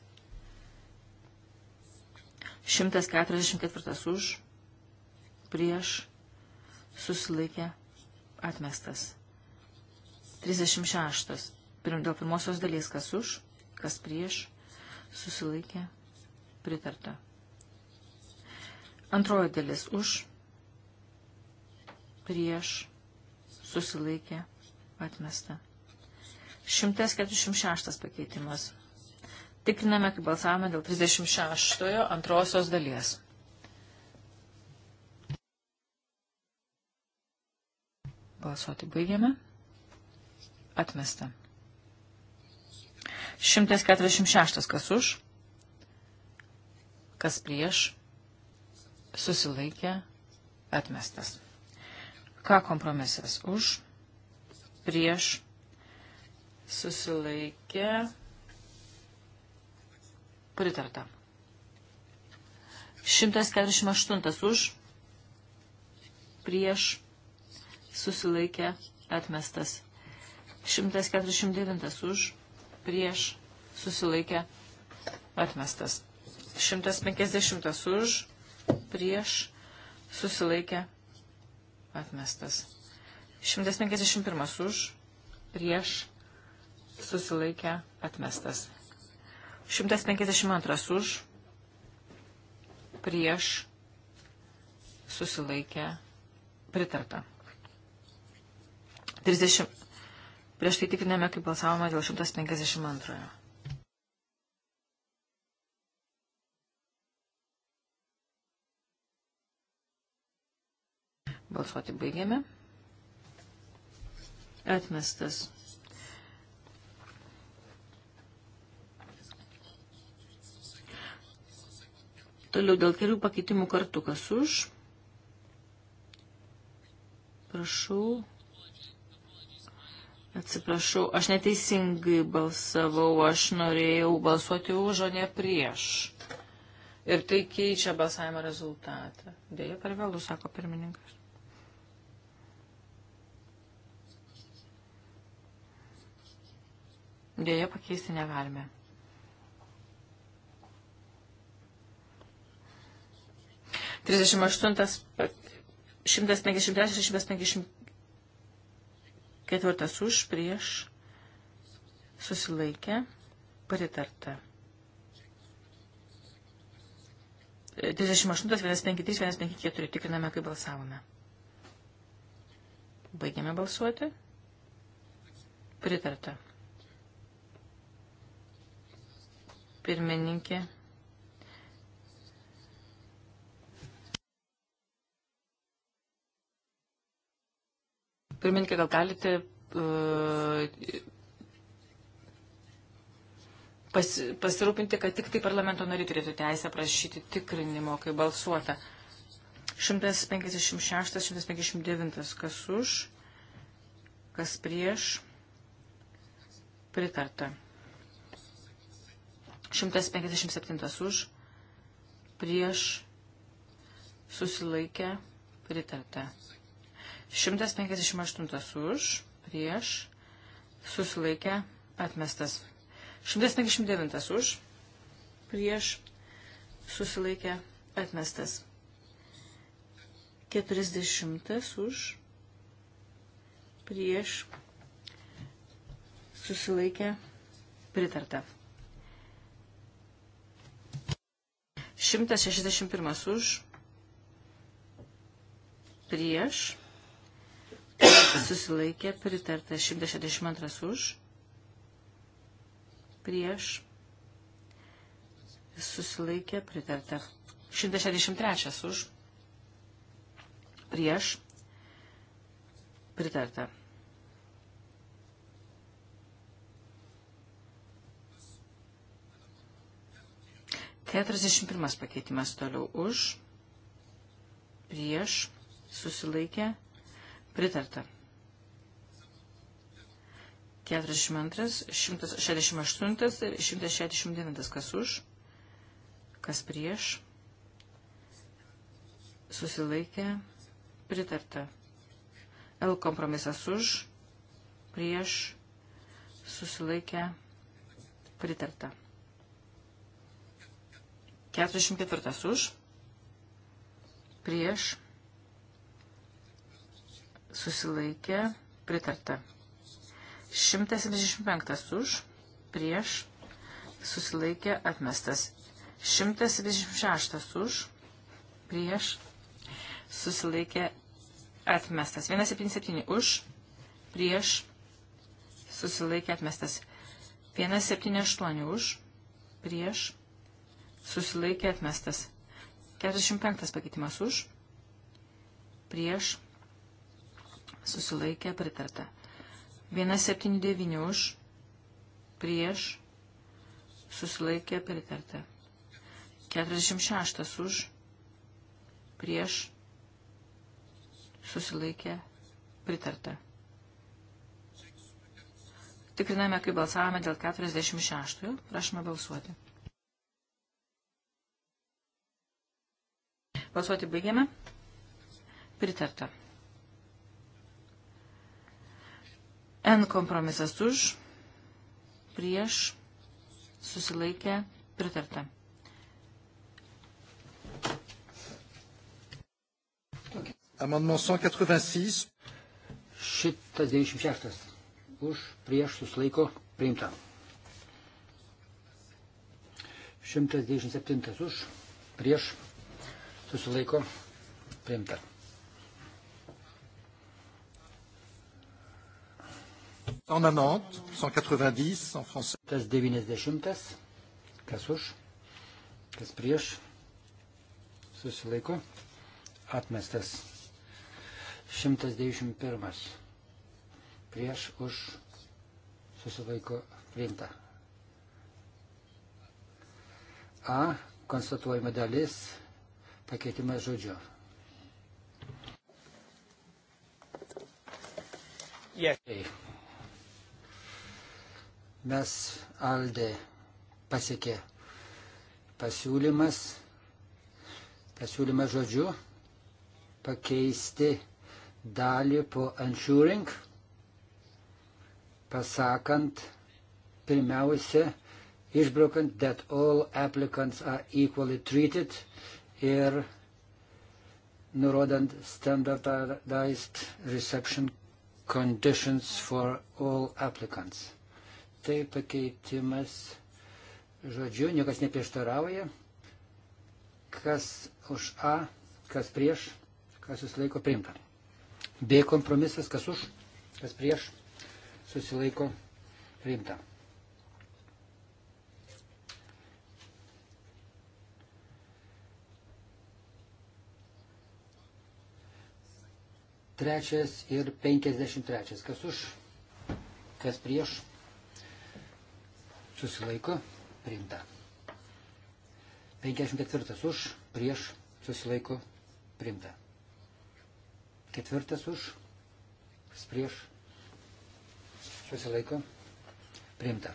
144 už, prieš, susilaikė, atmestas. 36. Pirm, dėl pirmosios dalies, kas už, kas prieš, susilaikė, pritarta. Antroji dalis už, prieš, susilaikė, atmesta. 146 pakeitimas. Tikriname, kaip balsavome dėl 36 antrosios dalies. Balsuoti baigiame. Atmesta. 146 kas už, kas prieš, susilaikė, atmestas. Ką kompromisas už, prieš, susilaikė, pritarta. 148 už, prieš, susilaikė, atmestas. 149 už, prieš, susilaikė, atmestas. 150 už, prieš susilaikė atmestas. 151 už prieš susilaikė atmestas. 152 už prieš susilaikė pritarta. 30. Prieš tai tikriname, kaip balsavome dėl 152. Balsuoti baigėme. Atmestas. Toliau dėl kelių pakeitimų kartu, kas už. Prašau. Atsiprašau, aš neteisingai balsavau, aš norėjau balsuoti už, o ne prieš. Ir tai keičia balsavimo rezultatą. Dėja, per vėlų, sako pirmininkas. Dėja pakeisti negalime. Trisdešimt aštuntas, šimtas penkiasdešimt trečias, šimtas penkiasdešimt ketvirtas už, prieš, susilaikė, pritarta. 38, 153, 154. Tikriname, kaip balsavome. Baigiame balsuoti. Pritarta. pirmininkė. Pirmininkė, gal galite uh, pas, pasirūpinti, kad tik tai parlamento nariai turėtų teisę prašyti tikrinimo, kai balsuota. 156-159, kas už, kas prieš, pritarta. 157 už, prieš, susilaikę, pritarta. 158 už, prieš, susilaikę, atmestas. 159 už, prieš, susilaikę, atmestas. 40 už, prieš, susilaikę, pritarta. 161 už, prieš, susilaikė, pritarta 162 už, prieš, susilaikė, pritarta 163 už, prieš, pritarta 41 pakeitimas toliau už, prieš, susilaikė, pritarta. 42, 168 ir 169 kas už, kas prieš, susilaikė, pritarta. L kompromisas už, prieš, susilaikė, pritarta. 44 už, prieš, susilaikė, pritarta. 175 už, prieš, susilaikė, atmestas. 176 už, prieš, susilaikė, atmestas. 177 už, prieš, susilaikė, atmestas. 178 už, prieš, susilaikė atmestas. 45 pakeitimas už, prieš, susilaikė pritarta. 179 už, prieš, susilaikė pritarta. 46 už, prieš, susilaikė pritarta. Tikriname, kaip balsavome dėl 46. Prašome balsuoti. Balsuoti baigiame. Pritarta. N kompromisas už, prieš, susilaikę, pritarta. Amendement 186. Šitas 96. Už, prieš, susilaiko, priimta. 197 už, prieš, susilaiko priimta. En 90, 190 en français. Tas 90, kas už, kas prieš, susilaiko, atmestas. 191, prieš, už, susilaiko, priimta. A, konstatuojama dalis, pakeitimą žodžiu. Mes Aldė pasiekė pasiūlymas, pasiūlymas žodžiu pakeisti dalį po ensuring, pasakant pirmiausia, išbraukant that all applicants are equally treated ir nurodant standardized reception conditions for all applicants. Tai pakeitimas žodžiu, niekas neprieštarauja. Kas už A, kas prieš, kas susilaiko priimta. B kompromisas, kas už, kas prieš, susilaiko priimta. ir 53. Kas už, kas prieš, susilaiko, priimta. 54. Už, prieš, susilaiko, priimta. Ketvirtas už, kas prieš, susilaiko, priimta.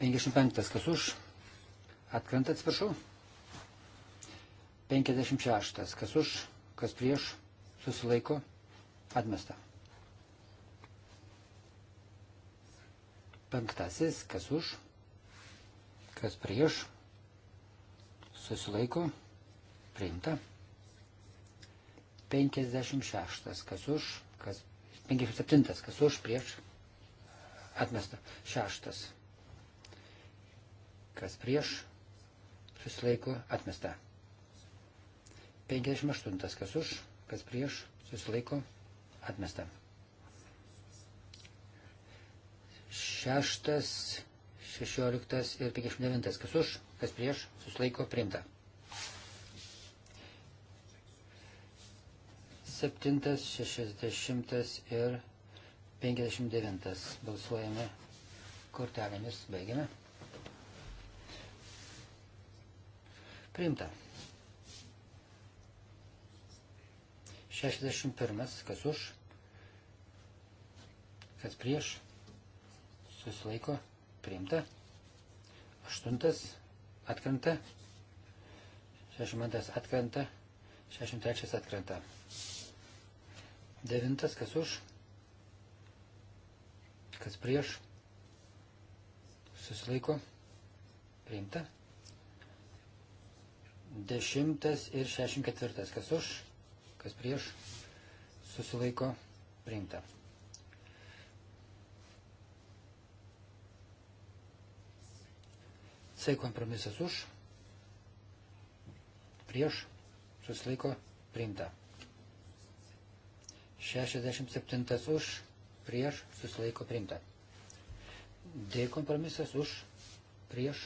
55. Kas už, atkrenta, atsiprašau. 56. Kas už, kas prieš, susilaiko atmesta. Penktasis, kas už, kas prieš, susilaiko priimta. 56, kas už, kas 57, kas už, prieš, atmesta. Šeštas, kas prieš, susilaiko atmesta. 58, kas už, kas prieš, susilaiko, atmesta. Šeštas, šešioliktas ir penkiasdešimt devintas, kas už, kas prieš, susilaiko, priimta. Septintas, šešiasdešimtas ir penkiasdešimt devintas. Balsuojame kortelėmis, baigiame. Priimta. 61. Kas už? Kas prieš? Susilaiko. Priimta. 8. Atkrenta. 62. Atkrenta. 63. Atkrenta. 9. Kas už? Kas prieš? Susilaiko. Priimta. 10 ir 64. Kas už? kas prieš, susilaiko priimta. C kompromisas už, prieš, susilaiko priimta. 67 už, prieš, susilaiko priimta. D kompromisas už, prieš,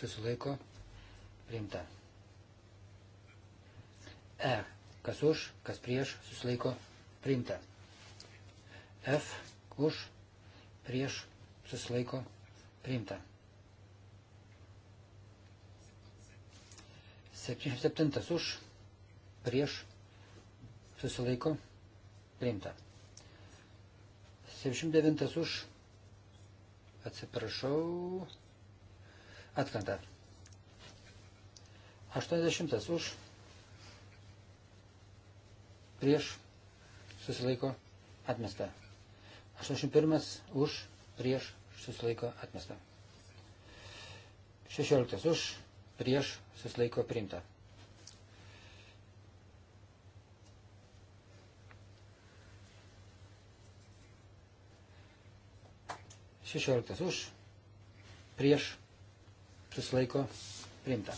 susilaiko priimta. E kas už, kas prieš, susilaiko priimta. F už, prieš, susilaiko priimta. 77 už, prieš, susilaiko priimta. 79 už, atsiprašau, atkanta. 80 už, prieš, susilaiko, atmesta. 81 už, prieš, susilaiko, atmesta. 16 už, prieš, susilaiko, priimta. Šešioliktas už, prieš, susilaiko, priimta.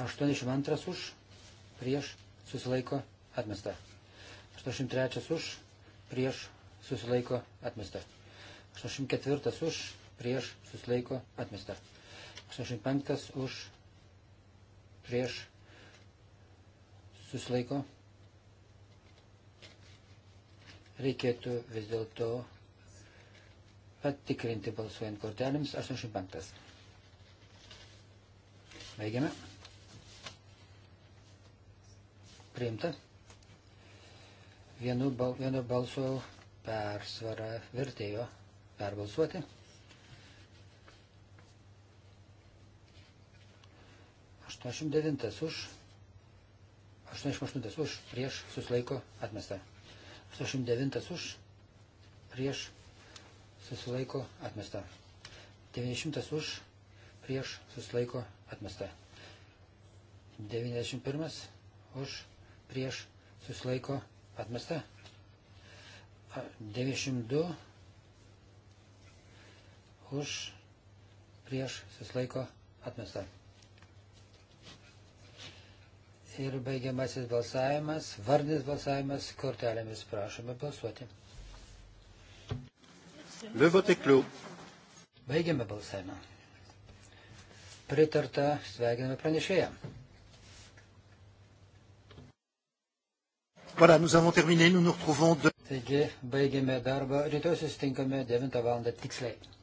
82 už, prieš susilaiko atmesta. 83 už, prieš susilaiko atmesta. 84 už, prieš susilaiko atmesta. 85 už, prieš susilaiko. Reikėtų vis dėlto patikrinti balsuojant kortelėms 85. Baigiame priimta. Vienu, bal, vienu balsu persvara vertėjo perbalsuoti. Aštuoniasdešimt devintas už, aštuoniasdešimt aštuntas už, prieš susilaiko atmesta. Aštuoniasdešimt devintas už, prieš susilaiko atmesta. 90 už, prieš susilaiko atmesta. 91 už, prieš susilaiko atmesta. 92 už prieš susilaiko atmesta. Ir baigiamasis balsavimas, vardinis balsavimas, kortelėmis prašome balsuoti. Le vote clos. Baigiame balsavimą. Pritarta, sveikiname pranešėją. Voilà, nous avons terminé, nous nous retrouvons. De... Taigi, baigėme darbą, rytoj susitinkame 9 val. tiksliai.